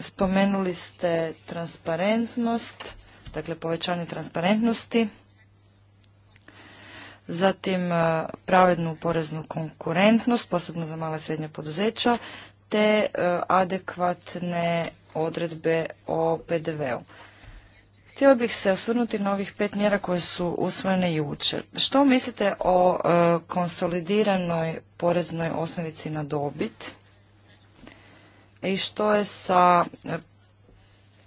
Spomenuli ste transparentnost, dakle povećanje transparentnosti, zatim e, pravednu poreznu konkurentnost, posebno za mala i srednja poduzeća, te e, adekvatne odredbe o PDV-u. Htjela bih se osvrnuti na ovih pet mjera koje su usvojene jučer. Što mislite o e, konsolidiranoj poreznoj osnovici na dobit? i što je sa e,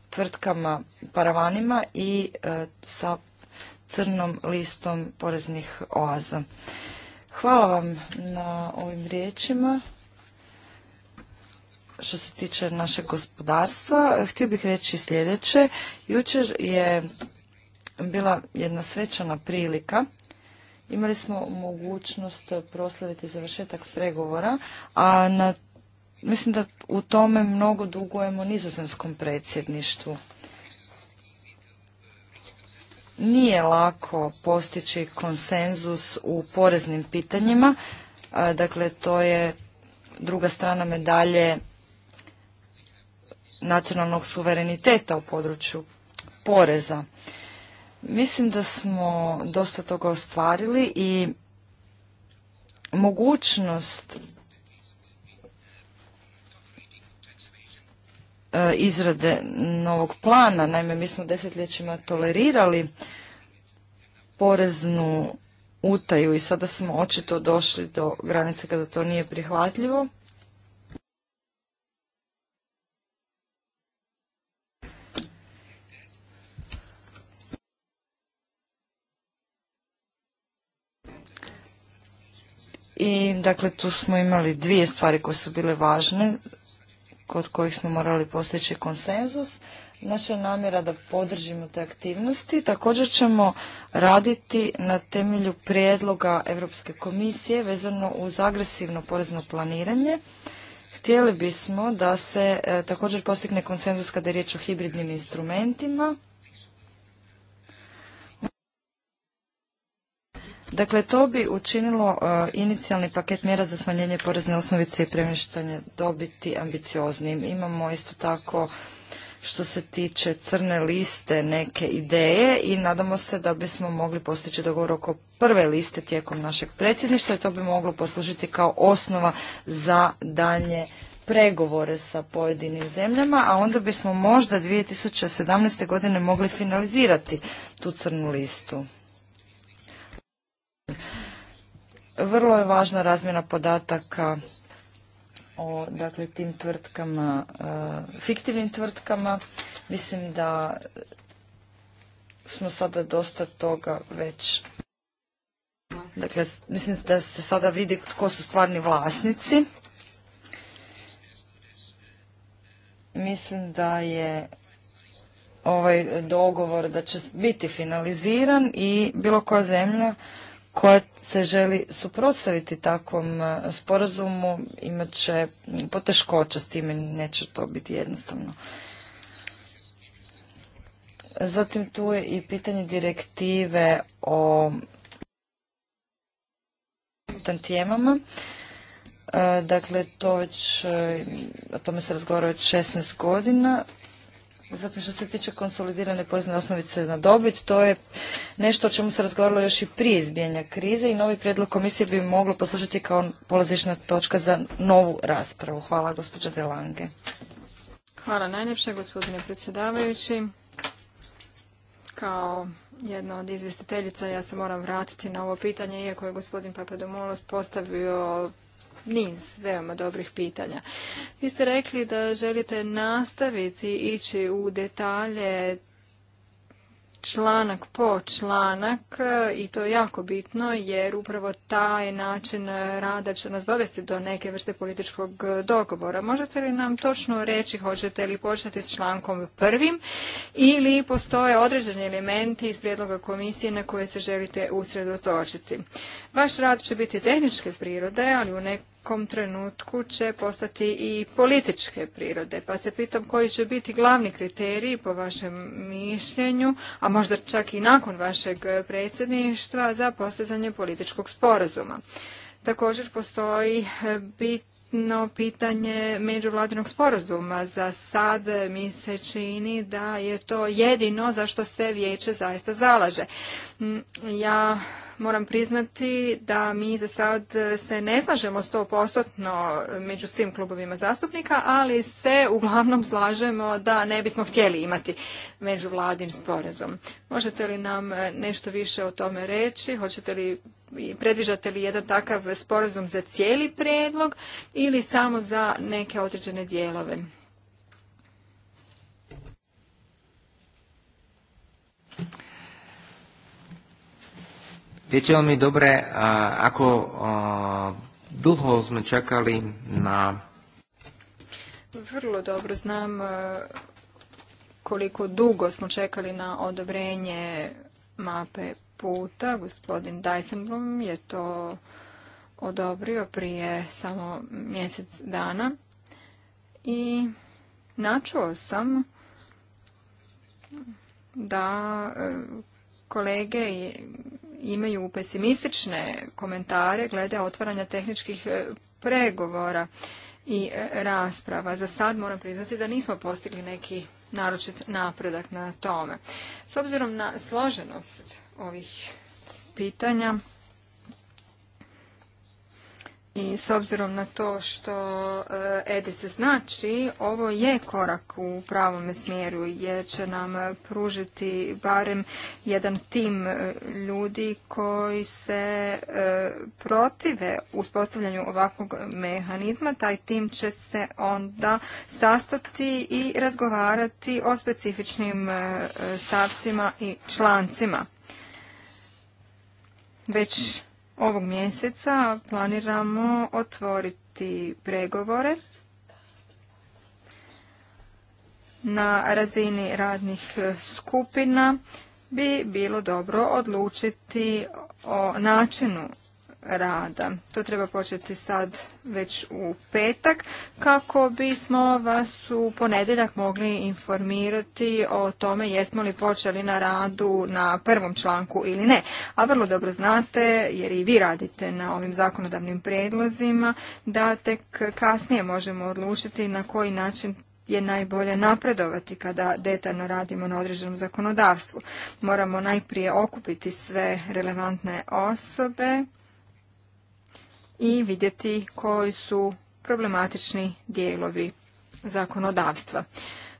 tvrtkama paravanima i e, sa crnom listom poreznih oaza. Hvala vam na ovim riječima. Što se tiče našeg gospodarstva, htio bih reći sljedeće. Jučer je bila jedna svečana prilika. Imali smo mogućnost proslaviti završetak pregovora, a na Mislim da u tome mnogo dugujemo nizozemskom predsjedništvu. Nije lako postići konsenzus u poreznim pitanjima, dakle to je druga strana medalje nacionalnog suvereniteta u području poreza. Mislim da smo dosta toga ostvarili i mogućnost E, izrade novog plana. Naime, mi smo desetljećima tolerirali poreznu utaju i sada smo očito došli do granice kada to nije prihvatljivo. I dakle tu smo imali dvije stvari koje su bile važne kod kojih smo morali postići konsenzus. Naša namjera da podržimo te aktivnosti. Također ćemo raditi na temelju prijedloga Europske komisije vezano uz agresivno porezno planiranje. Htjeli bismo da se e, također postigne konsenzus kada je riječ o hibridnim instrumentima Dakle, to bi učinilo e, inicijalni paket mjera za smanjenje porezne osnovice i premještanje dobiti ambicioznim. Imamo isto tako što se tiče crne liste neke ideje i nadamo se da bismo mogli postići dogovor oko prve liste tijekom našeg predsjedništva i to bi moglo poslužiti kao osnova za dalje pregovore sa pojedinim zemljama, a onda bismo možda 2017. godine mogli finalizirati tu crnu listu. Vrlo je važna razmjena podataka o dakle, tim tvrtkama, e, fiktivnim tvrtkama. Mislim da smo sada dosta toga već Dakle, mislim da se sada vidi tko su stvarni vlasnici. Mislim da je ovaj dogovor da će biti finaliziran i bilo koja zemlja koja se želi suprotstaviti takvom e, sporazumu imat će poteškoća s time, neće to biti jednostavno. Zatim tu je i pitanje direktive o ...tijemama, e, Dakle, to već, e, o tome se razgovara već 16 godina. Zato što se tiče konsolidirane porezne osnovice na dobit, to je nešto o čemu se razgovaralo još i prije izbijanja krize i novi predlog komisije bi moglo poslušati kao polazišna točka za novu raspravu. Hvala gospođa Delange. Hvala najljepše gospodine predsjedavajući. Kao jedna od izvjestiteljica ja se moram vratiti na ovo pitanje, iako je gospodin Papadomoulos postavio niz veoma dobrih pitanja. Vi ste rekli da želite nastaviti ići u detalje članak po članak i to je jako bitno jer upravo taj način rada će nas dovesti do neke vrste političkog dogovora. Možete li nam točno reći hoćete li početi s člankom prvim ili postoje određeni elementi iz prijedloga komisije na koje se želite usredotočiti. Vaš rad će biti tehničke prirode, ali u nekom kom trenutku će postati i političke prirode. Pa se pitam koji će biti glavni kriteriji po vašem mišljenju, a možda čak i nakon vašeg predsjedništva za postizanje političkog sporazuma. Također postoji bit no pitanje međuvladinog sporazuma. Za sad mi se čini da je to jedino za što se vijeće zaista zalaže. Mm, ja moram priznati da mi za sad se ne slažemo sto postotno među svim klubovima zastupnika, ali se uglavnom slažemo da ne bismo htjeli imati međuvladin sporazum. Možete li nam nešto više o tome reći? Hoćete li predviđate li jedan takav sporazum za cijeli predlog ili samo za neke određene dijelove? li mi dobre, ako dlho smo na... Vrlo dobro znam koliko dugo smo čekali na odobrenje mape puta. Gospodin Dijsenblom je to odobrio prije samo mjesec dana i načuo sam da e, kolege imaju pesimistične komentare glede otvaranja tehničkih e, pregovora i e, rasprava. Za sad moram priznati da nismo postigli neki naročit napredak na tome. S obzirom na složenost ovih pitanja. I s obzirom na to što e, EDIS znači, ovo je korak u pravom smjeru jer će nam pružiti barem jedan tim e, ljudi koji se e, protive uspostavljanju ovakvog mehanizma. Taj tim će se onda sastati i razgovarati o specifičnim stavcima i člancima. Već ovog mjeseca planiramo otvoriti pregovore na razini radnih skupina bi bilo dobro odlučiti o načinu rada. To treba početi sad već u petak kako bismo vas u ponedjeljak mogli informirati o tome jesmo li počeli na radu na prvom članku ili ne. A vrlo dobro znate, jer i vi radite na ovim zakonodavnim predlozima, da tek kasnije možemo odlučiti na koji način je najbolje napredovati kada detaljno radimo na određenom zakonodavstvu. Moramo najprije okupiti sve relevantne osobe i vidjeti koji su problematični dijelovi zakonodavstva.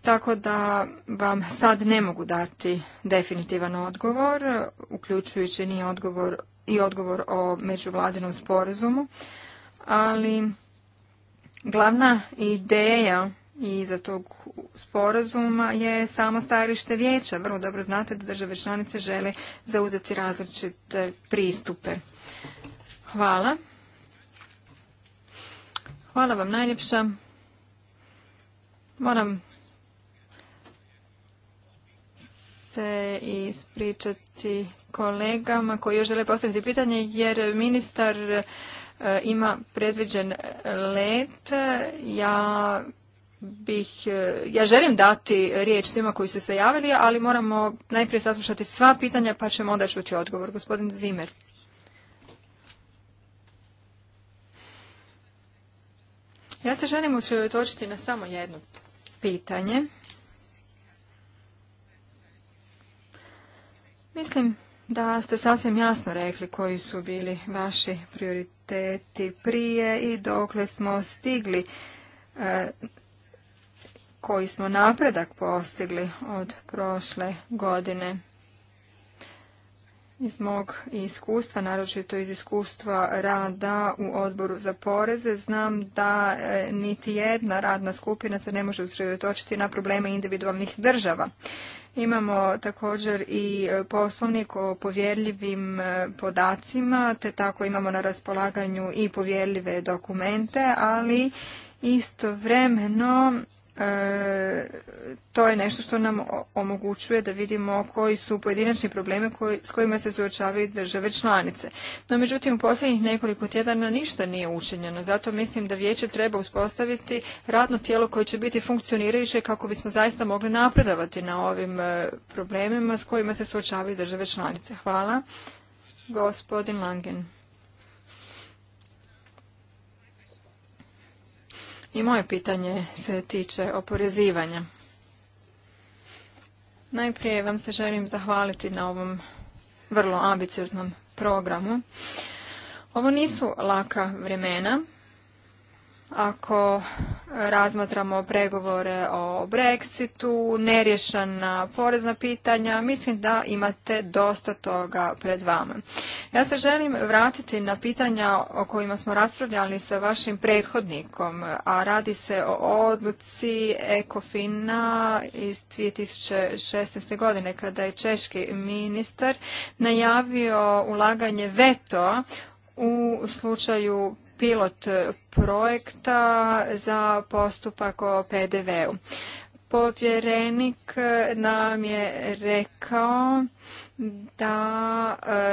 Tako da vam sad ne mogu dati definitivan odgovor, uključujući ni odgovor i odgovor o međuvladinom sporazumu, ali glavna ideja iza tog sporazuma je samo stajalište vijeća. Vrlo dobro znate da države članice žele zauzeti različite pristupe. Hvala. Hvala vam najljepša. Moram se ispričati kolegama koji još žele postaviti pitanje jer ministar e, ima predviđen let. Ja bih, e, ja želim dati riječ svima koji su se javili, ali moramo najprije saslušati sva pitanja pa ćemo onda čuti odgovor. Gospodin Zimer. Ja se želim usredotočiti na samo jedno pitanje. Mislim da ste sasvim jasno rekli koji su bili vaši prioriteti prije i dokle smo stigli, e, koji smo napredak postigli od prošle godine iz mog iskustva, naročito iz iskustva rada u odboru za poreze, znam da e, niti jedna radna skupina se ne može usredotočiti na probleme individualnih država. Imamo također i e, poslovnik o povjerljivim e, podacima, te tako imamo na raspolaganju i povjerljive dokumente, ali istovremeno E, to je nešto što nam omogućuje da vidimo koji su pojedinačni problemi s kojima se suočavaju države članice. No međutim u posljednjih nekoliko tjedana ništa nije učinjeno. Zato mislim da vijeće treba uspostaviti radno tijelo koje će biti funkcionirajuće kako bismo zaista mogli napredovati na ovim e, problemima s kojima se suočavaju države članice. Hvala. Gospodin Langen. I moje pitanje se tiče oporezivanja. Najprije vam se želim zahvaliti na ovom vrlo ambicioznom programu. Ovo nisu laka vremena ako razmatramo pregovore o Brexitu, nerješana porezna pitanja, mislim da imate dosta toga pred vama. Ja se želim vratiti na pitanja o kojima smo raspravljali sa vašim prethodnikom, a radi se o odluci Ekofina iz 2016. godine kada je češki ministar najavio ulaganje veto u slučaju pilot e, projekta za postupak o PDV-u. Povjerenik e, nam je rekao da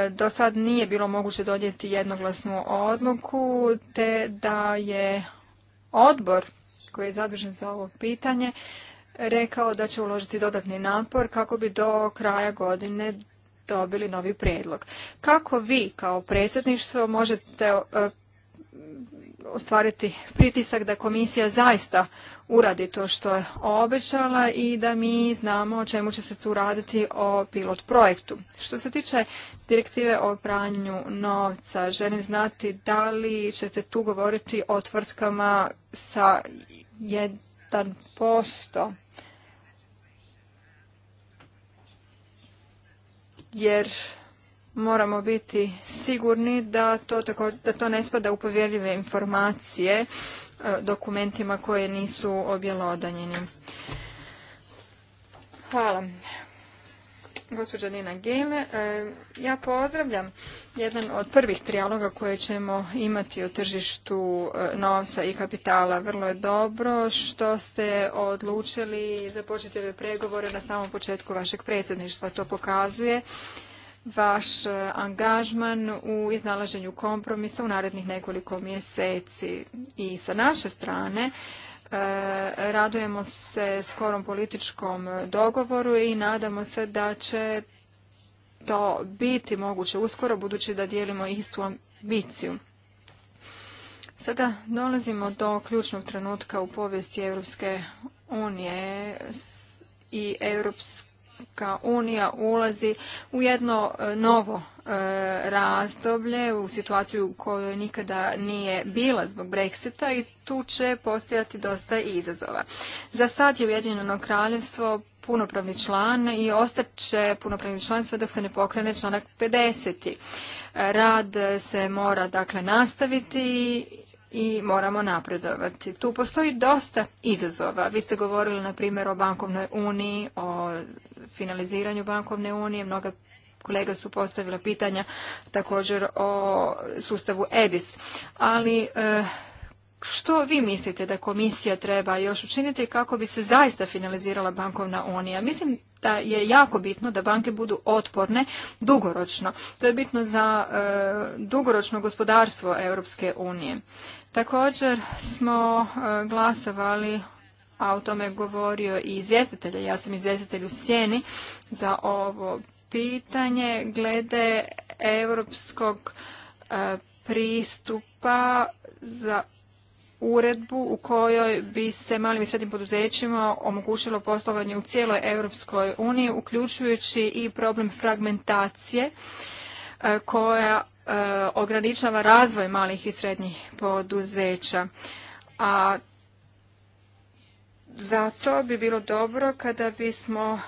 e, do sad nije bilo moguće donijeti jednoglasnu odluku, te da je odbor koji je zadužen za ovo pitanje rekao da će uložiti dodatni napor kako bi do kraja godine dobili novi prijedlog. Kako vi kao predsjedništvo možete ostvariti pritisak da komisija zaista uradi to što je obećala i da mi znamo o čemu će se tu raditi o pilot projektu. Što se tiče direktive o pranju novca, želim znati da li ćete tu govoriti o tvrtkama sa 1%. Jer moramo biti sigurni da to, tako, da to ne spada u povjerljive informacije e, dokumentima koje nisu objelodanjeni. Hvala. Gospođa Nina Game, e, ja pozdravljam jedan od prvih trijaloga koje ćemo imati o tržištu e, novca i kapitala. Vrlo je dobro što ste odlučili započeti ove pregovore na samom početku vašeg predsjedništva. To pokazuje vaš e, angažman u iznalaženju kompromisa u narednih nekoliko mjeseci. I sa naše strane e, radujemo se skorom političkom dogovoru i nadamo se da će to biti moguće uskoro budući da dijelimo istu ambiciju. Sada dolazimo do ključnog trenutka u povijesti Europske unije i europske unija ulazi u jedno e, novo e, razdoblje, u situaciju u kojoj nikada nije bila zbog Brexita i tu će postojati dosta izazova. Za sad je Ujedinjeno kraljevstvo punopravni član i ostaće punopravni član sve dok se ne pokrene članak 50. E, rad se mora dakle nastaviti i moramo napredovati. Tu postoji dosta izazova. Vi ste govorili, na primjer, o bankovnoj uniji, o finaliziranju bankovne unije. Mnoga kolega su postavila pitanja također o sustavu EDIS. Ali e, što vi mislite da komisija treba još učiniti kako bi se zaista finalizirala bankovna unija? Mislim da je jako bitno da banke budu otporne dugoročno. To je bitno za e, dugoročno gospodarstvo Europske unije. Također smo e, glasovali a o tome je govorio i izvjestitelj, ja sam izvjestitelj u Sjeni za ovo pitanje glede europskog e, pristupa za uredbu u kojoj bi se malim i srednjim poduzećima omogućilo poslovanje u cijeloj Europskoj uniji, uključujući i problem fragmentacije e, koja E, ograničava razvoj malih i srednjih poduzeća. A zato bi bilo dobro kada bismo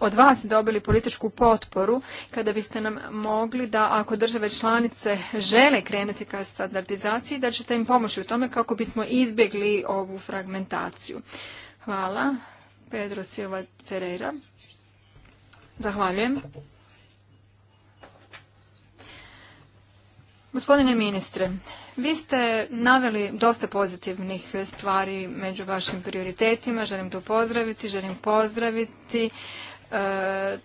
od vas dobili političku potporu kada biste nam mogli da ako države članice žele krenuti ka standardizaciji da ćete im pomoći u tome kako bismo izbjegli ovu fragmentaciju. Hvala. Pedro Silva Ferreira. Zahvaljujem. Gospodine ministre, vi ste naveli dosta pozitivnih stvari među vašim prioritetima, želim to pozdraviti, želim pozdraviti e,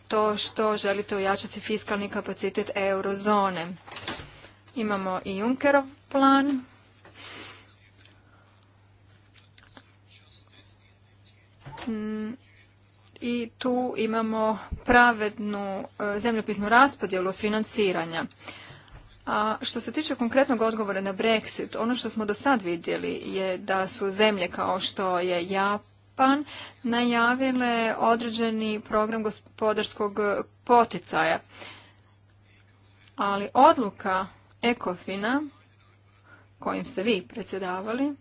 to što želite ojačati fiskalni kapacitet eurozone. Imamo i Junkerov plan. Mm, i tu imamo pravednu e, zemljopisnu raspodjelu financiranja. A što se tiče konkretnog odgovora na Brexit, ono što smo do sad vidjeli je da su zemlje kao što je Japan najavile određeni program gospodarskog poticaja. Ali odluka Ekofina kojim ste vi predsjedavali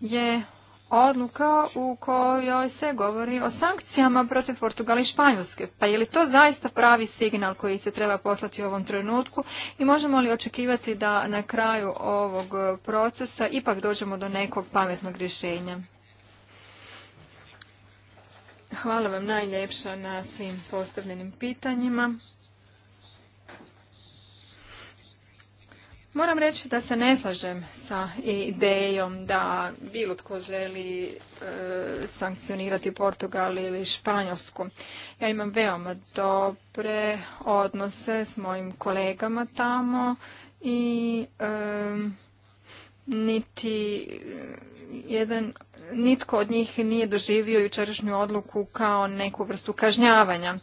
je odluka u kojoj se govori o sankcijama protiv Portugala i Španjolske. Pa je li to zaista pravi signal koji se treba poslati u ovom trenutku i možemo li očekivati da na kraju ovog procesa ipak dođemo do nekog pametnog rješenja? Hvala vam najljepša na svim postavljenim pitanjima. Moram reći da se ne slažem sa idejom da bilo tko želi e, sankcionirati Portugal ili Španjolsku. Ja imam veoma dobre odnose s mojim kolegama tamo i e, niti jedan nitko od njih nije doživio jučerašnju odluku kao neku vrstu kažnjavanja.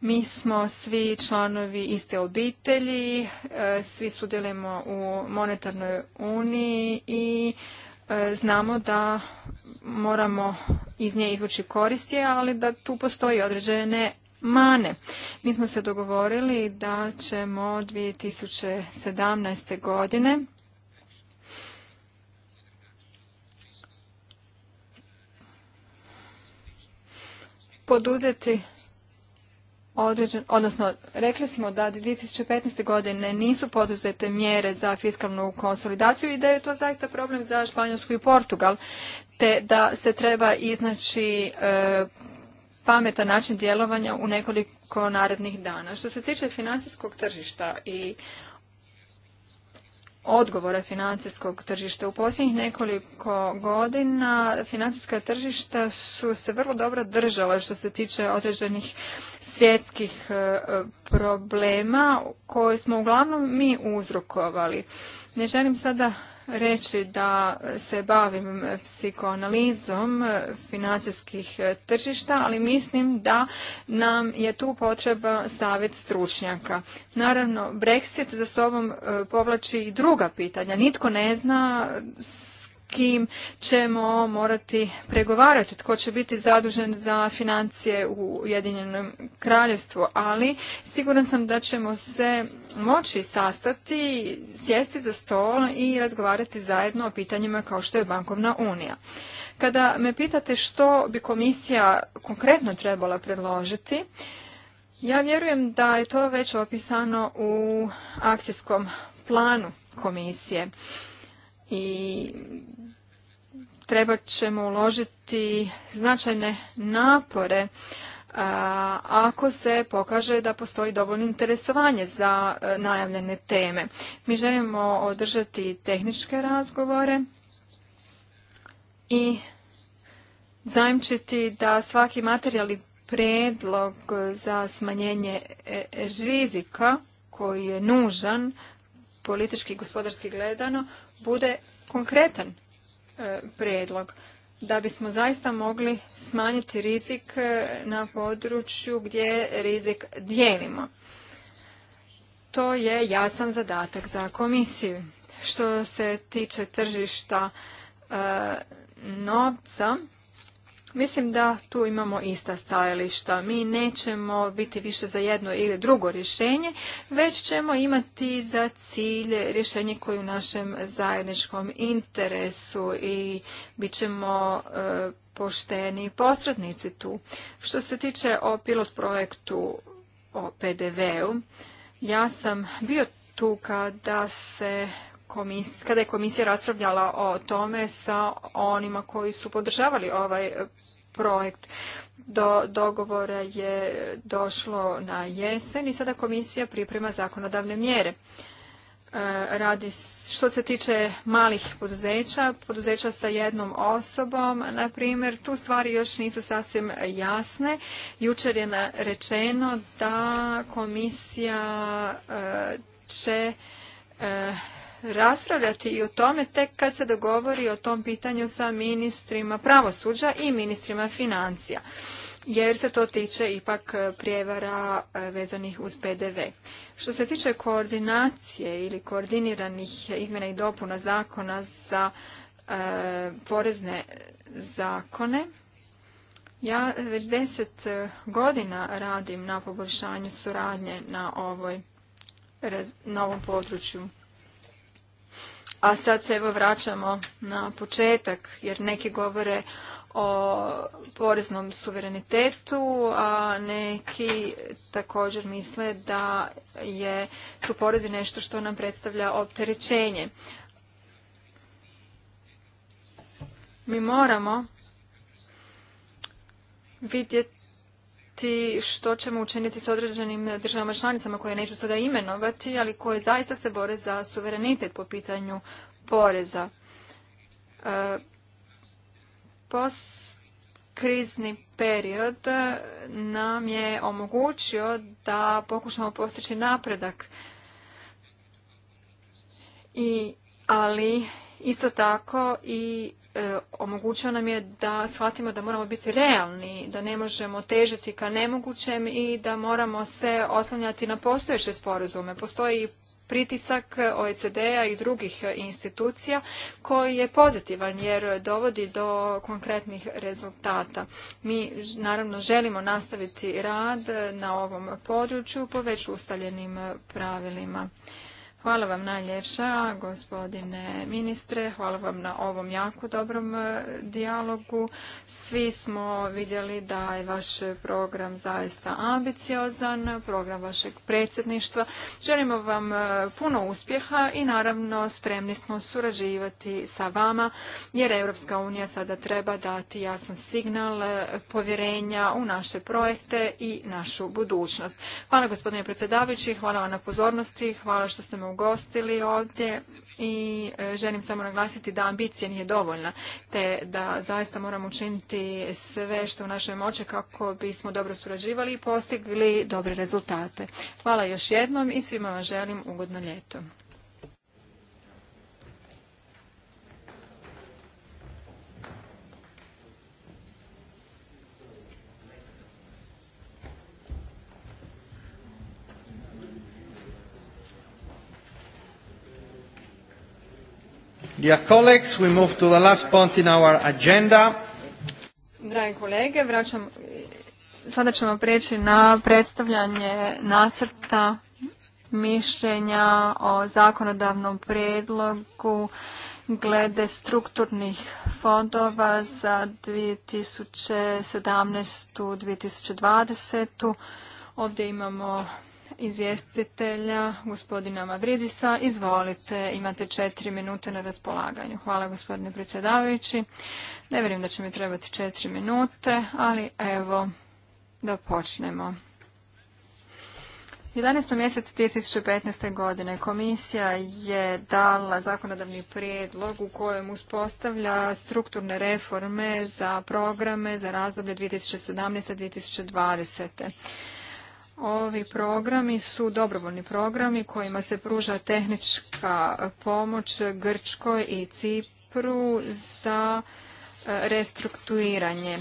Mi smo svi članovi iste obitelji, e, svi sudjelujemo u monetarnoj uniji i e, znamo da moramo iz nje izvući koristi, ali da tu postoji određene mane. Mi smo se dogovorili da ćemo 2017. godine poduzeti određen, odnosno rekli smo da 2015. godine nisu poduzete mjere za fiskalnu konsolidaciju i da je to zaista problem za Španjolsku i Portugal, te da se treba iznaći e, pametan način djelovanja u nekoliko narednih dana. Što se tiče financijskog tržišta i odgovora financijskog tržišta. U posljednjih nekoliko godina financijska tržišta su se vrlo dobro držala što se tiče određenih svjetskih e, problema koje smo uglavnom mi uzrokovali. Ne želim sada reći da se bavim psikoanalizom financijskih tržišta, ali mislim da nam je tu potreba savjet stručnjaka. Naravno, Brexit za sobom e, povlači i druga pitanja. Nitko ne zna kim ćemo morati pregovarati, tko će biti zadužen za financije u Ujedinjenom kraljevstvu, ali siguran sam da ćemo se moći sastati, sjesti za stol i razgovarati zajedno o pitanjima kao što je bankovna unija. Kada me pitate što bi komisija konkretno trebala predložiti, ja vjerujem da je to već opisano u akcijskom planu komisije i trebat ćemo uložiti značajne napore ako se pokaže da postoji dovoljno interesovanje za e, najavljene teme. Mi želimo održati tehničke razgovore i zajemčiti da svaki materijalni predlog za smanjenje e, rizika koji je nužan politički i gospodarski gledano bude konkretan E, prijedlog da bismo zaista mogli smanjiti rizik e, na području gdje rizik dijelimo. To je jasan zadatak za komisiju. Što se tiče tržišta e, novca, Mislim da tu imamo ista stajališta. Mi nećemo biti više za jedno ili drugo rješenje, već ćemo imati za cilj rješenje koje je u našem zajedničkom interesu i bit ćemo e, pošteni posrednici tu. Što se tiče o pilot projektu o PDV-u, ja sam bio tu kada se kada je komisija raspravljala o tome sa onima koji su podržavali ovaj e, projekt. Do dogovora je došlo na jesen i sada komisija priprema zakonodavne mjere. E, radi, što se tiče malih poduzeća, poduzeća sa jednom osobom, na primjer, tu stvari još nisu sasvim jasne. Jučer je rečeno da komisija e, će raspravljati i o tome tek kad se dogovori o tom pitanju sa ministrima pravosuđa i ministrima financija, jer se to tiče ipak e, prijevara e, vezanih uz PDV. Što se tiče koordinacije ili koordiniranih izmjena i dopuna zakona za e, porezne zakone, ja već deset godina radim na poboljšanju suradnje na ovoj na ovom području a sad se evo vraćamo na početak jer neki govore o poreznom suverenitetu, a neki također misle da je, su porezi nešto što nam predstavlja opterećenje. Mi moramo vidjeti vidjeti što ćemo učiniti s određenim državama članicama koje neću sada imenovati, ali koje zaista se bore za suverenitet po pitanju poreza. E, postkrizni period nam je omogućio da pokušamo postići napredak ali isto tako i E, omogućio nam je da shvatimo da moramo biti realni, da ne možemo težiti ka nemogućem i da moramo se oslanjati na postojeće sporazume. Postoji pritisak OECD-a i drugih institucija koji je pozitivan jer dovodi do konkretnih rezultata. Mi naravno želimo nastaviti rad na ovom području po već ustaljenim pravilima. Hvala vam najljepša, gospodine ministre. Hvala vam na ovom jako dobrom e, dijalogu. Svi smo vidjeli da je vaš program zaista ambiciozan, program vašeg predsjedništva. Želimo vam e, puno uspjeha i naravno spremni smo surađivati sa vama, jer Europska unija sada treba dati jasan signal e, povjerenja u naše projekte i našu budućnost. Hvala gospodine predsjedavajući, hvala vam na pozornosti, hvala što ste me gostili ovdje i e, želim samo naglasiti da ambicija nije dovoljna, te da zaista moramo učiniti sve što u našoj moći kako bismo dobro surađivali i postigli dobre rezultate. Hvala još jednom i svima vam želim ugodno ljeto. Dear colleagues, we move to the agenda. Dragi kolege, vraćam, sada ćemo preći na predstavljanje nacrta mišljenja o zakonodavnom predlogu glede strukturnih fondova za 2017. 2020. Ovdje imamo izvjestitelja, gospodina Mavridisa. Izvolite, imate četiri minute na raspolaganju. Hvala gospodine predsjedavajući. Ne vjerujem da će mi trebati četiri minute, ali evo da počnemo. 11. mjesecu 2015. godine komisija je dala zakonodavni prijedlog u kojem uspostavlja strukturne reforme za programe za razdoblje 2017. 2020. Ovi programi su dobrovoljni programi kojima se pruža tehnička pomoć Grčkoj i Cipru za e, restrukturiranje.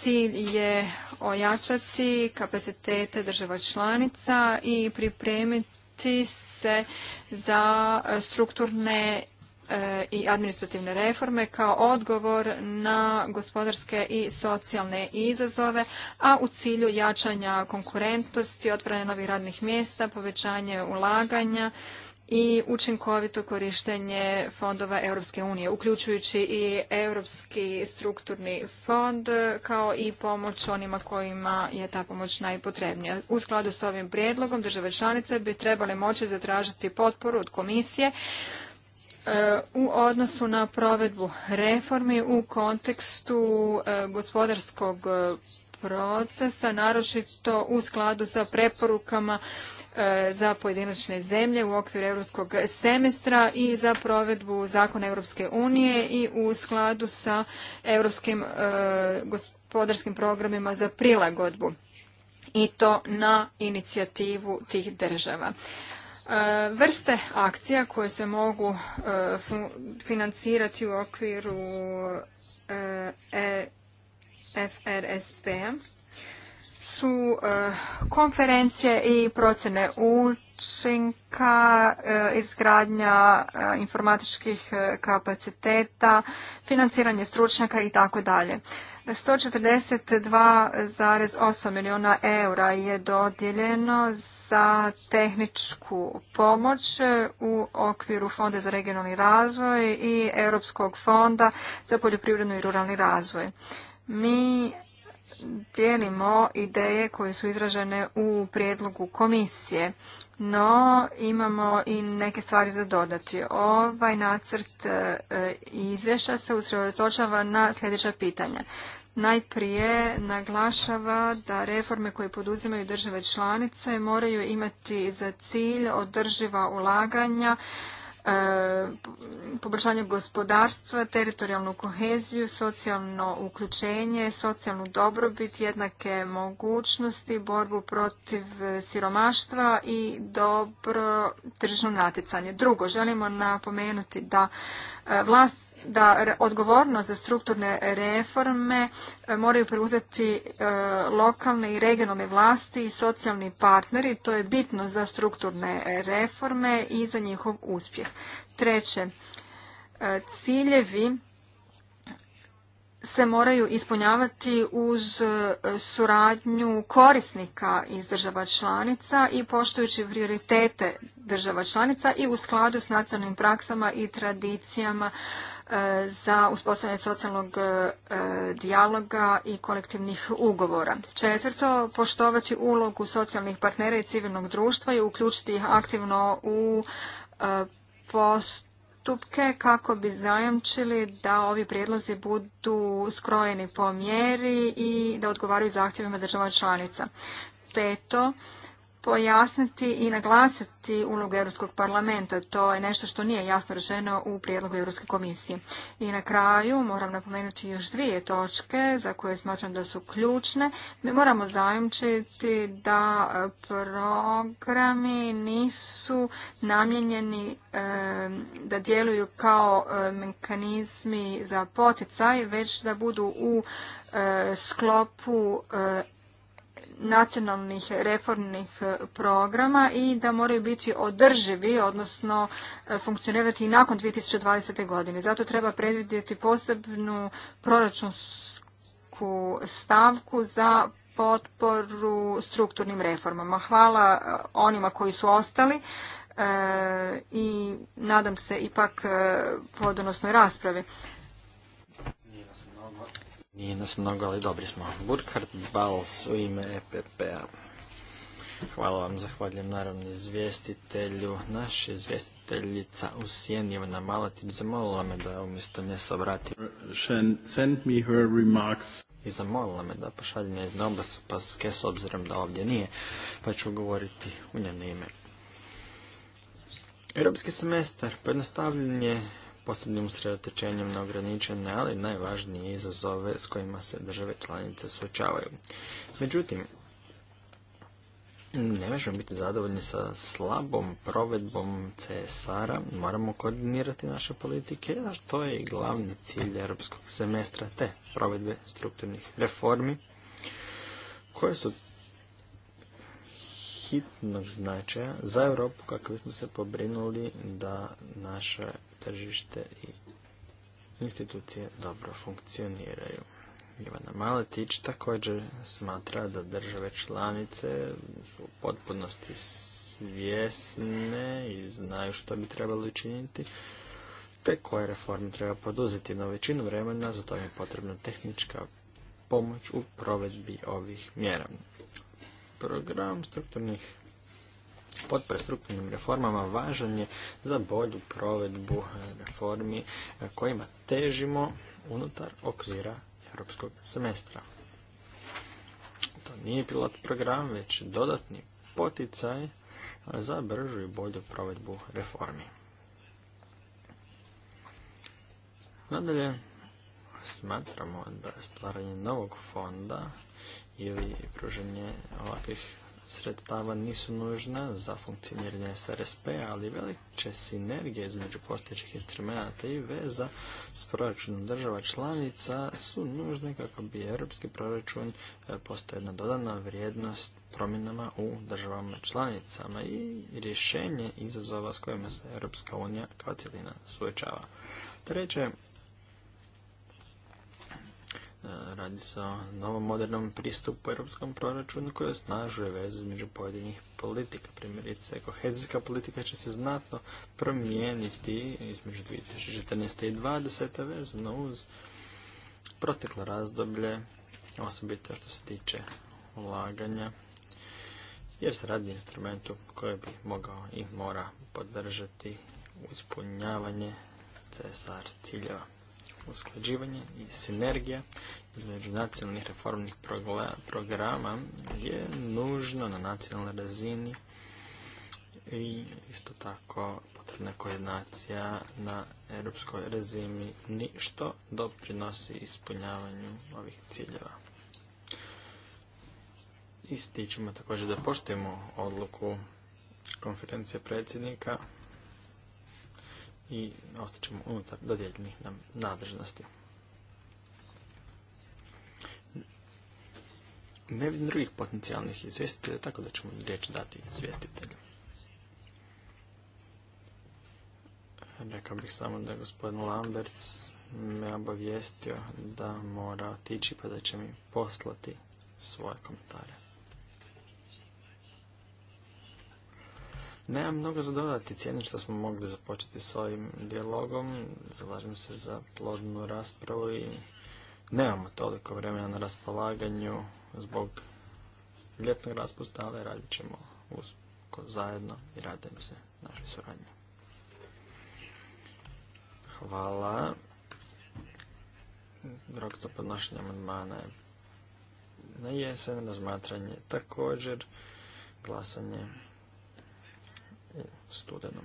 Cilj je ojačati kapacitete država članica i pripremiti se za e, strukturne E, i administrativne reforme kao odgovor na gospodarske i socijalne izazove, a u cilju jačanja konkurentnosti, otvaranja novih radnih mjesta, povećanje ulaganja i učinkovito korištenje fondova Europske unije, uključujući i Europski strukturni fond kao i pomoć onima kojima je ta pomoć najpotrebnija. U skladu s ovim prijedlogom države članice bi trebale moći zatražiti potporu od komisije u odnosu na provedbu reformi u kontekstu e, gospodarskog e, procesa, naročito u skladu sa preporukama e, za pojedinačne zemlje u okviru europskog semestra i za provedbu zakona Europske unije i u skladu sa europskim gospodarskim programima za prilagodbu i to na inicijativu tih država. E, vrste akcija koje se mogu e, financirati u okviru e, frsp p-a su konferencije i procjene učinka, izgradnja informatičkih kapaciteta, financiranje stručnjaka i tako dalje. 142,8 milijuna eura je dodijeljeno za tehničku pomoć u okviru Fonda za regionalni razvoj i Europskog fonda za poljoprivredno i ruralni razvoj. Mi dijelimo ideje koje su izražene u prijedlogu komisije no, imamo i neke stvari za dodati. Ovaj nacrt e, izvješća se usredotočava na sljedeća pitanja. Najprije naglašava da reforme koje poduzimaju države članice moraju imati za cilj održiva ulaganja, E, poboljšanje gospodarstva, teritorijalnu koheziju, socijalno uključenje, socijalnu dobrobit, jednake mogućnosti, borbu protiv siromaštva i dobro tržno natjecanje. Drugo, želimo napomenuti da e, vlast da odgovornost za strukturne reforme e, moraju preuzeti e, lokalne i regionalne vlasti i socijalni partneri. To je bitno za strukturne reforme i za njihov uspjeh. Treće, e, ciljevi se moraju ispunjavati uz suradnju korisnika iz država članica i poštujući prioritete država članica i u skladu s nacionalnim praksama i tradicijama E, za uspostavljanje socijalnog e, dijaloga i kolektivnih ugovora. Četvrto, poštovati ulogu socijalnih partnera i civilnog društva i uključiti ih aktivno u e, postupke kako bi zajamčili da ovi prijedlozi budu skrojeni po mjeri i da odgovaraju zahtjevima država članica. Peto, pojasniti i naglasiti ulogu Europskog parlamenta. To je nešto što nije jasno rečeno u prijedlogu Europske komisije. I na kraju moram napomenuti još dvije točke za koje smatram da su ključne. Mi moramo zajamčiti da e, programi nisu namjenjeni e, da djeluju kao e, mekanizmi za poticaj, već da budu u sklopu nacionalnih reformnih e, programa i da moraju biti održivi, odnosno e, funkcionirati i nakon 2020. godine. Zato treba predvidjeti posebnu proračunsku stavku za potporu strukturnim reformama. Hvala e, onima koji su ostali i nadam se ipak podonosnoj raspravi. Nije nas mnogo, ali dobri smo. Burkhard Bals u ime EPP-a. Hvala vam, zahvaljujem naravno izvjestitelju. Naša izvjestiteljica u Sjeni, Ivana Malatić, zamolila me da umjesto nje se obratim. I zamolila me da pošaljem jedno obas pa s obzirom da ovdje nije, pa ću govoriti u njeno ime. Europski semestar pojednostavljen je posebnim sredotečenjem na ograničene, ali najvažnije izazove s kojima se države članice suočavaju. Međutim, ne možemo biti zadovoljni sa slabom provedbom CSR-a, moramo koordinirati naše politike, a što je i glavni cilj europskog semestra te provedbe strukturnih reformi, koje su hitnog značaja za Europu kako bismo se pobrinuli da naše tržište i institucije dobro funkcioniraju. Ivana Maletić također smatra da države članice su u potpunosti svjesne i znaju što bi trebalo učiniti, te koje reforme treba poduzeti, na većinu vremena za to je potrebna tehnička pomoć u provedbi ovih mjera. Program strukturnih pod prestrukturnim reformama važan je za bolju provedbu reformi eh, kojima težimo unutar okvira europskog semestra. To nije pilot program, već dodatni poticaj za bržu i bolju provedbu reformi. Nadalje, smatramo da stvaranje novog fonda ili pruženje ovakvih sredstava nisu nužna za funkcioniranje SRSP, ali velike sinergije između postojećih instrumenta i veza s proračunom država članica su nužne kako bi europski proračun e, postao jedna dodana vrijednost promjenama u državama članicama i rješenje izazova s kojima se Europska unija kao cijelina suočava. Treće, E, radi se o novom modernom pristupu europskom proračunu koji osnažuje vezu između pojedinih politika. Primjerice, kohezijska politika će se znatno promijeniti između 2014. i 2020. vezano uz proteklo razdoblje, osobito što se tiče ulaganja, jer se radi instrumentu koji bi mogao i mora podržati uspunjavanje CSR ciljeva usklađivanje i sinergija između nacionalnih reformnih programa je nužno na nacionalnoj razini i isto tako potrebna koordinacija na europskoj razini ništo doprinosi ispunjavanju ovih ciljeva. Ističemo također da poštujemo odluku konferencije predsjednika i ostaćemo unutar dodijeljenih nam nadležnosti. Ne vidim drugih potencijalnih izvjestitelja, tako da ćemo riječ dati izvjestitelju. Rekao bih samo da je gospodin Lamberts me obavijestio da mora otići pa da će mi poslati svoje komentare. Nemam mnogo za dodati, cijenim što smo mogli započeti s ovim dijalogom, zalažem se za plodnu raspravu i nemamo toliko vremena na raspolaganju zbog ljetnog raspusta, ali radit ćemo zajedno i radimo se našoj suradnji. Hvala. Rok za podnošenje amandmana je na jesen, razmatranje također, glasanje studenom.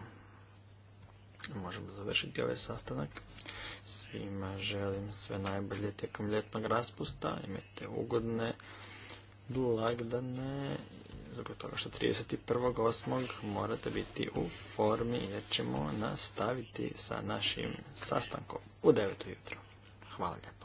Možemo završiti ovaj sastanak. Svima želim sve najbolje tijekom ljetnog raspusta. Imajte ugodne blagdane zbog toga što 31.8. morate biti u formi jer ćemo nastaviti sa našim sastankom u 9. jutro. Hvala lijepo.